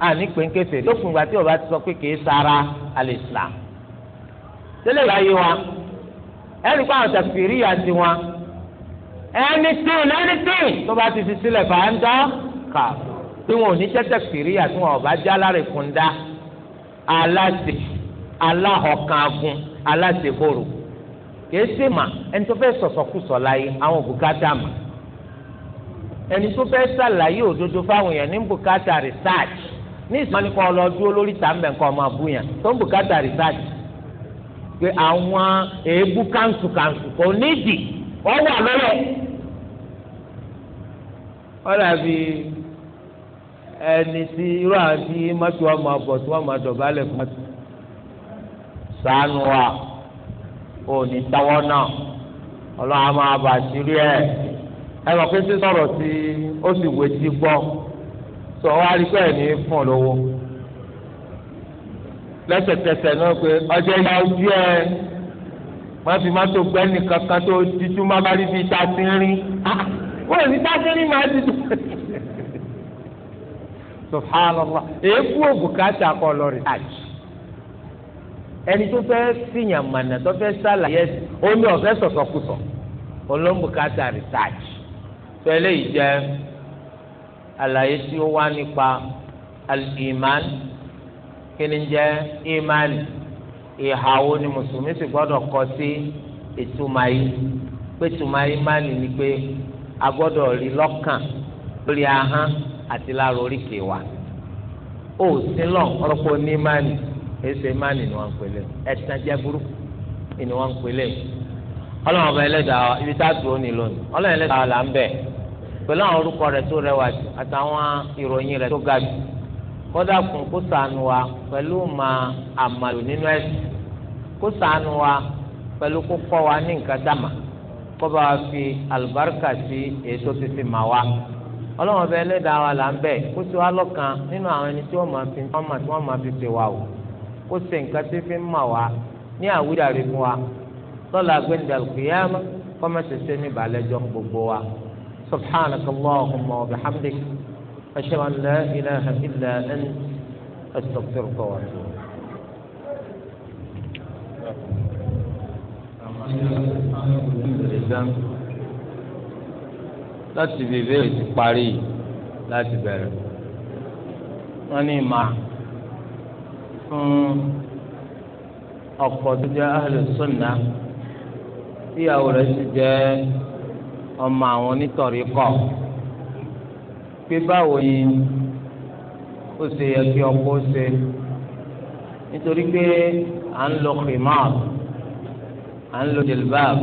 àní pèǹkèsè lókun àti ọba ti sọ pé kì í sara al-islam tẹ́lẹ̀ láyé wa ẹni pa àwọn tàfìrí àti wọn anything anything tó bá ti fi sílẹ̀ fà á ń dán kà tí wọn ò ní tẹ́tẹ̀ fìrí àti wọn ọba jálárẹ̀ kúndá aláṣẹ aláhọ̀kángun. aláṣẹbòrò kìí ṣe mà ẹni tó fẹ́ sọ̀sọ̀kùsọ̀ láyé àwọn bùkátà mà ẹni tó fẹ́ ṣàlàyé òdodo fáwọn èèyàn ní bùkátà research ní ìsìnkú kan lọ dúró lórí tàǹbẹ̀ nǹkan ọmọ àbúyàn tó ń bùkátà research pé àwọn èébú kanṣu kanṣu kò nídìí wọ́n wà lọ́lẹ̀. wọ́n dàbí ẹni tí irú àwọn mọ́tò ọmọ ọ̀bọ̀ tí wọ́n dọ̀bálẹ̀ ṣàánú wa ò ní táwọ́ náà ọlọ́run á máa bà sírí ẹ̀ ẹ mọ̀ pé sí sọ̀rọ̀ sí ó sì wé sí gbọ́ sọ wá rí pé ẹ̀ ní fún lówó lẹ́sẹ̀kẹsẹ̀ náà pé ọjọ́ ìyá ojú ẹ̀ wọ́n fi mọ́tò gbẹ́ni kankan tó títú má bá rí fi ta sí rí ah, wọ́n ní tákìrí máa ti subhanallah èébú òbúkátà kọ lọ rí àjì ẹni tó fẹ́ fìyàn mànà tó fẹ́ sàlàyé ó ní ọ̀fẹ́ sọ̀sọ̀kùsọ̀ olóńbùkátà research tẹ́lẹ̀ yìí jẹ́ àlàyé tí ó wá nípa al-iman kí ni jẹ́ imani ìhàwó ni mùsùlùmí sì gbọ́dọ̀ kọ sí ìtumọ̀ yìí pé ìtumọ̀ imani ni pé a gbọ́dọ̀ rí lọ́kàn lórí ahọ́n àti lára oríkèé ó sí ọ̀rọ̀pọ̀ ní imani. ese ìmánì ni wọ́n ń pèlè ẹ̀sán buru burúkú ni wọ́n ń ọba ibi tá a dúró ní lónìí ọlọ́run ẹlẹ́dàá là ń bẹ̀ pẹ̀lú àwọn orúkọ rẹ̀ tó rẹwà jù àtàwọn ìròyìn tó ma àmàlò nínú ẹ̀sìn kó ṣàánú wa pẹ̀lú wa ní nǹkan dama kó wa fi àlùbáríkà si èso ọba wa kó àwọn tí ma fi wa o. kó ṣe nǹkan tí fi ń mà wá ní àwíjàre fún wa lọ́la gbẹ̀ndà kìyàmá kọ́mẹ́sẹ̀sẹ̀ ní ìbàlẹ́jọ́ gbogbo wa subhanaka allahumma wa bihamdik ashhadu an la ilaha illa anta astaghfiruka wa atubu láti bèbè ti parí láti bẹ̀rẹ̀ wọ́n ní ìmáà fún ọkọ tó jẹ́ ahlu sunna tíyàwó rẹ̀ sì jẹ́ ọmọ àwọn onítọ̀rí kọ̀ pé báwo ni ó ṣe yẹ kí ọkọ ṣe nítorí pé à ń lo khimar à ń lo jilbab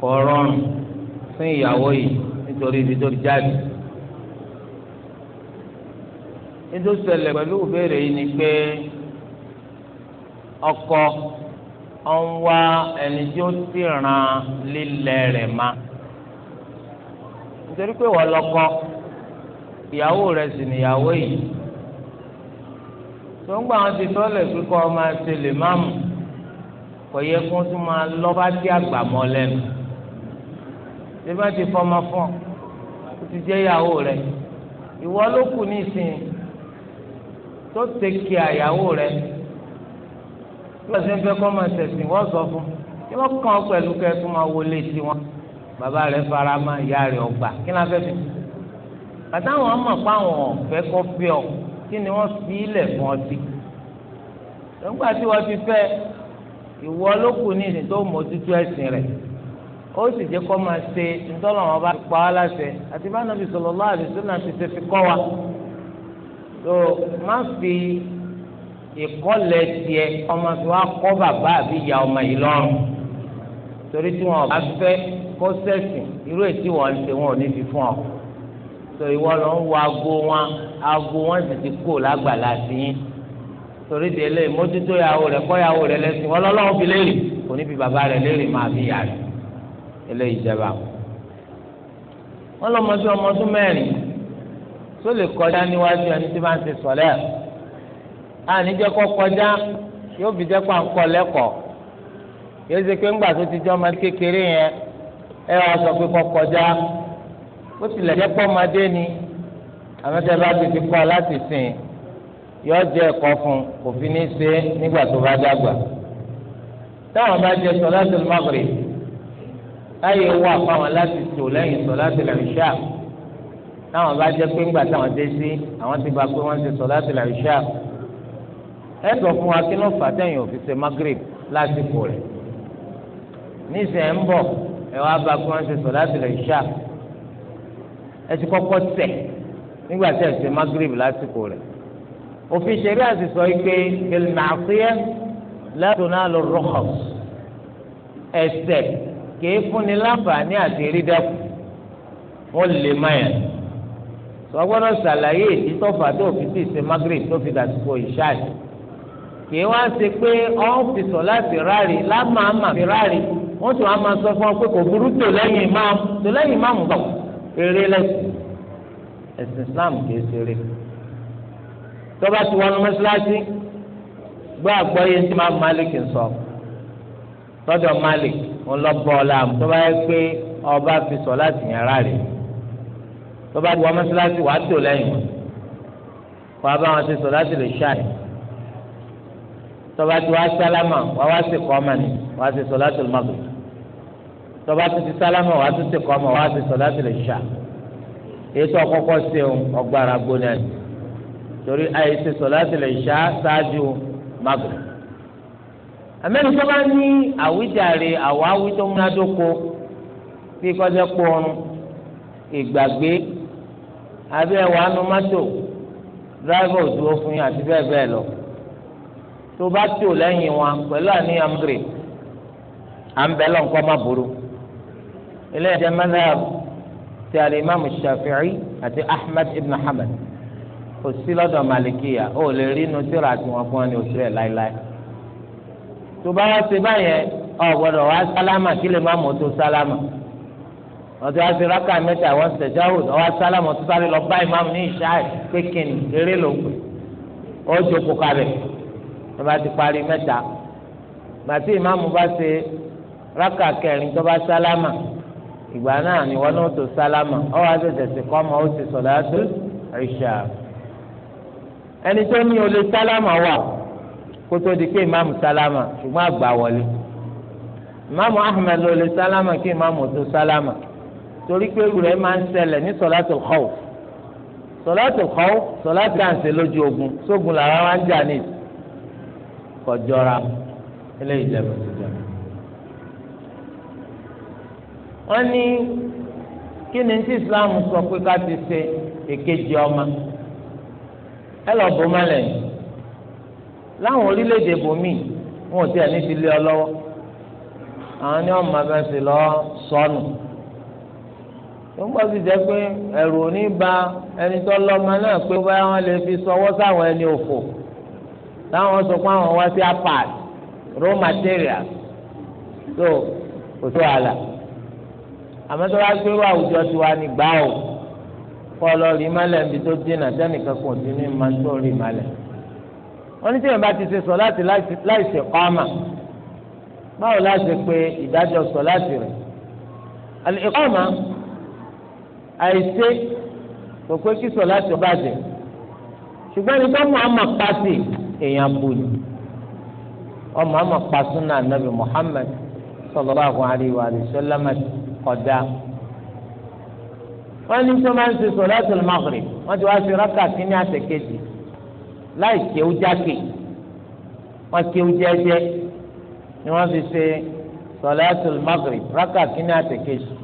kò fún ìyàwó yìí nítorí ibi tó jáde nítorí ṣẹlẹ̀ pẹ̀lú ìbéèrè yìí ni pé ọkọ ń wá ẹni tí ó ti ràn lílẹ̀ rẹ̀ ma nítorí pé wọ́n lọ́kọ ìyàwó rẹ̀ sì níyàwó yìí tó ń gbà wọn ti tọ́lẹ̀ kíkọ́ máa ṣe lè má mú kò yẹ kó tún máa lọ́ bá dé àgbà mọ́ lẹ́nu ṣé bá ti fọmọ fún ọ ti jẹ́ ìyàwó rẹ̀ ìwọ ló kù ní ìsìn tó tẹ̀kì àyàwó rẹ̀ wọ́n sì ń fẹ́ kọ́ máa tẹ̀sìn wọ́n sọ fún kí wọ́n kàn án pẹ̀lú kẹ́tù máa wọlé sí wọn bàbá rẹ̀ fara mọ́ ìyá rẹ̀ ọgbà kí ni a fẹ́ fi àtàwọn ọmọ pa àwọn ọ̀fẹ́ kọ́ fẹ́ ọ kí ni wọ́n fi ilẹ̀ fún ọ sí nígbà tí wọ́n ti fẹ́ ìwọ ló kù ní ìsìn tó mójútó ẹ̀sìn rẹ̀ ó sì jẹ́ kó máa ṣe ntọ́lọ́wọ́n bá pa á láṣẹ àti bá nàbì sallallahu alaihi wasallam ti ṣe fi kọ́ wa. So má fi ìkọ́lẹ̀ tiẹ̀ ọmọ tó wá kọ́ bàbá àbí ìyá ọmọ yìí lọ́rùn torí tí wọn bá fẹ́ kó sẹ́sìn irú ètí wọn ṣe wọn ò ní fi fún ọ tó ìwọ lọ ń wo aago wọn aago wọn sì ti kó lágbàlá sí yín torí de lè mójútó ìyàwó rẹ kọ́ ìyàwó rẹ lẹ́sìn ọlọ́lọ́wọ́ fi léèrè kò ní fi bàbá rẹ léèrè máa fi yàrá eléyìí jẹba wọn lọ mọ sí ọmọ ọdún mẹ́rin. tó lè kọjá níwájú ẹni tí máa ń ṣe a àníjẹ́ kọ́ kọjá yóò fi jẹ́ pàǹkọ́ lẹ́kọ̀ọ́ yóò ṣe pé ńgbà tó ti jẹ́ ọmọdé kékeré yẹn ẹ wá sọ pé kọ́ kọjá ó tilẹ̀ jẹ́ pọ́ ọmọdé ni àmọ́ bá ti fi kọ́ láti sìn yóò ẹ̀kọ́ fún kò fi ní ṣe nígbà tó bá dàgbà táwọn bá jẹ láyé láti tò lẹ́yìn táwọn bá jẹ́ pé ńgbà táwọn dé sí àwọn ti bá pé wọ́n ti sọ̀látul ìṣá ẹ sọ fún wa kí ló fà tẹ̀yìn òfin ṣe magrib lásìkò rẹ̀ níṣẹ́ ń bọ̀ ẹ wá bá pé wọ́n ti sọ̀látul ìṣá ẹ ti kọ́kọ́ tẹ̀ nígbà tẹ̀ ṣe magrib lásìkò rẹ̀ òfin ṣeré àti sọ pé bilma'siyah la tunalu rukhas ẹ̀ṣẹ̀ kìí fúnni láǹfààní àti rídẹ́kù wọ́n lè máyà sọ gbọ́dọ̀ ṣàlàyé èdè tọfà tó fi ti ṣe magreth tó fi dàsìkò ìṣáì kì í wá ṣe pé ọ́fíìsọ̀ láti ráàlì lámàmà fi ráàlì wọ́n tún á máa sọ fún ọ pé kò burú tò lẹ́yìn imáàmù tò lẹ́yìn imáàmù bọ̀ eré lẹ́sìn ẹ̀sìn Islam kì í ṣeré tọ́ba ti wọnú mọ́ṣáláṣí gbọ́ àgbọ́yé tí máa Malik ń sọ tọ́jọ́ Malik ń lọ bọ́ ọ láàmú tọ́ba yẹ pé ọba fi sọ láti yàn ráàlì bàbá wọ mọ́sálásí wàá tó lẹ́yìn wàá bá wọn ti sọ láti lè ṣáì tọba tí wàá sálámà wàá wá sí kọ́mà ni wàá sí sọ láti lè má bẹ̀rẹ̀ tọba tó ti sálámà wàá tó sí kọ́mà wàá sí sọ láti lè ṣá ètò ọkọ̀kọ̀ ṣeun ọgbàrá gbóná ni torí àyè ti sọ láti lè ṣá ṣáájú má bẹ̀rẹ̀ àmẹ́ni ní àwíjàre àwáwí tó múnádóko bí kọ́jọ́ ìgbàgbé àbí ẹwà nu mọ́tò dráìvà ò dúró fún yín àti bẹ́ẹ̀ bẹ́ẹ̀ lọ tó bá tò lẹ́yìn wọn pẹ̀lú àníyàn gírè à ń bẹ́ lọ́nkọ́ má burú eléyìí jẹ́ madhhab ti alimami shafi'i àti ahmed ibn hamad kò sí lọ́dọ̀ malikiya ó lè rí inú tíra àti wọn fún wọn ní oṣù rẹ̀ láéláé tó bá wá sí báyẹn ọ̀ gbọ́dọ̀ wá sálámà kí lè má mọ́tò sálámà wọ́n ti wá sí rákà mẹ́ta wọ́n ti tẹ̀síwájú wọ́n wá sálámù tó sáré lọ bá ìmáàmù ní ìṣáì pé kìnnì eré ló pè ó jókòó kalẹ̀ wọ́n bá ti parí mẹ́ta màtí ìmáàmù bá ṣe rákà kẹrin tó bá sálámà ìgbà náà ni wọ́n náà tó sálámà ó wá ṣẹ̀ṣẹ̀ sí kọ́mọ ó ti sọ̀lá tó ìṣà ẹni tó ní olè sálámà wà kótó di pé ìmáàmù sálámà ṣùgbọ́n àgbà wọlé ìmáàmù Ahmed olè sálámà kí ìmáàmù torí pé irú rẹ̀ máa ń ṣẹlẹ̀ ní sọ̀látùl khawf sọ̀látùl khawf sọ̀látù àǹsẹ̀ lójú ogun sógun làwọn wá ń jà ní kọjọra eléyìí jẹ́ bẹ̀rẹ̀ jẹ́ wọ́n ní kí ni tí Islam sọ pé ká ti ṣe èkejì ọmọ ẹ lọ bó mọ́lẹ̀ láwọn orílẹ̀-èdè bòmí wọn ò tí ẹ̀ ní ti lé ọ lọ́wọ́ àwọn ni wọ́n máa bẹ́ẹ̀ sì lọ́ọ́ sọnù. So nígbà tó jẹ́ pé ẹ̀rù ò ní ba ẹni tó lọ́mọ náà pé báyà wọ́n lè fi sọwọ́ sáwọn ẹni òfò táwọn sọ pé àwọn wá sí apart raw material so kò sí wàhálà àmọ́ tó bá gbé wà àwùjọ tiwa ní gbà ó kọ́ lọ rí malẹ̀ níbi tó dínà sẹ́nìkan kò sí ní máa tó rí malẹ̀ wọ́n ní tí yẹn bá ti ṣe sọ láti láìsè kọ́mà báwo láti pé ìdájọ́ sọ láti rẹ̀ àlè ìkọ́mà àìsè kò pé kí sọlá ti bàjẹ́ ṣùgbọ́n ní sọ́mọ́ àmọ́ pàṣẹ èèyàn bù ní ọmọ àmọ́ pàṣẹ náà nàbì Muhammad sallallahu alaihi wa sallam kọjá wọ́n ní sọ́mọ́ à ń ṣe sọlá tó maghrib wọ́n ti wá sí rákà kínní àtẹ̀kẹ́jì láì kéwú jákè wọ́n kéwú jẹ́jẹ́ ni wọ́n fi ṣe sọlá tó maghrib rákà kínní àtẹ̀kẹ́jì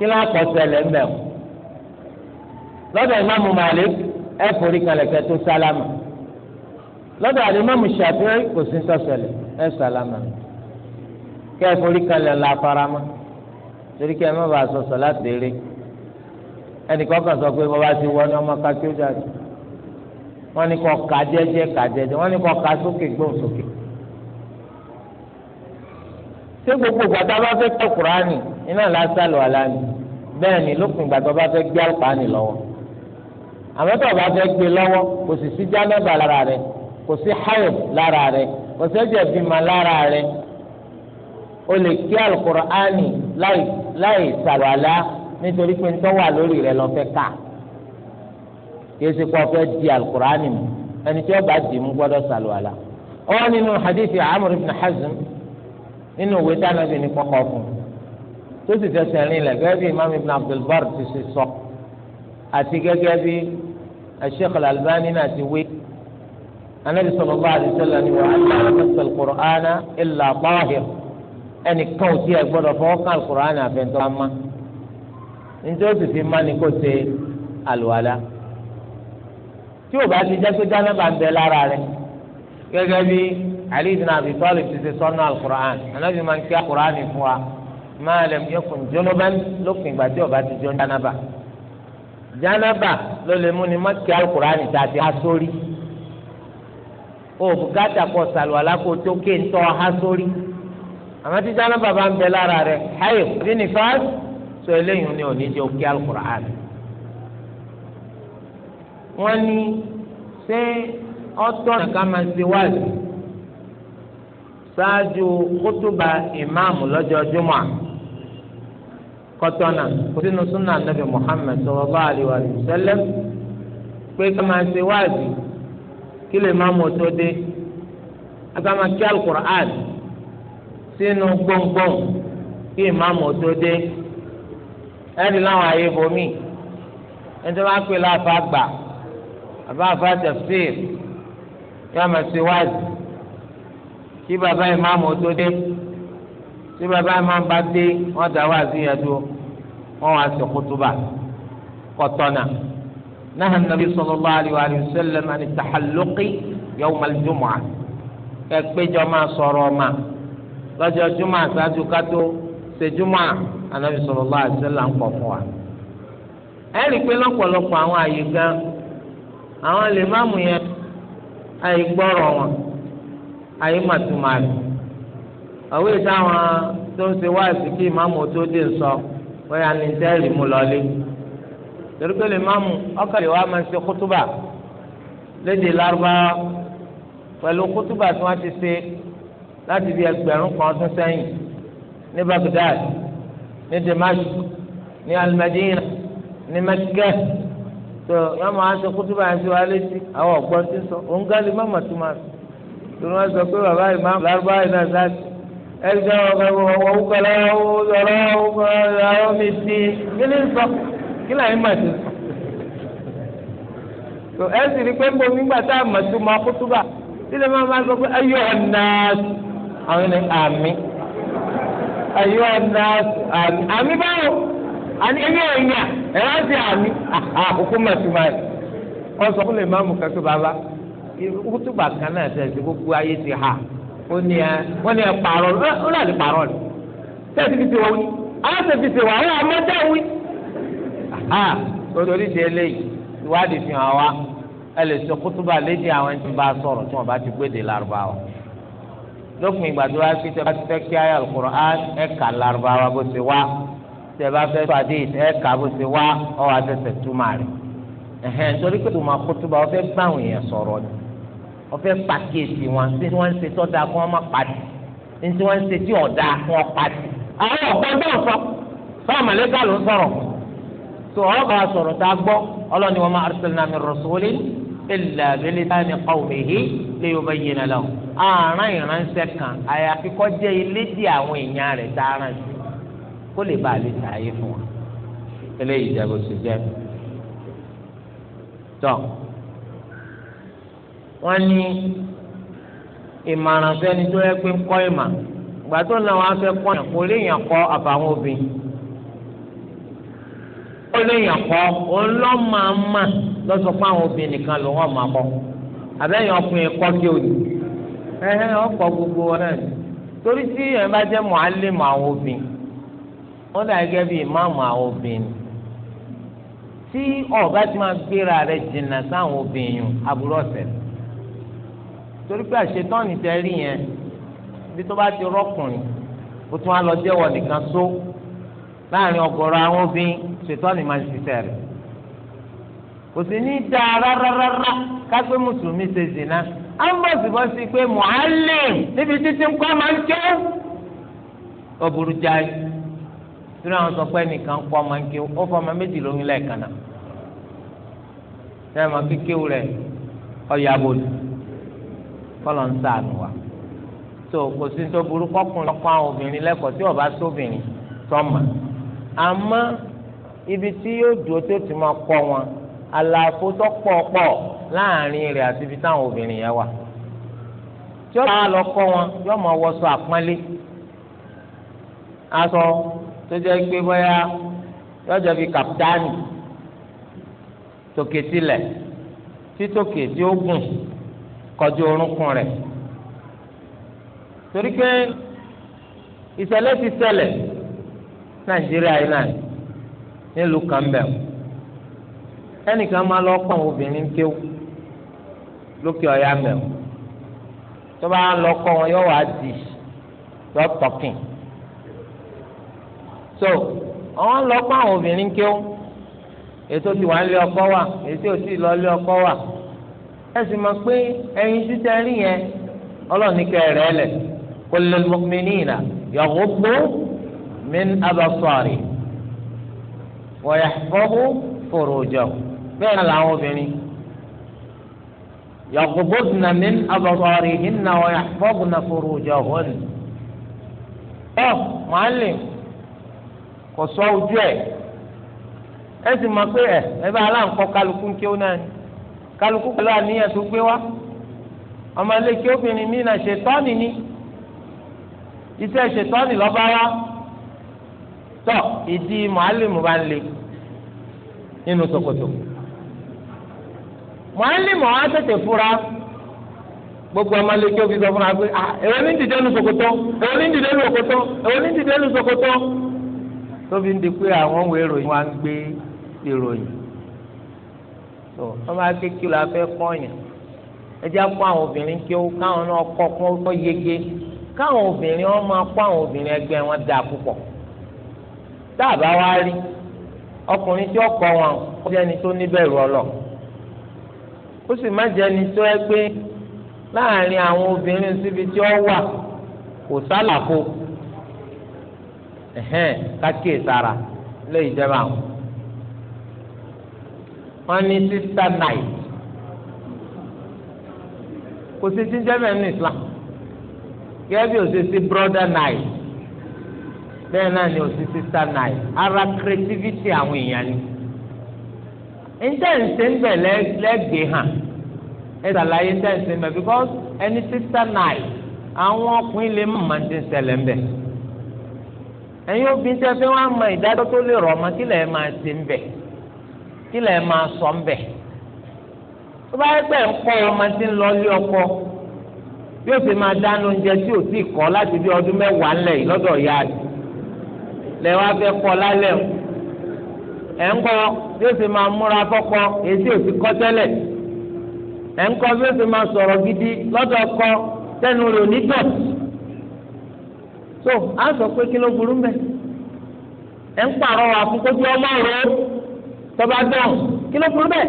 kí ló kọ́ ṣẹlẹ̀ mbẹ́ o lọ́dọ̀ ìmáàmù Malik ẹ forí kalẹ̀ kẹ́ tó sálámà lọ́dọ̀ àdìmáàmù Shafi'i kò sí sọ́sẹ̀lẹ̀ ẹ sálámà kẹ́ ẹ forí kalẹ̀ la farama torí kẹ́ ẹ má bàa sọ̀sọ̀ láti eré ẹnìkan kan sọ pé bàbá ti wọ ní ọmọ kakí ó jáde wọ́n ní kọ́ ka jẹ́jẹ́ ka jẹ́jẹ́ wọ́n ní kọ́ ka sókè gbóhùn sókè ṣé gbogbo gbàdá bá fẹ́ kọ́ Kùránì iná lásàlù aláàmì bẹ́ẹ̀ ni lópin ìgbà tó bá fẹ́ gbé àlùpàánì lọ́wọ́ àmọ́ tó bá fẹ́ gbé lọ́wọ́ kò sì sí jánẹ́bà lára rẹ̀ kò sí hayo lára rẹ̀ kò sẹ́jẹ̀ bímọ lára rẹ̀ o lè kí àlùkùránì láì sàlù alá nítorí pé nítorí wà lórí rẹ̀ lọ́ fẹ́ ká kí esi kọ́ fẹ́ di àlùkùránì mu ẹni tí ó bá dì mú gbọ́dọ̀ sàlù alá. ọwọ́ nínú hadithi amr ibn hazm nínú ìwé tánàbí ní kọ́kọ́ fún un tó sì fẹsẹ̀ rìn lẹ̀ gẹ́gẹ́ bí imam ibn abdulbar ti ṣe sọ àti gẹ́gẹ́ bí sheikh al-albani náà ti wí anabi sallallahu alaihi wasallam ni wàá ní àlùfẹ́ alukur'ana ilà báhìr ẹnìkan ò tí ẹ gbọ́dọ̀ fọwọ́ kan alukur'ana àfẹ́ntọ́ ama njẹ́ ó sì fi má ni kó ṣe àlùwàlá tí o bá ti jẹ́ pé dáná bá ń bẹ lára rẹ̀ gẹ́gẹ́ bí ali ibn abi talib ti ṣe sọ́nà alukur'an anabi máa ń kí alukur'an fún wa máa lẹ̀ yọkùn jọ́nọ́bá lópin ìgbà tí ọba ti jọ jánábà jánábà ló lè mú ni mọ́kì alukurani tá a ti hasori sórí òbú gàtà kọ sàlù alákó tó ké ń tọ́ há sórí àmọ́ tí jánábà bá ń bẹ lára rẹ̀ hayò bí ní fáwọn sọ eléyìí ni òní jẹ́ òkè alukurani wọ́n ní ṣé ọtọ́ nìkan máa ń ṣe wáàlì ṣáájú kótóbà ìmáàmù lọ́jọ́ jùmọ̀ àná kọ́tọ́nà kò sínú súnà nàbì Muhammad sallallahu alaihi wa sallam pé ká máa ṣe wáàzì kí lè má mú tó dé ká máa kí alukur'an sínú gbọ̀ngbọ̀n kí ìmáàmù tó dé ẹni láwọn ààyè bomi ẹni tó bá ń pè láàfà tafsir yóò máa ṣe wáàzì kí bàbá ìmáàmù tó dé tí bàbá máa ń bá dé wọ́n dá wá sí yẹn tó wọ́n wá sí kútúbà kọ́tọ́nà náà nàbí sallallahu alaihi wa sallam àni tàhálùkì yawm al-jumu'ah kẹ́gbẹ́jọ́ máa sọ̀rọ̀ ọ̀ma lọ́jọ́ jùmọ̀ àṣáájú ká tó ṣe jùmọ̀ ànábì sallallahu alaihi wa sallam ń pọ̀ fún wa. ẹ rí i pé lọ́pọ̀lọpọ̀ àwọn àyè gan àwọn lè má mú yẹn àyè gbọ́rọ̀ wọn àyè màtúmọ̀ rẹ̀ àwọn èyí táwọn tó ń ṣe wáàsí kí ìmáàmù tó dé sọ wọ́n yà ní tẹ́ẹ̀lì mú lọ́lé torí pé lè máàmù ọkàlẹ̀ wa máa ń ṣe kútúbà lédè lárúbáwá pẹ̀lú kútúbà tí wọ́n ti ṣe láti bí ẹgbẹ̀rún kan ọdún sẹ́yìn ní Baghdad ní Dimash ní al ní Mẹ́kà tó yọ́n máa ṣe kútúbà yẹn sí wa létí àwọn ọ̀gbọ́n ti sọ òun gálí má màtúmá tó wọ́n sọ pé bàbá ìmáàmù lárúbáwá yìí náà sáà ẹgbẹ́ ọ̀gbọ̀n kẹlẹ́ ọ̀rọ̀ ọ̀rọ̀ mi ti kílí sọ kílí àyè mà ti sọ. ẹ sì rí i pé ń bomi gbà tá a mọ̀ tó máa kó túbà sílẹ̀ máa máa sọ pé ayọ̀ ọ̀nà àwọn ni àmì ayọ̀ ọ̀nà àmì àmì báwo àní ẹ̀yìn ẹ̀yà ẹ̀ wá sí àmì àkókò mẹ̀tìmáì wọ́n sọ fún lè má mú kẹ́kẹ́ bàbá kútùbà kan náà ṣẹ̀ṣẹ̀ gbogbo ayé ti hà ó ní ẹ wọ́n ní ẹ pààrọ̀ ó náà lè pààrọ̀ rẹ̀ sẹ́ẹ̀sì fi se wá wí aláṣẹ fi se wá wí àmọ́ dá wí. torí ṣe eléyìí ìwádìí fi hàn wá ẹ lè sọ kútúbà lédi àwọn ẹni tí bá sọ̀rọ̀ tí wọ́n bá ti gbéde lárúbáwá lópin ìgbà tó wá sí tẹ bá ti fẹ́ kí ayé Al-Qur'an ẹ kà lárúbáwá bó ṣe wá tẹ bá fẹ́ tó àdéhìí ẹ kà bó ṣe wá ọ wá tẹsẹ̀ túmọ̀ rẹ̀ ẹ̀hẹ́n torí pé tó ọfẹ pàkíyèsí wọn ṣé tí wọn ń ṣe tọ́da kí wọn má pàdé ṣé tí wọn ń ṣe tí ọ̀dà kí wọn pàdé. àwọn ọ̀gbọ́n bẹ́ẹ̀ sọ sọ́wọ́n mọ̀lẹ́kà ló ń sọ̀rọ̀ tó ọ̀rọ̀ bá sọ̀rọ̀ tá a gbọ́ ọlọ́ni wọn máa arsalna min rasulin illa bilisani qawmihi liyubayyina lahum. ààrùn ìránṣẹ́ kan àyàfi kó jẹ́ elédè àwọn èèyàn rẹ̀ tá a rán sí kó lè bá a lè tààyè fún wa. eléyìí ìjàgbọ́sọ jẹ́ tán wọ́n ní ìmọ̀ràn sẹ́ni tó yẹ pé ń kọ́ ìmọ̀ ìgbà tó náà wọ́n á fẹ́ kọ́ yàn kó léèyàn kọ́ àfàwọn obìnrin ó léèyàn kọ́ ọlọ́màmà lọ́sọ̀ fún àwọn obìnrin nìkan ló wọ́n máa kọ́ àbẹ́yẹn ọkùnrin kọ́ kí o ní ẹ̀hẹ́ ọkọ̀ gbogbo wọn náà torí tí ẹ̀ bá jẹ́ mọ̀álẹ́mù àwọn obìnrin wọ́n dà gẹ́gẹ́ bíi ìmáàmù àwọn obìnrin tí ọ̀gá ti máa gbéra rẹ̀ jìnnà sáwọn obìnrin aburú ọ̀sẹ̀ torí pé àṣetọ́ni tẹ rí yẹn bí tó bá ti rọ́kùnrin ó tún á lọ jẹ́wọ́ nìkan só láàrin ọ̀gọ̀rọ̀ àwọn obìnrin ṣetọ́ni máa ń ṣiṣẹ́ rẹ̀ kò sì ní dáa rárárárá kápẹ́ mùsùlùmí ṣe zina á ń bọ̀ síbọ̀ sí pé mu'allim níbi títí ń kọ́ máa ń ké ó burú jáì sínú àwọn sọ pé nìkan ń kọ́ máa ń ké ó fọmọ méjì lóyún lẹ́ẹ̀kan náà sẹ́wọ̀n kékeré rẹ̀ ọ̀yàbọ̀lù kọ́lọ̀ ń sànù wa tó kò sí tó burú kọ́kùnrin kọ́ àwọn obìnrin lẹ́kọ̀ọ́ tí ọba sóbìnrin tọ́mà àmọ́ ibi tí yóò dúró tó ti máa kọ́ wọn àlàfo tó pọ̀pọ̀ láàrin rẹ̀ àti ibi táwọn obìnrin yẹn wà tí ó bá lọ kọ́ wọn yóò máa wọṣọ àpọ́nlé aṣọ tó jẹ́ pé bóyá yọjọ́ bíi kàpítánì tòkè sílẹ̀ títòkè tí ó gùn kọjú orúnkún rẹ̀ torí pé ìṣẹ̀lẹ̀ ti ṣẹlẹ̀ nàìjíríà yìí náà nílùú kàmbẹ̀ ẹnìkan máa lọ pọ̀ obìnrin kéwù lókè ọ̀yà mẹ́wù tó bá lọ kọ́ wọn yóò wá di yóò tọkìn so àwọn lọ pọ̀ àwọn obìnrin kéwù ètò tí wọ́n á lé ọkọ wà ètò tí ò tí ì lọ lé ọkọ wà. ẹ sì mọ̀ pé ẹyin títẹ rí yẹn ọlọ́run ní kẹrẹ ẹ lẹ̀ kullil mu'minina yaghuddu min abasari wa yahfazu furujahum bẹ́ẹ̀ náà làwọn obìnrin na min abasarihinna wa yahfazu furujahun. ọ màálì kò sọ ojú ẹ ẹ sì pé ẹ ẹ bá aláǹkọ kálukú ń kí ó náà ni. kálukú pẹ̀lú àníyàn tó gbé wá ọmọ ilé kí obìnrin mi náà ṣètọ́ni ni iṣẹ́ ṣètọ́ni lọ́ba wa tọ́ ìdí mọ̀álìmù bá ń le nínú ṣòkòtò mọ̀álìmù wa tètè fura gbogbo ọmọ ilé kí obìnrin sọ fún wa pé ní nu ní nu ní nu tó wọn bá ké kí la fẹ́ E ẹjẹ́ kó àwọn obìnrin kí ó káwọn náà kọ́ kọ́ yege káwọn obìnrin wọn máa kó àwọn obìnrin ẹgbẹ wọn dáa púpọ̀ dáàbá rí ọkùnrin tí ọkọ wọn tó níbẹ̀rù ọlọ ó sì má tó láàrin àwọn obìnrin síbi tí wọ́n ní sísá náì kò sí sí ní Islam gẹ́gẹ́ bí o ṣe sí brọ́dà náì bẹ́ẹ̀ náà ni o ara creativity àwọn èèyàn ni ǹjẹ́ ǹṣe lẹ́gbẹ̀ẹ́ hàn ẹ ṣàlàyé ǹjẹ́ ǹṣe because ẹni sísá náì àwọn ọkùnrin lè mọ̀ máa ti ṣẹlẹ̀ ń ẹ̀yin obìnrin tẹ́ fẹ́ wọ́n á mọ ìdájọ́ tó lè kí lẹ máa sọ ń bẹ tó bá yẹ pé ń kọ́ ọmọ tí ń lọ ilé ọkọ yóò fi máa dáná oúnjẹ tí ò tíì kọ́ láti bí ọdún mẹ́wàá ńlẹ̀ yìí lọ́dọ̀ ìyá rẹ̀ wá fẹ́ kọ́ o ẹ̀ ń kọ́ fi máa múra fọ́kọ èyí tí ti kọ́ tẹ́lẹ̀ ẹ̀ ń fi máa sọ̀rọ̀ gidi lọ́dọ̀ ọkọ tẹnu rẹ̀ ò a sọ pé kí ló burú mẹ́ ẹ̀ ń tọ́ba dáhùn kí ló burú bẹ́ẹ̀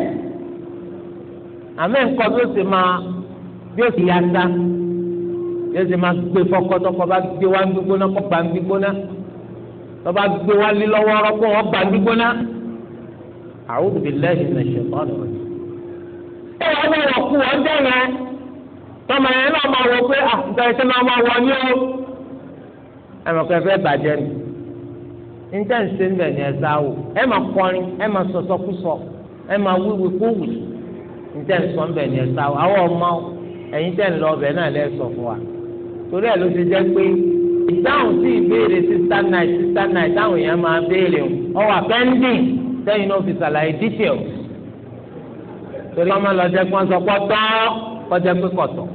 àmẹ́ nǹkan bí ó sì máa bí ó sì yá sá bí ó sì máa gbé fọkọtọkọ bá gbé wá gbígbóná kó bá gbígbóná tọ́ba gbé wá lé lọ́wọ́ ọ̀rọ̀ kó wọ́n bá gbígbóná a'udhu billahi minash shaitani rajim. ẹ ẹ bá wọ kú wọn dẹ yẹn tọmọ yẹn náà máa wọ pé à ah, nǹkan máa wọ ní o ẹ mọ̀ kẹfẹ́ bàjẹ́ ni níta ń ṣe níbẹ̀ ni ẹ sá o ẹ máa kọrin ẹ máa sọsọkúsọ ẹ máa wíwí kówì níta ń sọ níbẹ̀ ni ẹ sá o àwọn ọmọ ẹ̀yin tẹ̀ ń lọ ọbẹ̀ náà lẹ́ sọ fún wa torí ẹ̀ ló ti jẹ́ pé ìdáhùn sí ìbéèrè sísá náà sísá náà ìdáhùn yẹn máa béèrè o ọwọ́ àpẹ́ndìn sẹ́yìn náà fi ṣàlàyé details torí wọ́n máa lọ jẹ́ pé wọ́n sọ pọ́tọ́ kọjá pé kọ̀tọ̀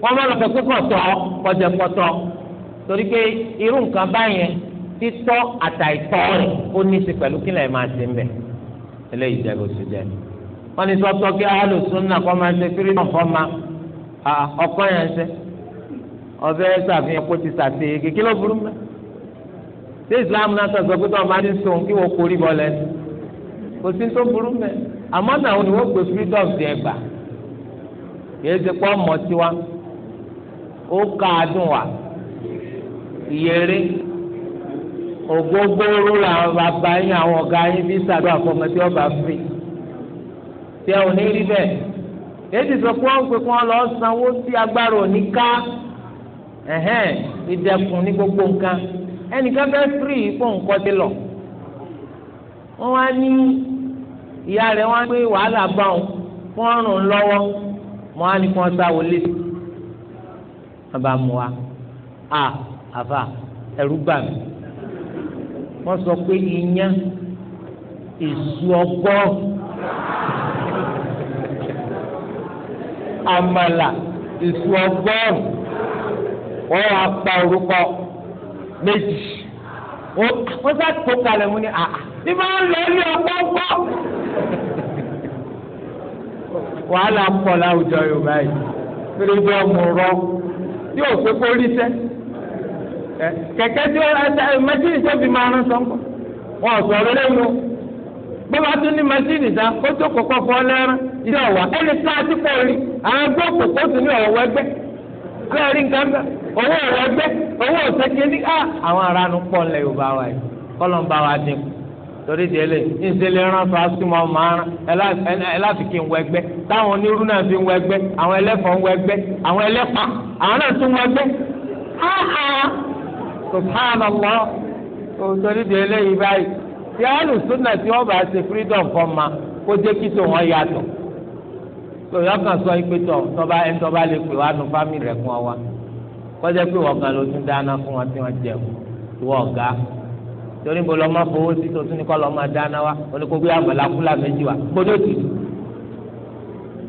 wọ́n máa lọ sọ pé kọ̀tọ̀ kọjá pọ́tọ́ torí pé irú nǹkan báyẹn títọ́ àtàìtọ́ rẹ̀ ó ní í ṣe pẹ̀lú kí lè máa ṣe ń bẹ̀ eléyìí jẹ́ bó ṣe jẹ́ wọ́n ní sọ́tọ́ kí alùsùn náà kọ́ máa ṣe kiri náà kọ́ máa ọkọ yẹn ṣe ọbẹ̀ ṣàfihàn kó ti ṣàṣe yege kí mẹ́ ṣé Islam náà sọ̀tọ̀ pé tọ́ọ̀ máa ń sùn kí wọ́n kórì bọ́lẹ̀ kò sí tó burú mẹ́ àmọ́ náà ni wọ́n pè freedom ti ẹ̀ gbà yéé ṣe pọ́ mọ́ tiwa ó ká adùn wa ìyẹrẹ ògógóró làwọn bàbá yín àwọn ọ̀gá yín bí sàdúrà fọmọ tí ọba fi tí ẹ ò ní rí bẹ́ẹ̀ èyí sọ pé wọ́n ń pè kí wọ́n lọ sanwó sí agbára òní ká ẹ̀hẹ́n ìdẹ̀kùn ní gbogbo nǹkan ẹnìkan fẹ́ firi fún nǹkan ti lọ wọ́n wá ní ìyá rẹ̀ wọ́n gbé wàhálà bá wọn fún ọrùn lọ́wọ́ mọ́ á ní kí wọ́n sá wọlé wọ́n bá mú wa a àfà ẹ̀rú gbà mí wọ́n sọ pé iyán èso ọgbọ́ àmàlà èso ọgbọ́n wọ́n wá pa orúkọ méjì wọ́n sá tó kalẹ̀ mú ni àà bí máa ń lọ ilé ọgbọ́n gbọ́. wàhálà ń pọ̀ láwùjọ Yorùbá yìí pé ọmọ rọ yóò pé kó rí sẹ́. kẹ̀kẹ́ tí mẹ́tìrì tó fi máa rán sọ́kọ̀ wọn sọ̀rọ̀ lẹ́nu bọ́lá tún ní mẹ́tìrì dá kó tó kọ̀kọ́ fọ́ lẹ́rán ilé ọ̀wà ẹni ká tí kò rí àwọn ní nǹkan owó ọwọ owó á àwọn ará pọ̀ wa yìí bá wa dín torí fa subhanallah òtòrí di eléyìí báyìí tí alùsùnà tí wọ́n bá ṣe freedom fọ́ ma kó jẹ́ kí tó wọ́n yàtọ̀ tòyọ́ kan sọ pé tọ̀ tọ́ba ẹni tọ́ba lè pè wá nu fámìlì rẹ̀ fún ọ wa kọjá pé wọ́n kan ló tún dáná fún wọn tí wọ́n jẹun ìwọ ọ̀gá torí bó lọ́ọ́ má fowó sí tó tún ní kọ́ lọ́ọ́ má dáná wa oníkógbé àmàlà fúlà méjì wa gbọ́dọ̀ tì í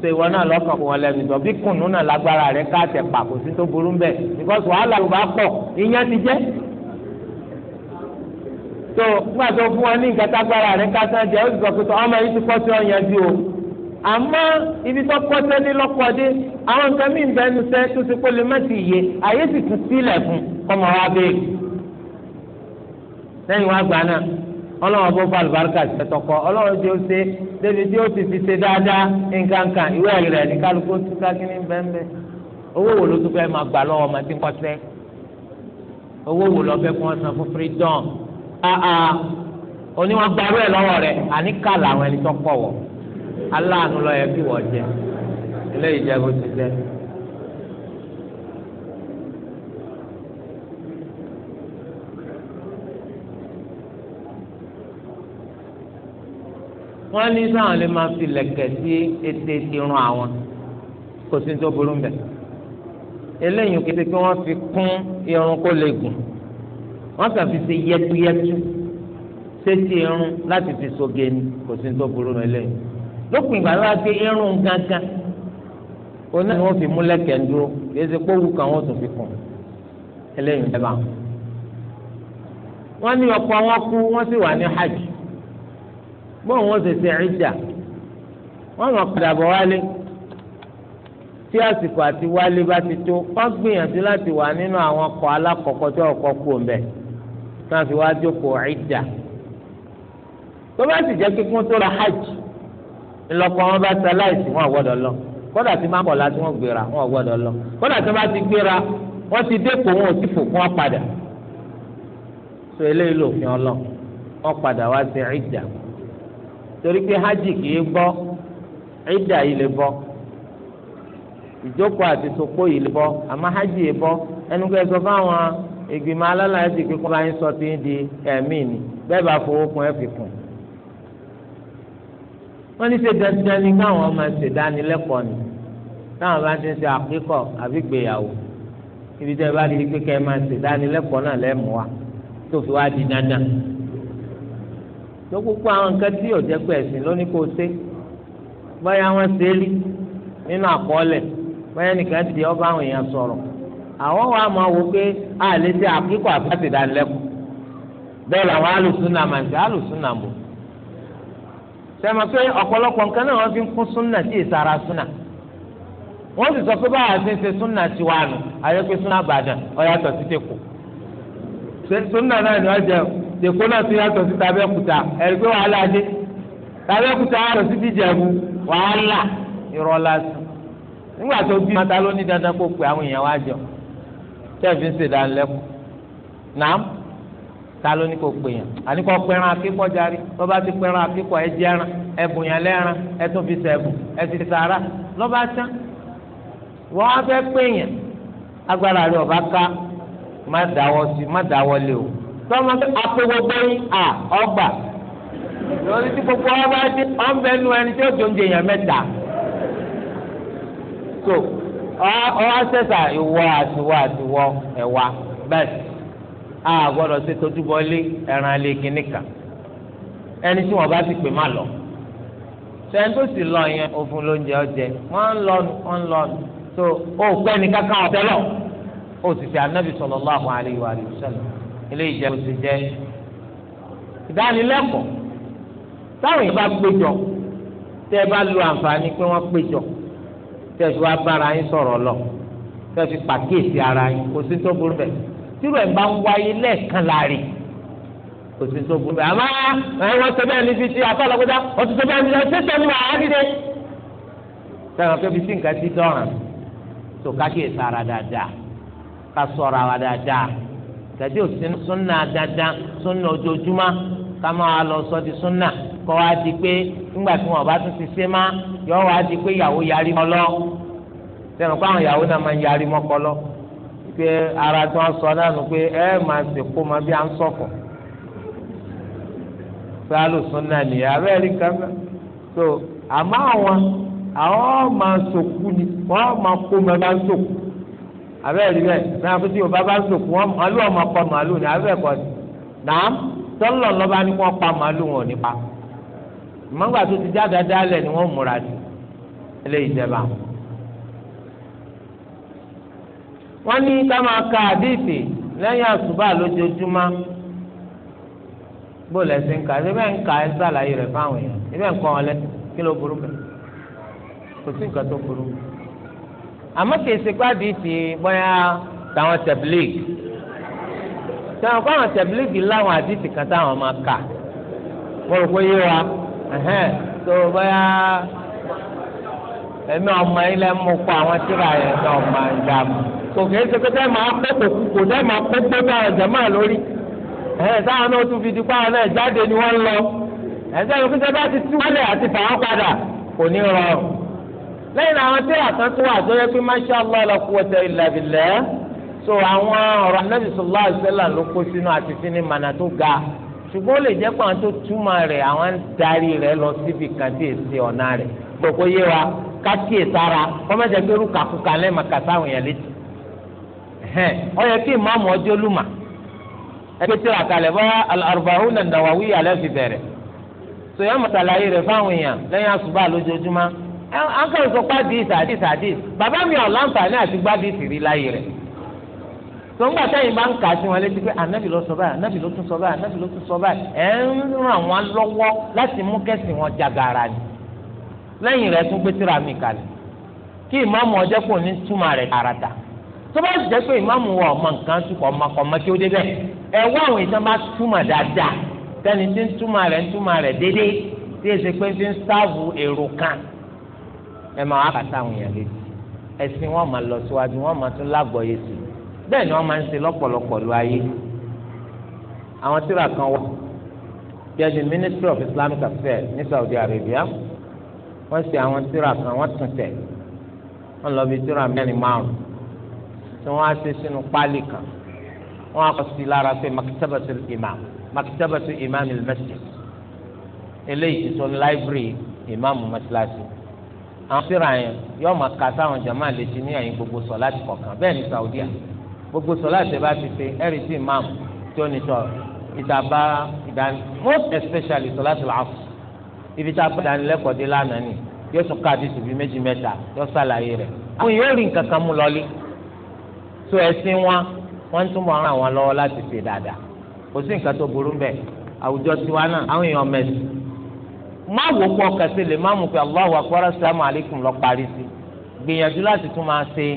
so ìwọ náà lọ́kàn fún wọn lẹ́nu tó bí kùnú náà lágbára rẹ káàtẹ̀ pa kò sí tó burú ń bẹ̀ because wàhálà yorùbá pọ̀ ìyẹn ti jẹ́ tó nígbà tó fún wọn ní nǹkan tágbára rẹ káàtẹ̀ jẹ́ ó sì sọ pé ọmọ yìí ti kọ́ sí o àmọ́ ibi tó kọ́ sẹ́lẹ̀ lọ́kọ́dé àwọn nǹkan mí bẹ́ẹ̀ nu sẹ́ tó ti kó lè má ti yé àyè sì tún sílẹ̀ fún kọ́mọ wa bẹ́ẹ̀ lẹ́yìn wá gbà náà ọlọ́run bó fa àlùbáríkà ṣe tọkọ ọlọ́run tí ó ṣe débi tí ó ti fi ṣe dáadáa nǹkankan ìwé ẹ̀rí rẹ̀ ní kálukú tún kákínní bẹ́ẹ̀ owó wo ló tún fẹ́ máa gbà lọ́wọ́ ọmọ tí ń kọ́sẹ́ owó wo lọ́ọ́ fẹ́ kí wọ́n san fún freedom oníwọ̀n gbarú ẹ̀ lọ́wọ́ rẹ̀ àní kàlà àwọn ẹni tó kọ̀ wọ̀ aláàánú lọ́ọ́ yẹ kí wọ́n jẹ eléyìí jẹ́ bó ti jẹ́. wọ́n ní sáwọn lè máa fi lẹ̀kẹ̀ sí ètè irun àwọn kò sí tó burú mbẹ̀ eléyìí kété pé wọ́n fi kún irun kó lè gùn wọ́n kàn fi ṣe yẹtuyẹtu sétí irun láti fi soge ni kò sí tó burú mbẹ̀ eléyìí lópin ìgbà ló gbé irun gángan oní àwọn òfin múlẹ̀kẹ̀ ń dúró yéésì kówú kan wọ́n tún fi kùn eléyìí ń bẹ́ẹ̀ bá wọn ní ọkọ wọn kú wọ́n sì wà ní hajj bóun ó ṣèṣe ìjà wọ́n mọ̀ padà bọ̀ wálé tí àsìkò àti wálé bá ti tó wọ́n gbìyànjú láti wà nínú àwọn ọkọ̀ alákọ̀ọ́kọ́ tó ọkọ̀ kú ọ̀nbẹ náà fi wá jókòó ìjà tó bá sì jẹ́ kíkún tó ra hajj ńlọpọ̀ wọn bá ti aláìsí wọn àwọ̀dọ̀ lọ kódà tí máa bọ̀ láti wọn gbéra wọn àwọ̀dọ̀ lọ kódà tí wọn bá ti gbéra wọn ti dẹ́kọ̀ wọn ò ti fò fún wọn padà so eléyìí lòfin ọlọ́ wọn padà wá sí ìjà torí pé hajj kìí bọ́ ìdá yìí lè bọ́ ìjókòó àti sopó yìí lè bọ́ àmọ́ hajj yìí bọ́ ẹnu kẹ́ sọ fáwọn ìgbìmọ̀ alálàájì kíkún láyé sọ ti ń di ẹ̀mí ni bẹ́ẹ̀ bá fowó kun ẹ̀ fi kún. wọ́n ní ṣe dandan ni káwọn máa ṣe dánilẹ́kọ̀ọ́ ni táwọn bá ti ń ṣe àkíkọ̀ àbí gbéyàwó ibi tẹ́ bá rí pé kẹ́ ẹ máa ṣe dánilẹ́kọ̀ọ́ náà lẹ́mùú wa tó fi wá di dandan. tó gbogbo àwọn nǹkan tí yóò jẹ́ pé ẹ̀sìn lónìí kò ṣe báyà wọn ṣe é nínú àkọọ́lẹ̀ báyà nìkan ti ọba àwọn èèyàn sọ̀rọ̀ àwọn wa máa pé a lè ṣe àkíkọ̀ àbáṣe ìdánilẹ́kọ̀ọ́ bẹ́ẹ̀ làwọn alùsùnà máa ń ṣe alùsùnà bò sẹ́mi pé ọ̀pọ̀lọpọ̀ nǹkan náà wọ́n fi ń kún súnà tí èsì súnà wọ́n sì sọ pé báwa ṣe ń ṣe súnà nù súnà ọ̀yàtọ̀ súnà tèkó náà tún yàtọ̀ sí tabẹ́kúta ẹ̀rí pé wàhálà dé tabẹ́kúta yàtọ̀ sí tìjẹ̀bù wàhálà irọ́ lásán nígbà tó bí mata ló ní dandan kó pe àwọn èèyàn wá jọ tẹ́ẹ̀fì ń ṣèdánilẹ́kùn nàám ta ló ní kó pe yàn àníkó pẹ́ran akíkọ́ jarí lọ́ba ti pẹ́ran akíkọ́ ẹ jẹ́ran ẹ̀bùn yẹn lẹ́ran ẹ tún fi sẹ̀bùn ẹ sàrà lọ́ba tán wọ́n á fẹ́ pé yàn agbára rẹ̀ ọ̀bá tọ́mọ pé apẹ̀gbọ́gbọ́ yín à ọgbà lórí tí gbogbo ọba dé ọ̀nbẹ nu ẹni tí ó jọ ń jẹ èèyàn mẹ́ta so ọ ṣẹ̀ṣà ìwọ àtiwọ àtiwọ ẹ̀wà bẹ́ẹ̀ a gbọ́dọ̀ ṣe tójúbọ ilé ẹran ilé kìíní kan ẹni tí wọ́n bá ti pè má lọ sẹ́yìn lọ yẹn òfun ló ọjẹ wọ́n ń lọ wọ́n ń lọ so ó pẹ́ ní kankan ọ̀tẹ́ lọ ó sì ṣe anábì sallallahu alaihi wa sallam ilé ìjẹun ti jẹ ìdánilẹ́kọ̀ọ́ táwọn yìí bá péjọ tẹ́ ẹ bá lo àǹfààní pé wọ́n péjọ tẹ́ ẹ fi wá bára yín sọ̀rọ̀ lọ tẹ́ ẹ fi pàkíyèsí ara yín kò sí tó burú bẹ́ẹ̀ tírò ẹ̀ bá ń wáyé lẹ́ẹ̀kan láàrin kò sí tó burú bẹ́ẹ̀ àmọ́ ẹ wọ́n sọ bẹ́ẹ̀ ní fífi àtọ́lọ́gbọ́dá wọ́n ti sọ bẹ́ẹ̀ ní ẹ ṣe tẹ̀lé wà á dìde. sẹ́wọ̀n pé bísí nǹkan ti dọ̀ràn tó kákíyèsí ara dáadáa ká sọ̀rọ̀ ara dáadáa tàbí òsín súnà dandan súnà ojoojúmọ́ ká máa lọ sọ di súnà kọ́ wa di pé ńgbà tí wọn bá tún ti ṣe má yọ wa di pé ìyàwó yarí mọ́ lọ pé àwọn ìyàwó náà máa ń yarí mọ́ pé ara tí wọ́n sọ náà nù pé ẹ máa sèkó máa bí à ń sọ̀kọ̀ sálù súnà nìyà abẹ́rẹ́ rí kan náà so àmọ́ àwọn àwọn máa sòkú ni wọ́n máa kó máa bá sòkú abẹ́rẹ́ rí bẹ́ẹ̀ náà fún tí yorùbá bá ń sòkù wọn màálù ọmọ pa màálù ni abẹ́rẹ́ kọ́ ni nàám tọ́lọ̀ lọ́ba ni wọ́n pa màálù wọn ò ní pa ìmọ̀gbà tó ti já dáadáa lẹ̀ ni wọ́n múra sí eléyìí jẹba. wọ́n ní ká máa ka àdéhìtì lẹ́yìn àṣùbà lójoojúmọ́ bó lẹ́sìn ká ẹ bẹ́ẹ̀ ń ka ẹ sàlàyé rẹ̀ fáwọn èèyàn ẹ ń kọ́ wọn lẹ́sìn kí ló burú bẹ́ẹ̀ kò sí nǹkan tó burú bẹ́ẹ̀ àmọ́ kìí ṣe pàdé ti bóyá táwọn tẹ̀blíìgì táwọn káwọn tẹ̀blíìgì láwọn àdìsí kan táwọn máa kà mo rò pé yé wa tó bóyá ẹ̀mí ọmọ yín lẹ́ mú pa àwọn tíra yẹn ní ọmọ ìjà mu kò kìí ṣe pé tẹ́ máa kó kòkú kò tẹ́ máa kó gbogbo àwọn jẹ̀mọ́ lórí táwọn náà tún fi di pa àwọn náà jáde ni wọ́n lọ ẹ̀sẹ̀ yòókù tẹ́ bá ti tú wọlé àti fà padà kò ní rọrùn lẹ́yìn àwọn tírà kan tó wà tó yẹ pé masha allah la quwwata illa billah so àwọn ọ̀rọ̀ anabi sallallahu alaihi wasallam ló kó sínú àti sínú mànà tó ga ṣùgbọ́n ó lè jẹ́ pé àwọn tó túmọ̀ rẹ̀ àwọn ń darí rẹ̀ lọ síbi kan tí èsì ọ̀nà rẹ̀ gbogbo yé wa kákìí sára kọ́mẹ́tẹ̀ pé rúkà kúkà lẹ́ẹ̀ma kàtàwọn yẹn létí ọ yẹ kí ìmáàmù ọjọ́ lùmà ẹgbẹ́ tí àkàlẹ̀ bá al-arba'una an-nawawiyya alẹ́ fi bẹ̀rẹ̀ sọ yẹn mọ̀tàlá yìí rẹ̀ fáwọn èèyàn lẹ́yìn Anka sọ pé àdìs àdìs àdìs bàbá mi ò láǹfààní àti gbádìs rí láyé rẹ̀ sọgbà táyìn bá ń kà sí wọn létí pé ànábì ló sọ báyìí ànábì ló tún sọ báyìí ànábì ló tún sọ báyìí ẹ ń ràn wọn lọ́wọ́ láti mú kẹsìn wọn jagara ni lẹ́yìn rẹ̀ tún gbé tírà mi kalẹ̀ kí ìmáàmù ọjọ́ kò ní túmọ̀ rẹ̀ tààràtà tó bá jẹ́ pé ìmáàmù wa ọmọ nǹkan túkọ̀ ọmọ kọ̀ọ̀mọ́ kí ó dé bẹ́ẹ̀ ẹ wá àwọn ìtàn bá túmọ̀ dáadáa tẹ́ni tí ń túmọ̀ rẹ̀ ń túmọ̀ rẹ̀ déédéé tí èsì pé fi ń sáàbù èrò kan ẹ máa kàtà àwọn èèyàn létí ẹ̀sìn wọn máa lọ síwájú wọn máa tún lágbọ̀ọ́yé sí bẹ́ẹ̀ ni wọ́n máa ń ṣe lọ́pọ̀lọpọ̀ lu ayé àwọn tíra kan wọ bí ẹni ministry of islamic affairs ní saudi arabia wọ́n ṣe àwọn tíra kan wọ́n tún tẹ̀ wọ́n lọ bí tíra mẹ́rin márùn tí wọ́n á ṣe sínú páálí kan wọ́n á kọ sí lára pé makitabatul imam makitabatul imam ilmẹsì eléyìí ti sọ ní library imam masilasi àwọn síra yẹn yóò máa ka sáwọn jama lè ti ní ẹ̀yìn gbogbo sọ̀láàtì kọ̀ọ̀kan bẹ́ẹ̀ ní Saudi à gbogbo sọ̀láàtì bá ti ṣe ẹ̀rì sí imam tí ó ní sọ ìtàbá ìdání most especially sọ̀láàtì làásù ibi tá a bá ìdánilẹ́kọ̀ọ́ dé lánàá ni yóò tún káàdì tìbí méjì mẹ́ta yóò sàlàyé rẹ̀ àwọn yóò rí nǹkan kan mú lọlé tó ẹ̀sìn wọn wọ́n tún mọ̀ ràn wọn lọ́wọ́ láti ṣe dáadáa kò sí nǹkan tó burú bẹ́ẹ̀ àwùjọ tiwa náà àwọn èèyàn mẹ́sìn má wò pọ̀ kẹsẹ̀ lè má mú pé Allahu akbar assalamu alaikum lọ parí sí gbìyànjú láti tún máa ṣe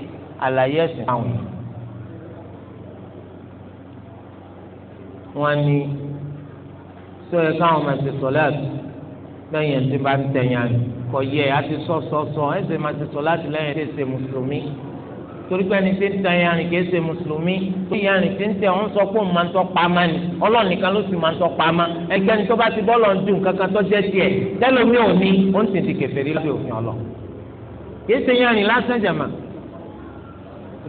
àlàyé ẹ̀sìn àwọn. wọ́n ní sọ yẹ káwọn máa ṣe sọ̀láàtì lẹ́yìn ẹ̀sìn bá ń tẹ̀yàn kọ̀ yẹ àti sọ́sọ́sọ́ ẹ̀sìn máa ṣe sọ̀láàtì lẹ́yìn ẹ̀sìn mùsùlùmí torí pé ẹni tí ń tan yanrìn kìí ṣe mùsùlùmí tó yanrìn tí ń tẹ ọ̀hún sọ pé òun máa ń tọ́ pamá ni ọlọ́run nìkan ló sì máa ń tọ́ pamá ẹnikẹ́ni tó bá ti bọ́ọ̀lù ń dùn kankan tó jẹ́ tiẹ̀ tẹ́lómi ò ní ó ń tètè kèfèrí lábẹ́ òfin ọlọ kìí ṣe yanrìn lásán jàmà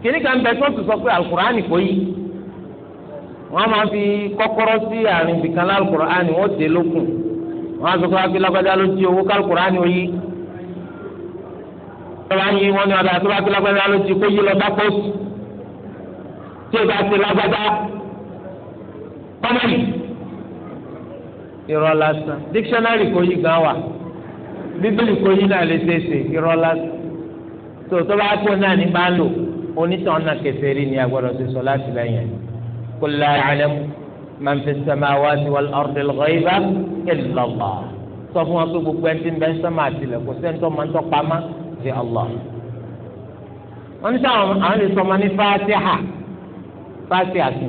kìíní kan bẹ tó ti sọ pé alukur'ani kò yí wọ́n máa fi kọ́kọ́rọ́ sí àrùn ibìkan lálùkùránì wọ́n dé lókun wọ́n á sọ pé wọ́n bá yí wọn ní ọ̀dà tó bá tó lágbájá ló ti kó yí lọ bá pọ́s tí ìgbà ti lágbájá kọ́mẹ́lì. irọ́ lásán dictionary kò yí gan wa bíbélì kò yí náà lè ṣeéṣe irọ́ lásán tó tó bá kó náà ní bá lò onítàn náà kẹfẹ́ rí ni agbọ́dọ̀ ti sọ láti lẹ́yìn kul la ya'lamu man fi samawati wal ardi al-ghayba illa Allah sọ fún wa pé gbogbo ẹni tí ń bẹ sọ́mà àtìlẹ̀ kò sẹ́ńtọ́ máa pamá sí Allah wọ́n ní sáwọn àwọn lè sọmọ ní fatiha fatiha sí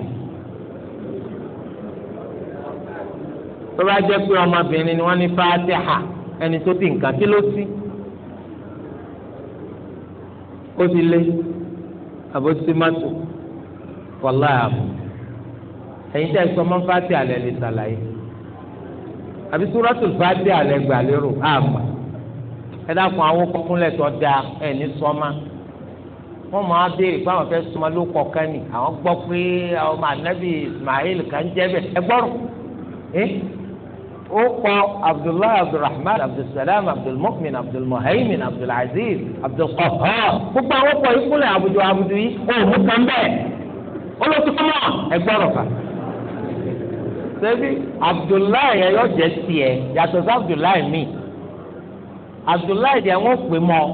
tó bá jẹ́ pé ọmọbìnrin ni wọ́n ní fatiha ẹni tó ti nǹkan kí ló sí ó ti lé àbótí mọ́tò fọlá àbò ẹ̀yin tẹ́ sọmọ fatiha lẹ́ lè ṣàlàyé àbí suratul fatiha lẹ́ gbà lérò àmà. ẹ dákun àwọn kọkúnlẹ̀ tó da ẹ ní sọ́mà wọ́n máa béèrè pé àwọn fẹ́ sọ́mà ló kọ kan ni àwọn gbọ́ pé àwọn ọmọ anabi ismail kan jẹ́ bẹ́ẹ̀ ẹ gbọ́rọ̀ ẹ ó kọ abdullahi abdulrahman abdulsalam abdulmukmin abdulmuhaymin abdulaziz abdulqahhar gbogbo àwọn kọ ìkúlẹ̀ abudu abudu yìí ó mú kan bẹ́ẹ̀ olùsọ́mọ̀ ẹ gbọ́rọ̀ fà sẹ́bi abdullahi ẹ yọ jẹ́ tiẹ̀ yàtọ̀ sí abdullahi míì abdullahi di àwọn pè mọ́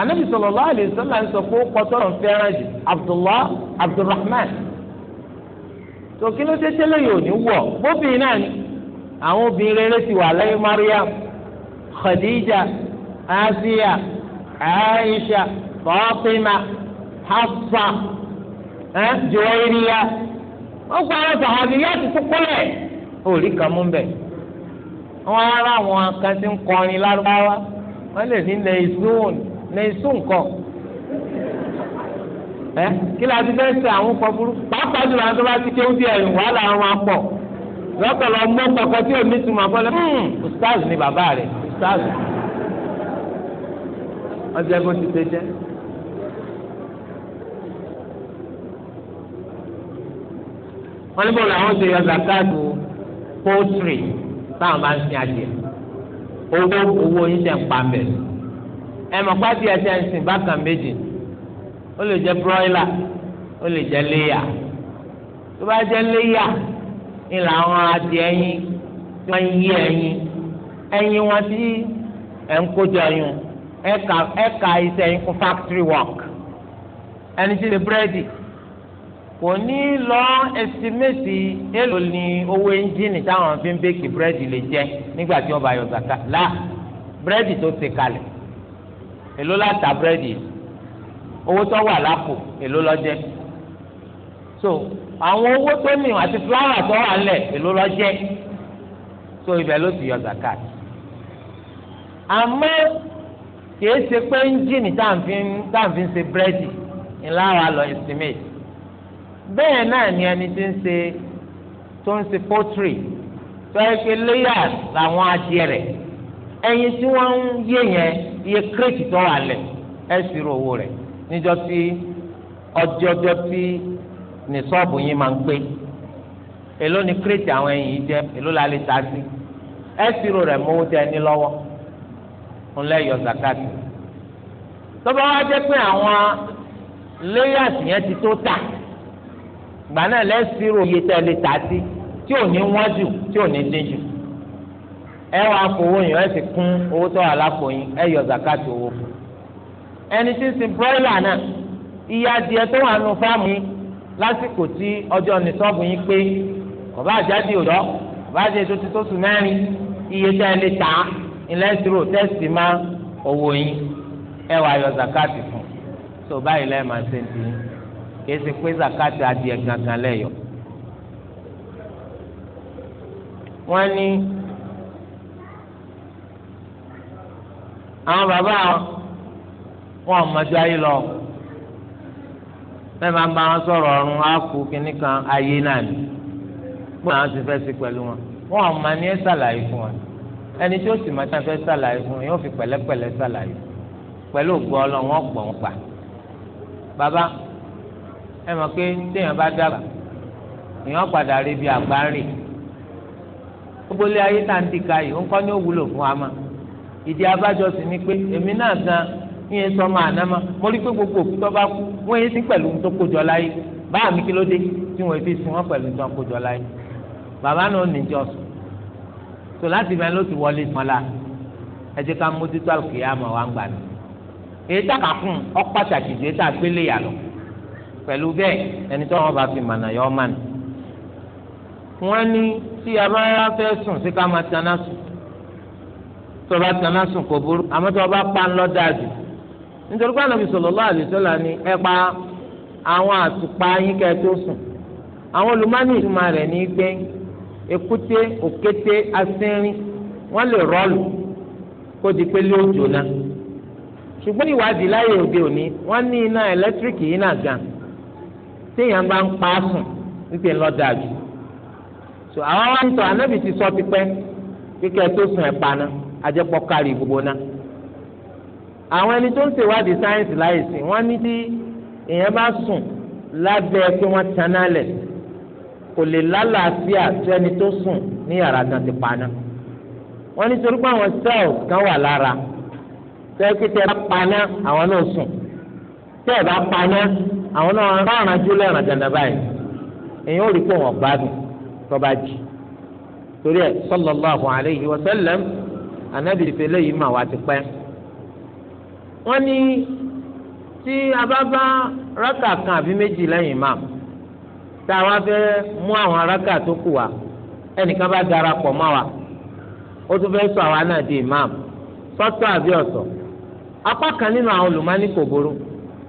anabi sallallahu alaihi wasallam ń sọ pé ó kọ tọrọ fẹ́ràn jù abdullahi abdulrahman tó kí ló dé tẹ́lẹ̀ yóò ní wọ̀ bóbìnrin náà ni àwọn obìnrin rere ti wà lẹ́yìn mariam khadija asiya aisha fatima hafsa ẹ juwairiya wọn gba àwọn sàhàbí yá ti kúkú lẹ òòrí kan mú bẹ́ẹ̀ wọn ará àwọn kan tí ń kọrin lárúbáwá wọn lè ní neisun neisun kọ ẹ kí la ti fẹ́ ṣe àwọn kọ burú pàápàá jùlọ àwọn tó bá ti kéwú díẹ̀ yìí wàhálà àwọn apọ̀ lọ́kọ̀lọ́ mọ́ kọ̀kọ́ tí omi tún máa bọ́lẹ̀ ustaz ni bàbá rẹ̀ ustaz ọjọ́ bó ti ṣe jẹ́. wọ́n ní bọ́ọ̀lù àwọn ṣe yọ zakatu poultry. táwọn bá ń sin adìẹ owó owó yín ṣe ń pa mbẹ ẹ mọ̀ pé ń sìn bákan méjì ó lè jẹ́ broiler ó lè jẹ́ léyà tó bá jẹ́ léyà ni làwọn adìẹ yín tí wọ́n yí ẹyin ẹyin wọn factory work ẹni tí lè kò ní lọ ẹsítímẹ́tì èlò ni owó ẹ́ńjìnì táwọn fi ń bẹ́ẹ̀kì búrẹ́dì lè jẹ nígbà tí wọ́n bá yọ zaka là búrẹ́dì tó ti kalẹ̀ èló láta búrẹ́dì owó tó wà lápò èló lọ́jẹ́ so àwọn owó tó ní àti fúláwà tó wà lẹ̀ èló lọ́jẹ́ so ibẹ̀ ló ti yọ zaka àmọ́ kìí ṣe pé ẹ́ńjìnì táwọn fi ń ṣe búrẹ́dì ńlá wa lọ ẹsítímẹ́tì bẹ́ẹ̀ náà ni ẹni tí ń ṣe tó ń ṣe pọ́tírì tó yẹ pé layers làwọn adìẹ rẹ̀ ẹyin tí wọ́n ń yé yẹn iye kírètì tó wà lẹ̀ ẹ̀ sì rò owó rẹ̀ níjọ́ tí ọjọ́jọ́ tí ní sọ́ọ̀bù yín máa ń gbé èló ni kírètì àwọn ẹyin yìí jẹ́ èló la lè ta sí ẹ̀ sì rò rẹ̀ mówó tẹ ní lọ́wọ́ ńlẹ́ yọ zakati tọ́ba wa jẹ́ pé àwọn layers yẹn ti tó ta gbà náà lẹ́sìrò iye tẹ́ lè tà sí tí ò ní wọ́n jù tí ò ní dín jù ẹ wá fowó yín ẹ sì kún owó tó wà lápò yín ẹ yọ zakati owó fún ẹni tí ń sin bọ́ìlà náà iye adìẹ tó wà nù fáàmù yín lásìkò tí ọjọ́ ní sọ́ọ̀bù yín pé ọba àjáde òjọ́ ọba àjáde tó ti tó sùn mẹ́rin iye tẹ́ lè tà ìlẹ́sìrò tẹ́sì máa owó yín ẹ wá yọ zakati fún tó báyìí lẹ́ẹ̀ máa ṣe ń tì yín kìí ṣe pé zakati adìẹ gangan lẹ́yọ̀. wọ́n ní àwọn bàbá wọn ọmọdé ayé lọ bẹ́ẹ̀ máa ń bá wọn sọ̀rọ̀ ọ̀run ákú kínní kan ayé náà ni gbọ́dọ̀ àwọn ti fẹ́ sí pẹ̀lú wọn wọn ọmọ ni ẹ ṣàlàyé fún wọn ẹni tí ó sì máa fẹ́ ṣàlàyé fún yóò fi pẹ̀lẹ́pẹ̀lẹ́ ṣàlàyé pẹ̀lú ògbọ́ ọlọ́run ọ̀gbọ̀n pa bàbá ẹ mọ̀ pé téèyàn bá dàgbà èèyàn padà rí bí àgbáre gbogbo ilé ayé tá à ń dìka yìí ńkọ́ ni ó wúlò fún wa ma ìdí abájọ sì ni pé èmi náà gan yín sọ máa ná ma mo rí pé gbogbo òkú tó bá kú wọ́n yé sí pẹ̀lú tó kójọ láyé báà mi kí ló dé tí wọ́n fi sin wọ́n pẹ̀lú tó kójọ láyé bàbá náà ò ní jọ sùn tó láti bẹ̀rẹ̀ ló ti wọlé sàn la ẹ jẹ́ ká mójútó àlùkìyà àmọ́ wa ń gbà ní. èyí tàkà fún ọ pàtàkì ju èyí tà gbélé yà lọ pẹ̀lú bẹ́ẹ̀ ẹni tó wọn bá fi mànà yọ ọmọ nù. wọ́n ní tí a bá yá fẹ́ sùn sí ká máa taná sùn tó bá taná sùn kò burú àmọ́ tó bá pa ńlọ dáadì nítorí pé ànábì sallallahu alaihi wasallam ni ẹ pa àwọn àtùpà yín kẹ́ tó sùn àwọn olùmọ́ni ìtumọ̀ rẹ̀ ní gbé èkúté òkété asínrín wọ́n lè rọ́ọ̀lù kó di pé lóòjò náà ṣùgbọ́n ìwádìí láyé òde òní wọ́n ní iná ẹ̀lẹ́tíríkì yìí náà gan-an téèyàn bá ń pa á sùn níbi ńlọ dáa jù so àwọn wá ń tọ anábì ti sọ tipẹ́ kíkẹ́ tó sùn ẹ̀ paná ajẹ́pọ̀ kárí gbogbo náà àwọn ẹni tó ń ṣèwádìí sáyẹ́nsì láyè sí wọ́n ní tí èèyàn bá sùn lábẹ́ pé wọ́n taná lẹ̀ kò lè lálàáfíà tó ẹni tó sùn ní yàrá kan ti paná wọ́n ní torí pé àwọn cells kan wà lára tẹ́ kí tẹ́ bá paná àwọn náà sùn tẹ́ ẹ̀ bá paná àwọn náà rán àjú lẹ́ràn jàǹdà báyìí èyàn ò rí pé wọn gbádùn tọ́ba jì torí ẹ sallallahu alayhi mà wá ti pẹ́ wọn ní tí a bá bá kan àbí méjì lẹ́yìn imam tá a wá fẹ́ mú àwọn rákà tó kù wá ẹnìkan bá darapọ̀ mọ́ wa ó tún fẹ́ di imam sọ́tọ̀ àbí ọ̀tọ̀ apá kan nínú àwọn olùmọ́ni kò burú.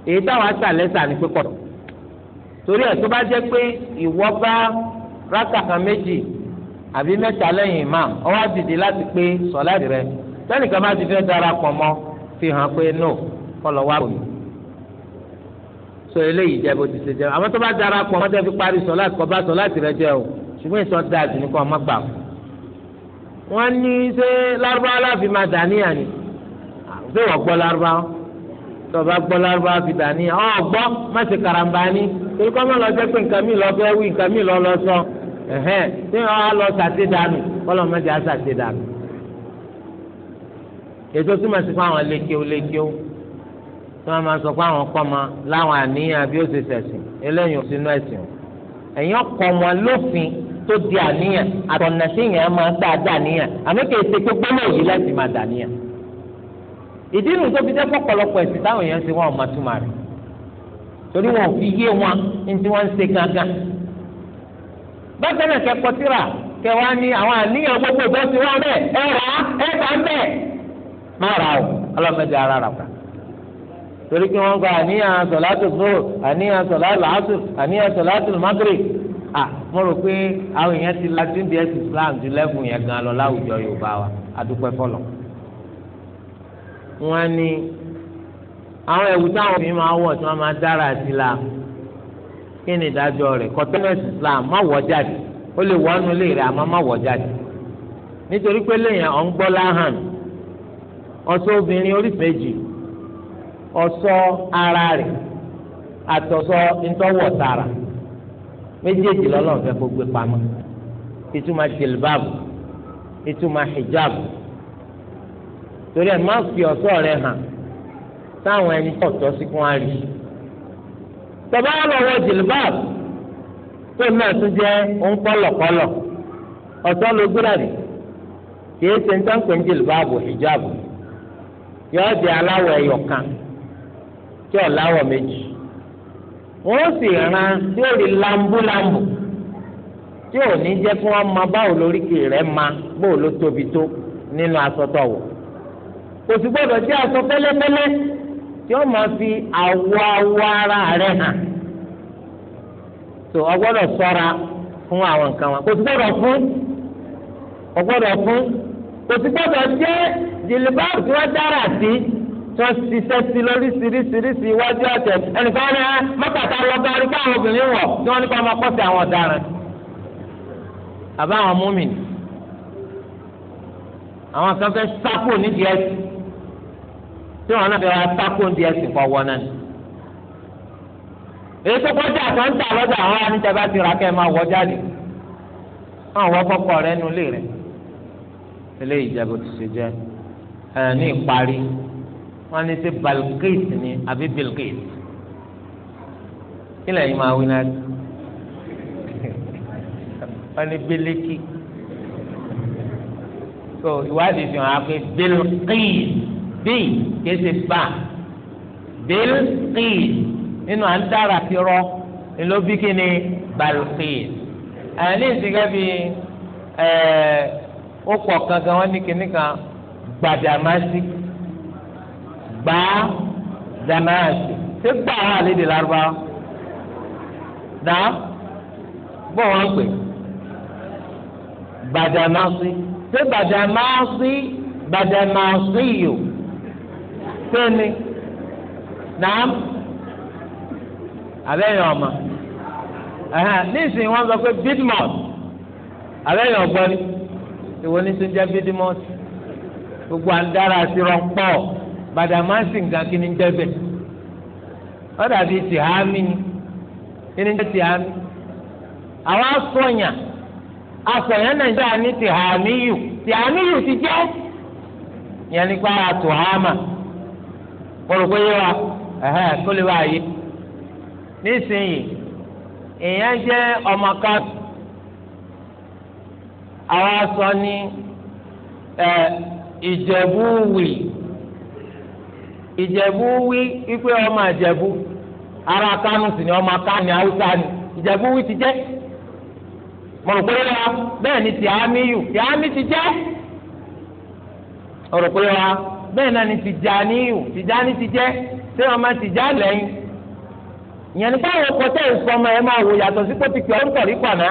èyí táwọn asàlẹ́sà ni pé kọ̀tọ̀ torí ẹ̀ tó bá jẹ́ pé ìwọ bá rákàkà méjì àbí mẹ́ta lẹ́yìn imam ọwọ́ dìde láti pé sọ̀lá rẹ̀ sẹ́nìkan bá ti fẹ́ darapọ̀ mọ́ fi hàn pé no kọlọ̀ wá bòmí so eléyìí jẹ́ bó ti ṣe jẹ́ àmọ́ tó bá darapọ̀ mọ́ tẹ́ fi parí sọ̀lá kọ́ bá sọ̀lá rẹ̀ jẹ́ o ṣùgbọ́n ìsọ̀ dáa jù ní kọ́ ọmọ gbà o wọ́n ní ṣé lárúbáwá láfi máa dà níyà ni tọba gbọ́ lárúbá fi dání ọ gbọ́ má ṣe karambani torí kọ́ mọ́ lọ jẹ́ pé nǹkan mi lọ fẹ́ wí nǹkan mi lọ lọ sọ ẹ̀hẹ́n tí wọ́n á lọ sàṣẹ dànù kọ́lọ́ mẹ́jọ á sàṣẹ dànù. ètò túmọ̀ sí fáwọn lékiw lékiw tí wọ́n máa sọ fún àwọn kọ́mọ láwọn àníyàn bí ó ṣe ṣẹ̀sìn eléyìí ò sínú ẹ̀sìn ẹ̀yìn ọkọ̀ wọn lófin tó di àníyàn àtọ̀nà sí ìyẹn máa gbà dàníyàn àmì kì í ṣe pé gbọ́mọ̀ yìí láti máa dàníyàn. ìdí nu tó fi jẹ́ pọ̀pọ̀lọpọ̀ ẹ̀sìn táwọn èèyàn ṣe wọn ò máa rẹ̀ torí wọn ò fi yé wọn ní ń ṣe gángan bákan náà síra kẹwàá ní àwọn àníyàn gbogbo ìbọn ti wá bẹ́ẹ̀ ẹ rà á ẹ bá ń má o ara rà pa torí pé wọ́n gba àníyàn sọ̀láàtù zoro àníyàn sọ̀láàtù làásù àníyàn sọ̀láàtù magre à mo rò pé àwọn èèyàn ti lajú bí ẹ̀sìn Islam ju lẹ́gùn yẹn gan wọn n'i àwọn ewuta táwọn obìnrin máa wọ̀ tí wọ́n máa dára sí la kí ni ìdájọ́ rẹ̀ kọ́tẹ́nẹ̀sì Islam má wọ̀ jáde ó lè wọ́ ọ́nú lè rẹ̀ má jáde nítorí pé lèèyàn ọ̀ ń gbọ́ láhàn ara rẹ̀ atọsọ ntọ́wọ̀ tara méjèèjì lọ́lọ́run kó gbé pamọ́ ìtumọ̀ jìlbáàbù ìtumọ̀ hijab torí ẹ má fi ọ̀ṣọ́ rẹ hàn sáwọn ẹni tó tọ́ sí kún àrí. tọ́ba lọ́wọ́ jìlbáàb tó náà tún jẹ́ òun kọ́lọ̀kọ́lọ̀ ọ̀ṣọ́ ló gbúra rè kìí ṣe ń tán pé ń jìlbáàbù hijabu yóò jẹ́ aláwọ̀ ẹ̀yọ̀ kan tí ọ̀láwọ̀ méjì wọ́n sì ran tí ó rí lambúlambù tí ò ní jẹ́ kí wọ́n máa báwo lóríkì rẹ̀ máa bóò ló tóbi tó nínú asọ́tọ̀ wọ̀ kò sì gbọ́dọ̀ jẹ́ aṣọ pẹ́lẹ́pẹ́lẹ́ tí ó máa fi àwọ̀ awọ ara rẹ̀ hàn tó o gbọ́dọ̀ ṣọ́ra fún àwọn nǹkan wọn kò sì gbọ́dọ̀ fún o gbọ́dọ̀ fún kò sì gbọ́dọ̀ jẹ́ jìlìbáàbù tí wọ́n dára sí tó ṣiṣẹ́ sí lórí ṣiríṣiríṣi iwájú ọ̀tẹ̀ ẹnìkan ní mọ́tàkà lọ́gbà rí bá àwọn obìnrin wọ̀ tí wọ́n ní kó máa kọ́sẹ̀ àwọn ọ̀daràn àbáwọn múmi àwọn kan fẹ́ sápò nídìí ẹ̀sìn tí wọn náà fẹ́ wá tako ń di ẹsìn kọ́ wọ́n náà ni. èyí tó kọjá àtọ́ ń tà lọ́jà àwọn àníjà bá ti rà kẹ́ ẹ máa wọ jáde wọn wọ kọ́kọ́ rẹ nu ilé rẹ eléyìí jẹ́ bó ti ṣe jẹ́ ẹ ní ìparí wọn ní sí Balqis ni àbí Bilqis kí lẹ́yìn máa wí náà wọn ní Biliki so ìwádìí fi hàn á pé Bilqis bíi kése bá bíl kíl nínú à ń dára ti rọ ńlọ bí kíni balqis àní ìsìnká bí ẹ ó pọ̀ kankan wọn ní kíní kan gbàdàmásí gbàdàmásí ṣé gbàrà àlédè lárúbáwá dá bọ́ wọn pè gbàdàmásí ṣé gbàdàmásí gbàdàmásí yòó sẹ́ni nàám abẹ́yẹn ọmọ nísìnyí wọ́n sọ pé bidmos abẹ́yẹn ọgbọ́n ni ìwọ ní sọ́jà bidmos gbogbo àǹdára àti rọpọ̀ Badamasi nǹkan kí ni jẹ́bẹ̀ ó dàbí tìhámì ni kí ni jẹ́ tìhámì àwọn asọ̀yàn asọ̀yàn Nàìjíríà ní tìhámì yù tìhámì yù ti jẹ́ yẹn nípa àtùhámà. kọlùkọ yé wa ẹhẹ kó lè wá yé nísìnyí ọmọ àwọn aṣọ ẹ ìjẹ̀bú wì ìjẹ̀bú wí ọmọ ara kánú ni ọmọ kánú haúsá ni ìjẹ̀bú wí ti jẹ́ bẹ́ẹ̀ náà ni tìjàní yù tìjàní ti jẹ́ ṣé wọn máa tìjà lẹ́yìn ìyẹn ní báwo kọ tẹ́ ìsọ ọmọ ẹ máa wò yàtọ̀ sí pé pípẹ́ ọ̀rùn kọ̀rí kọ̀nà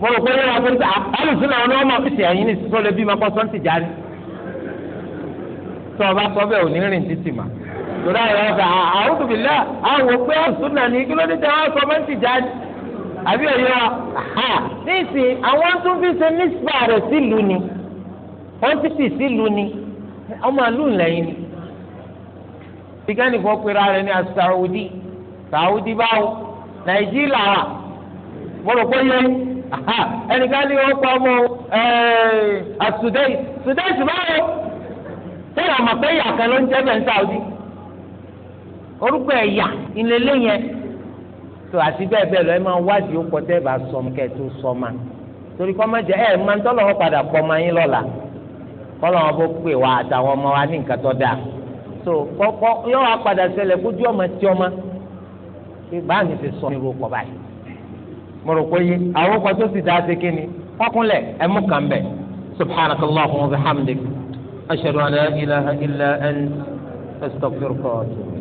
mo rò pé yẹn wà pé alùsùn náà wọn máa fìtì ẹ̀yìn ní sísọ lè bí ma kọ́ sọ́n tìjàní tó o bá sọ bẹ́ẹ̀ ò ní rìn títì mà tòlá yọ ọ́ sà àwọn pé alùsùn náà ní kí ọmọ àlùn lẹ́yìn ni bíkẹ́nìkan pera rẹ̀ ní asàwùdí sàwùdí báwo nàìjíríà wà bọ́lọ̀ yẹ ẹnìkan ní wọ́n pa ọmọ asùdẹ́ì eh, sùdẹ́ì báwo sẹ́yìn kan ló ń sàwùdí orúkọ yẹn tó àti lọ ẹ máa wádìí ó bá sọm tó sọ ma torí kọ́ má jẹ́ ẹ̀ máa ń tọ́lọ́wọ́ padà pọ̀ máa kọ́lọ́wọ́n bó pè wá àtàwọn ọmọ wa ní nǹkan tó dáa so kọ́kọ́ yọ wá padà sẹlẹ̀ kójú ọmọ tí ọmọ pé báà mi ti sọ nírú ọkọ̀ báyìí mo rò pé àwọn ọkọ̀ tó sì dáa ṣe kí ni kọ́kúnlẹ̀ ẹ̀ mú bẹ̀ subhanaka allahumma wa bihamdik ashhadu an la ilaha illa ant astaghfiruka.